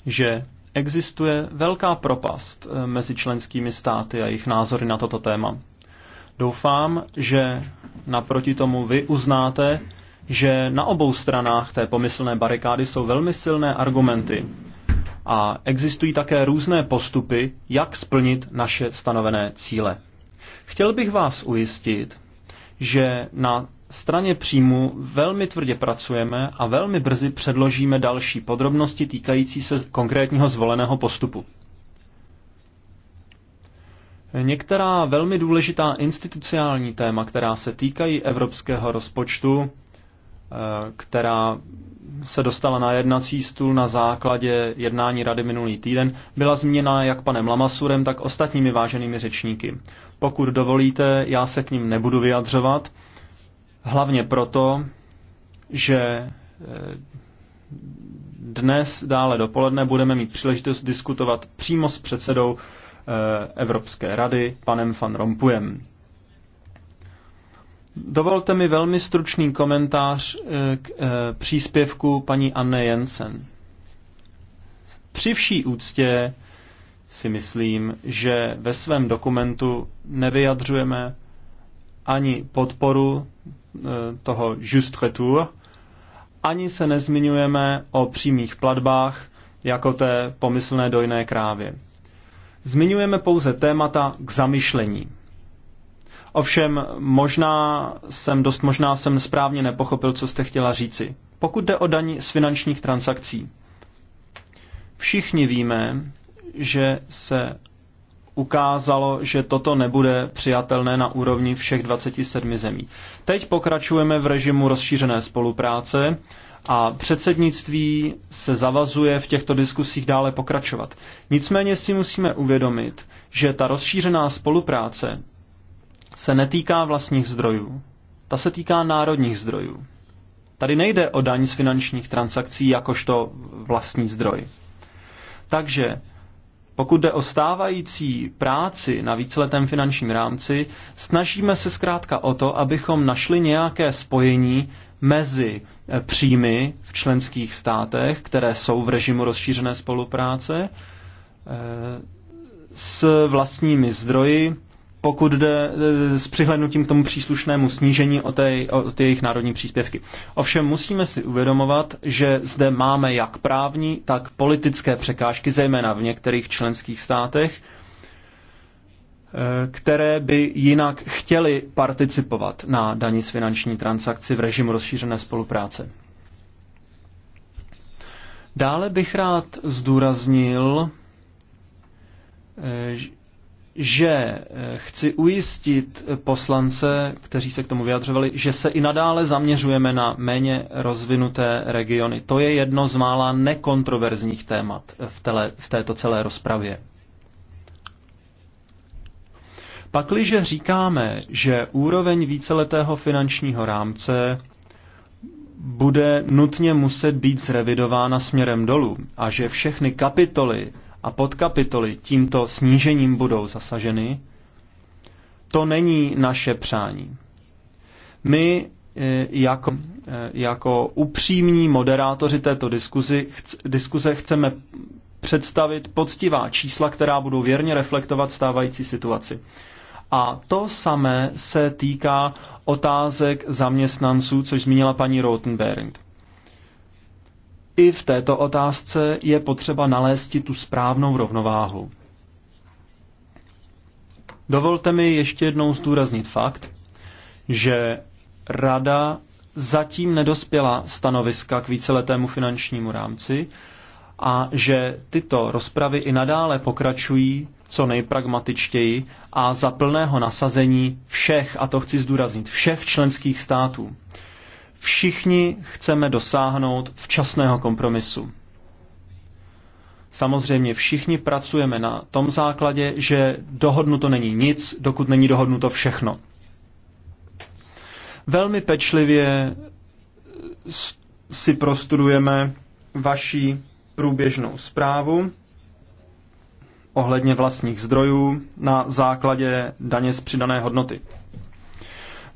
že existuje velká propast eh, mezi členskými státy a jejich názory na toto téma. Doufám, že naproti tomu vy uznáte, že na obou stranách té pomyslné barikády jsou velmi silné argumenty a existují také různé postupy, jak splnit naše stanovené cíle. Chtěl bych vás ujistit, že na straně příjmu velmi tvrdě pracujeme a velmi brzy předložíme další podrobnosti týkající se konkrétního zvoleného postupu. Některá velmi důležitá institucionální téma, která se týkají evropského rozpočtu, Eh, která se dostala na jednací stůl na základě jednání rady minulý týden, byla změna jak panem Lamasurem, tak ostatními váženými řečníky. Pokud dovolíte, já se k ním nebudu vyjadřovat, hlavně proto, že eh, dnes dále dopoledne budeme mít příležitost diskutovat přímo s předsedou eh, Evropské rady, panem Van Rompuyem. Dovolte mi velmi stručný komentář eh, k eh, příspěvku paní Anne Jensen. Při vší úctě si myslím, že ve svém dokumentu nevyjadřujeme ani podporu eh, toho just retour, ani se nezmiňujeme o přímých platbách jako té pomyslné dojné krávě. Zmiňujeme pouze témata k zamyšlení. Ovšem, možná jsem, dost možná jsem správně nepochopil, co jste chtěla říci. Pokud jde o daň z finančních transakcí, všichni víme, že se ukázalo, že toto nebude přijatelné na úrovni všech 27 zemí. Teď pokračujeme v režimu rozšířené spolupráce a předsednictví se zavazuje v těchto diskusích dále pokračovat. Nicméně si musíme uvědomit, že ta rozšířená spolupráce se netýká vlastních zdrojů. Ta se týká národních zdrojů. Tady nejde o daň z finančních transakcí jakožto vlastní zdroj. Takže pokud jde o stávající práci na víceletém finančním rámci, snažíme se zkrátka o to, abychom našli nějaké spojení mezi eh, příjmy v členských státech, které jsou v režimu rozšířené spolupráce, eh, s vlastními zdroji pokud jde e, s přihlednutím k tomu příslušnému snížení o, té, o té jejich národní příspěvky. Ovšem musíme si uvědomovat, že zde máme jak právní, tak politické překážky, zejména v některých členských státech, e, které by jinak chtěly participovat na daní z finanční transakci v režimu rozšířené spolupráce. Dále bych rád zdůraznil, e, že eh, chci ujistit eh, poslance, kteří se k tomu vyjadřovali, že se i nadále zaměřujeme na méně rozvinuté regiony. To je jedno z mála nekontroverzních témat eh, v, tele, v této celé rozpravě. Pakliže říkáme, že úroveň víceletého finančního rámce bude nutně muset být zrevidována směrem dolů a že všechny kapitoly a podkapitoly tímto snížením budou zasaženy, to není naše přání. My eh, jako, eh, jako upřímní moderátoři této diskuzi, chc, diskuze chceme představit poctivá čísla, která budou věrně reflektovat stávající situaci. A to samé se týká otázek zaměstnanců, což zmínila paní Rotenberg. I v této otázce je potřeba nalézt tu správnou rovnováhu. Dovolte mi ještě jednou zdůraznit fakt, že Rada zatím nedospěla stanoviska k víceletému finančnímu rámci a že tyto rozpravy i nadále pokračují co nejpragmatičtěji a za plného nasazení všech, a to chci zdůraznit, všech členských států. Všichni chceme dosáhnout včasného kompromisu. Samozřejmě všichni pracujeme na tom základě, že dohodnuto není nic, dokud není dohodnuto všechno. Velmi pečlivě si prostudujeme vaší průběžnou zprávu ohledně vlastních zdrojů na základě daně z přidané hodnoty.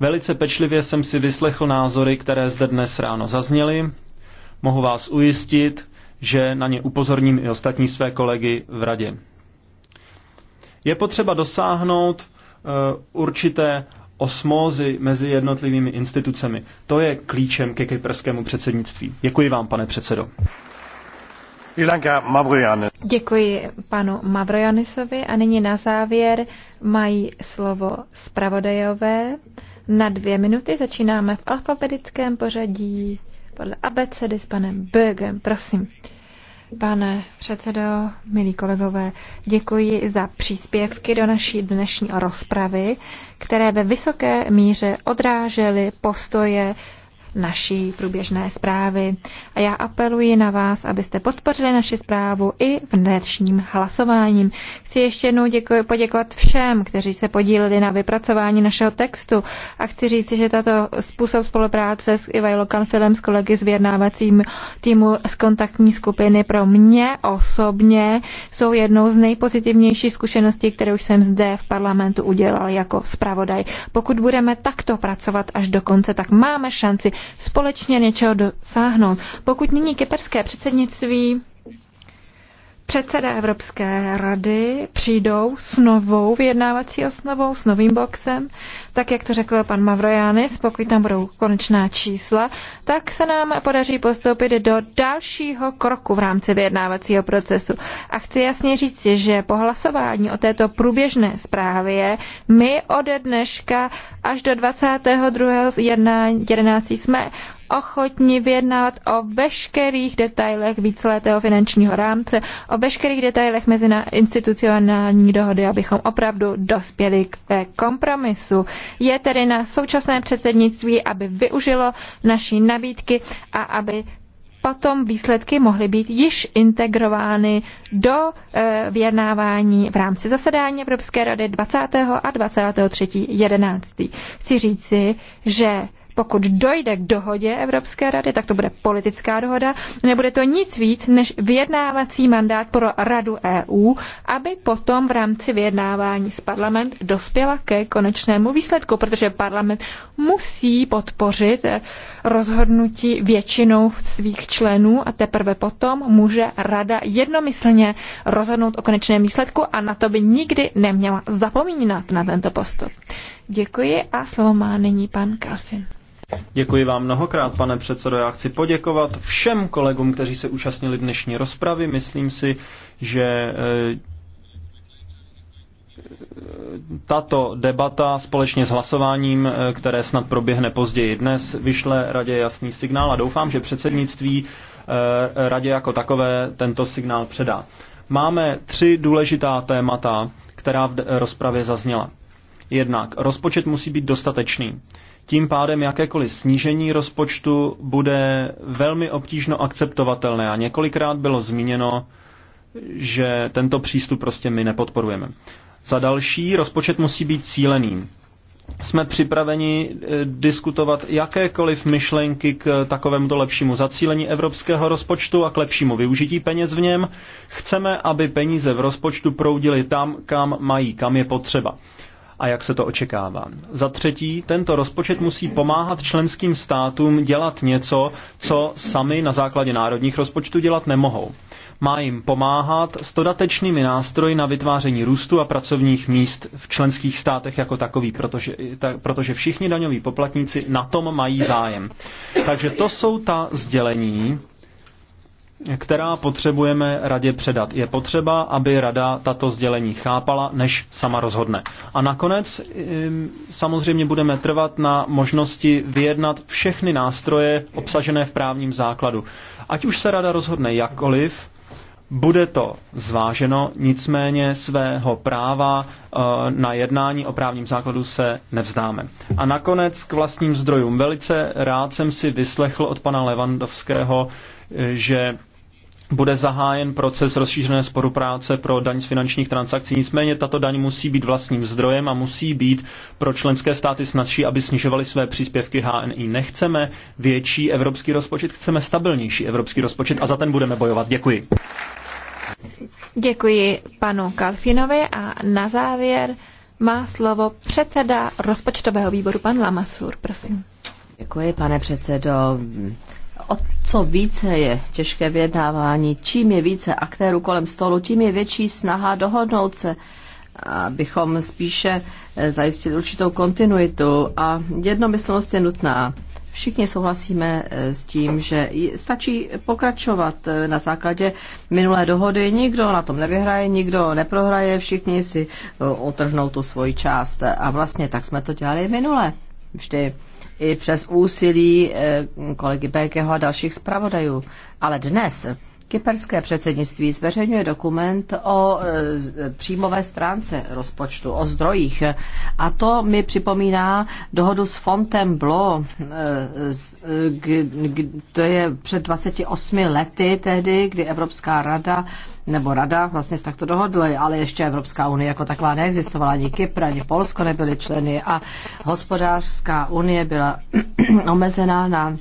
Velice pečlivě jsem si vyslechl názory, které zde dnes ráno zazněly. Mohu vás ujistit, že na ně upozorním i ostatní své kolegy v radě. Je potřeba dosáhnout eh, určité osmózy mezi jednotlivými institucemi. To je klíčem ke kyperskému předsednictví. Děkuji vám, pane předsedo. Děkuji panu Mavrojanisovi a nyní na závěr mají slovo zpravodajové na dvě minuty. Začínáme v alfabetickém pořadí podle abecedy s panem Bögem. Prosím. Pane předsedo, milí kolegové, děkuji za příspěvky do naší dnešní rozpravy, které ve vysoké míře odrážely postoje naší průběžné zprávy. A já apeluji na vás, abyste podpořili naši zprávu i v dnešním hlasováním. Chci ještě jednou děkuji, poděkovat všem, kteří se podíleli na vypracování našeho textu a chci říct, že tato způsob spolupráce s Ivajlo Kanfilem, s kolegy z vyjednávacím týmu z kontaktní skupiny pro mě osobně jsou jednou z nejpozitivnějších zkušeností, kterou jsem zde v parlamentu udělal jako zpravodaj. Pokud budeme takto pracovat až do konce, tak máme šanci společně něčeho dosáhnout. Pokud nyní kyperské předsednictví předseda Evropské rady přijdou s novou vyjednávací osnovou, s novým boxem, tak jak to řekl pan Mavrojanis, pokud tam budou konečná čísla, tak se nám podaří postoupit do dalšího kroku v rámci vyjednávacího procesu. A chci jasně říct, že po hlasování o této průběžné zprávě my ode dneška až do 22. jednání 11. jsme ochotni vyjednávat o veškerých detailech víceletého finančního rámce, o veškerých detailech mezi institucionální dohody, abychom opravdu dospěli k kompromisu. Je tedy na současné předsednictví, aby využilo naší nabídky a aby potom výsledky mohly být již integrovány do e, vyjednávání v rámci zasedání Evropské rady 20. a 23. 11. Chci říci, že pokud dojde k dohodě Evropské rady, tak to bude politická dohoda, nebude to nic víc než vyjednávací mandát pro Radu EU, aby potom v rámci vyjednávání s parlament dospěla ke konečnému výsledku, protože parlament musí podpořit rozhodnutí většinou svých členů a teprve potom může Rada jednomyslně rozhodnout o konečném výsledku a na to by nikdy neměla zapomínat na tento postup. Děkuji a slovo má nyní pan Kalfin. Děkuji vám mnohokrát, pane předsedo. Já chci poděkovat všem kolegům, kteří se účastnili dnešní rozpravy. Myslím si, že eh, tato debata společně s hlasováním, eh, které snad proběhne později dnes, vyšle radě jasný signál a doufám, že předsednictví eh, radě jako takové tento signál předá. Máme tři důležitá témata, která v rozpravě zazněla. Jednak rozpočet musí být dostatečný. Tím pádem jakékoliv snížení rozpočtu bude velmi obtížno akceptovatelné a několikrát bylo zmíněno, že tento přístup prostě my nepodporujeme. Za další, rozpočet musí být cílený. Jsme připraveni eh, diskutovat jakékoliv myšlenky k takovému lepšímu zacílení evropského rozpočtu a k lepšímu využití peněz v něm. Chceme, aby peníze v rozpočtu proudily tam, kam mají, kam je potřeba a jak se to očekává. Za třetí, tento rozpočet musí pomáhat členským státům dělat něco, co sami na základě národních rozpočtů dělat nemohou. Má jim pomáhat s dodatečnými nástroji na vytváření růstu a pracovních míst v členských státech jako takový, protože, ta, protože všichni daňoví poplatníci na tom mají zájem. Takže to jsou ta sdělení, která potřebujeme radě předat. Je potřeba, aby rada tato sdělení chápala, než sama rozhodne. A nakonec samozřejmě budeme trvat na možnosti vyjednat všechny nástroje obsažené v právním základu. Ať už se rada rozhodne jakkoliv, bude to zváženo, nicméně svého práva e, na jednání o právním základu se nevzdáme. A nakonec k vlastním zdrojům. Velice rád jsem si vyslechl od pana Levandovského, e, že bude zahájen proces rozšířené spolupráce pro daň z finančních transakcí. Nicméně tato daň musí být vlastním zdrojem a musí být pro členské státy snadší, aby snižovaly své příspěvky HNI. Nechceme větší evropský rozpočet, chceme stabilnější evropský rozpočet a za ten budeme bojovat. Děkuji. Děkuji panu Kalfinovi a na závěr má slovo předseda rozpočtového výboru pan Lamasur, prosím. Děkuji, pane předsedo o co více je těžké vyjednávání, čím je více aktérů kolem stolu, tím je větší snaha dohodnout se, abychom spíše eh, zajistili určitou kontinuitu a jednomyslnost je nutná. Všichni souhlasíme eh, s tím, že stačí pokračovat eh, na základě minulé dohody. Nikdo na tom nevyhraje, nikdo neprohraje, všichni si otrhnou tu svoji část. A vlastně tak jsme to dělali minule. Vždy i přes úsilí eh, kolegy Békeho a dalších zpravodajů. Ale dnes Kyperské předsednictví zveřejňuje dokument o e, příjmové stránce rozpočtu, o zdrojích. A to mi připomíná dohodu s Fontainebleau, e, to je před 28 lety tehdy, kdy Evropská rada nebo rada vlastně se takto dohodla, ale ještě Evropská unie jako taková neexistovala, ani Kypr, ani Polsko nebyly členy a hospodářská unie byla omezená na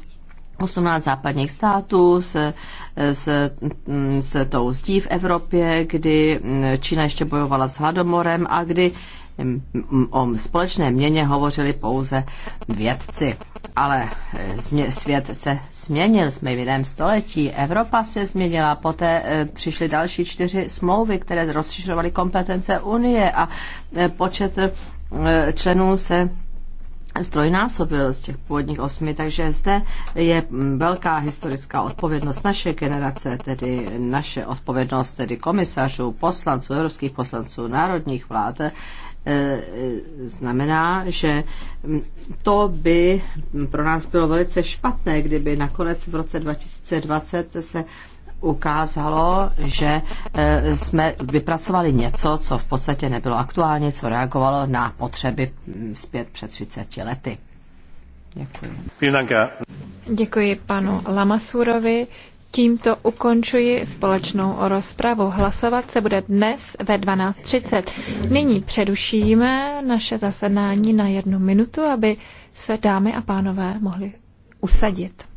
18 západních států s, s, mm, s tou zdí v Evropě, kdy mm, Čína ještě bojovala s hladomorem a kdy mm, o společné měně hovořili pouze vědci. Ale eh, svět se změnil, jsme v jiném století. Evropa se změnila, poté eh, přišly další čtyři smlouvy, které rozšiřovaly kompetence Unie a eh, počet členů se strojnásobil z těch původních osmi, takže zde je mm, velká historická odpovědnost naše generace, tedy naše odpovědnost, tedy komisařů, poslanců, evropských poslanců, národních vlád, e, e, znamená, že mm, to by pro nás bylo velice špatné, kdyby nakonec v roce 2020 se ukázalo, že e, jsme vypracovali něco, co v podstatě nebylo aktuálně, co reagovalo na potřeby mm, zpět před 30 lety. Děkuji. Děkuji panu Lamasurovi. Tímto ukončuji společnou rozpravu. Hlasovat se bude dnes ve 12.30. Nyní předušíme naše zasedání na jednu minutu, aby se dámy a pánové mohli usadit.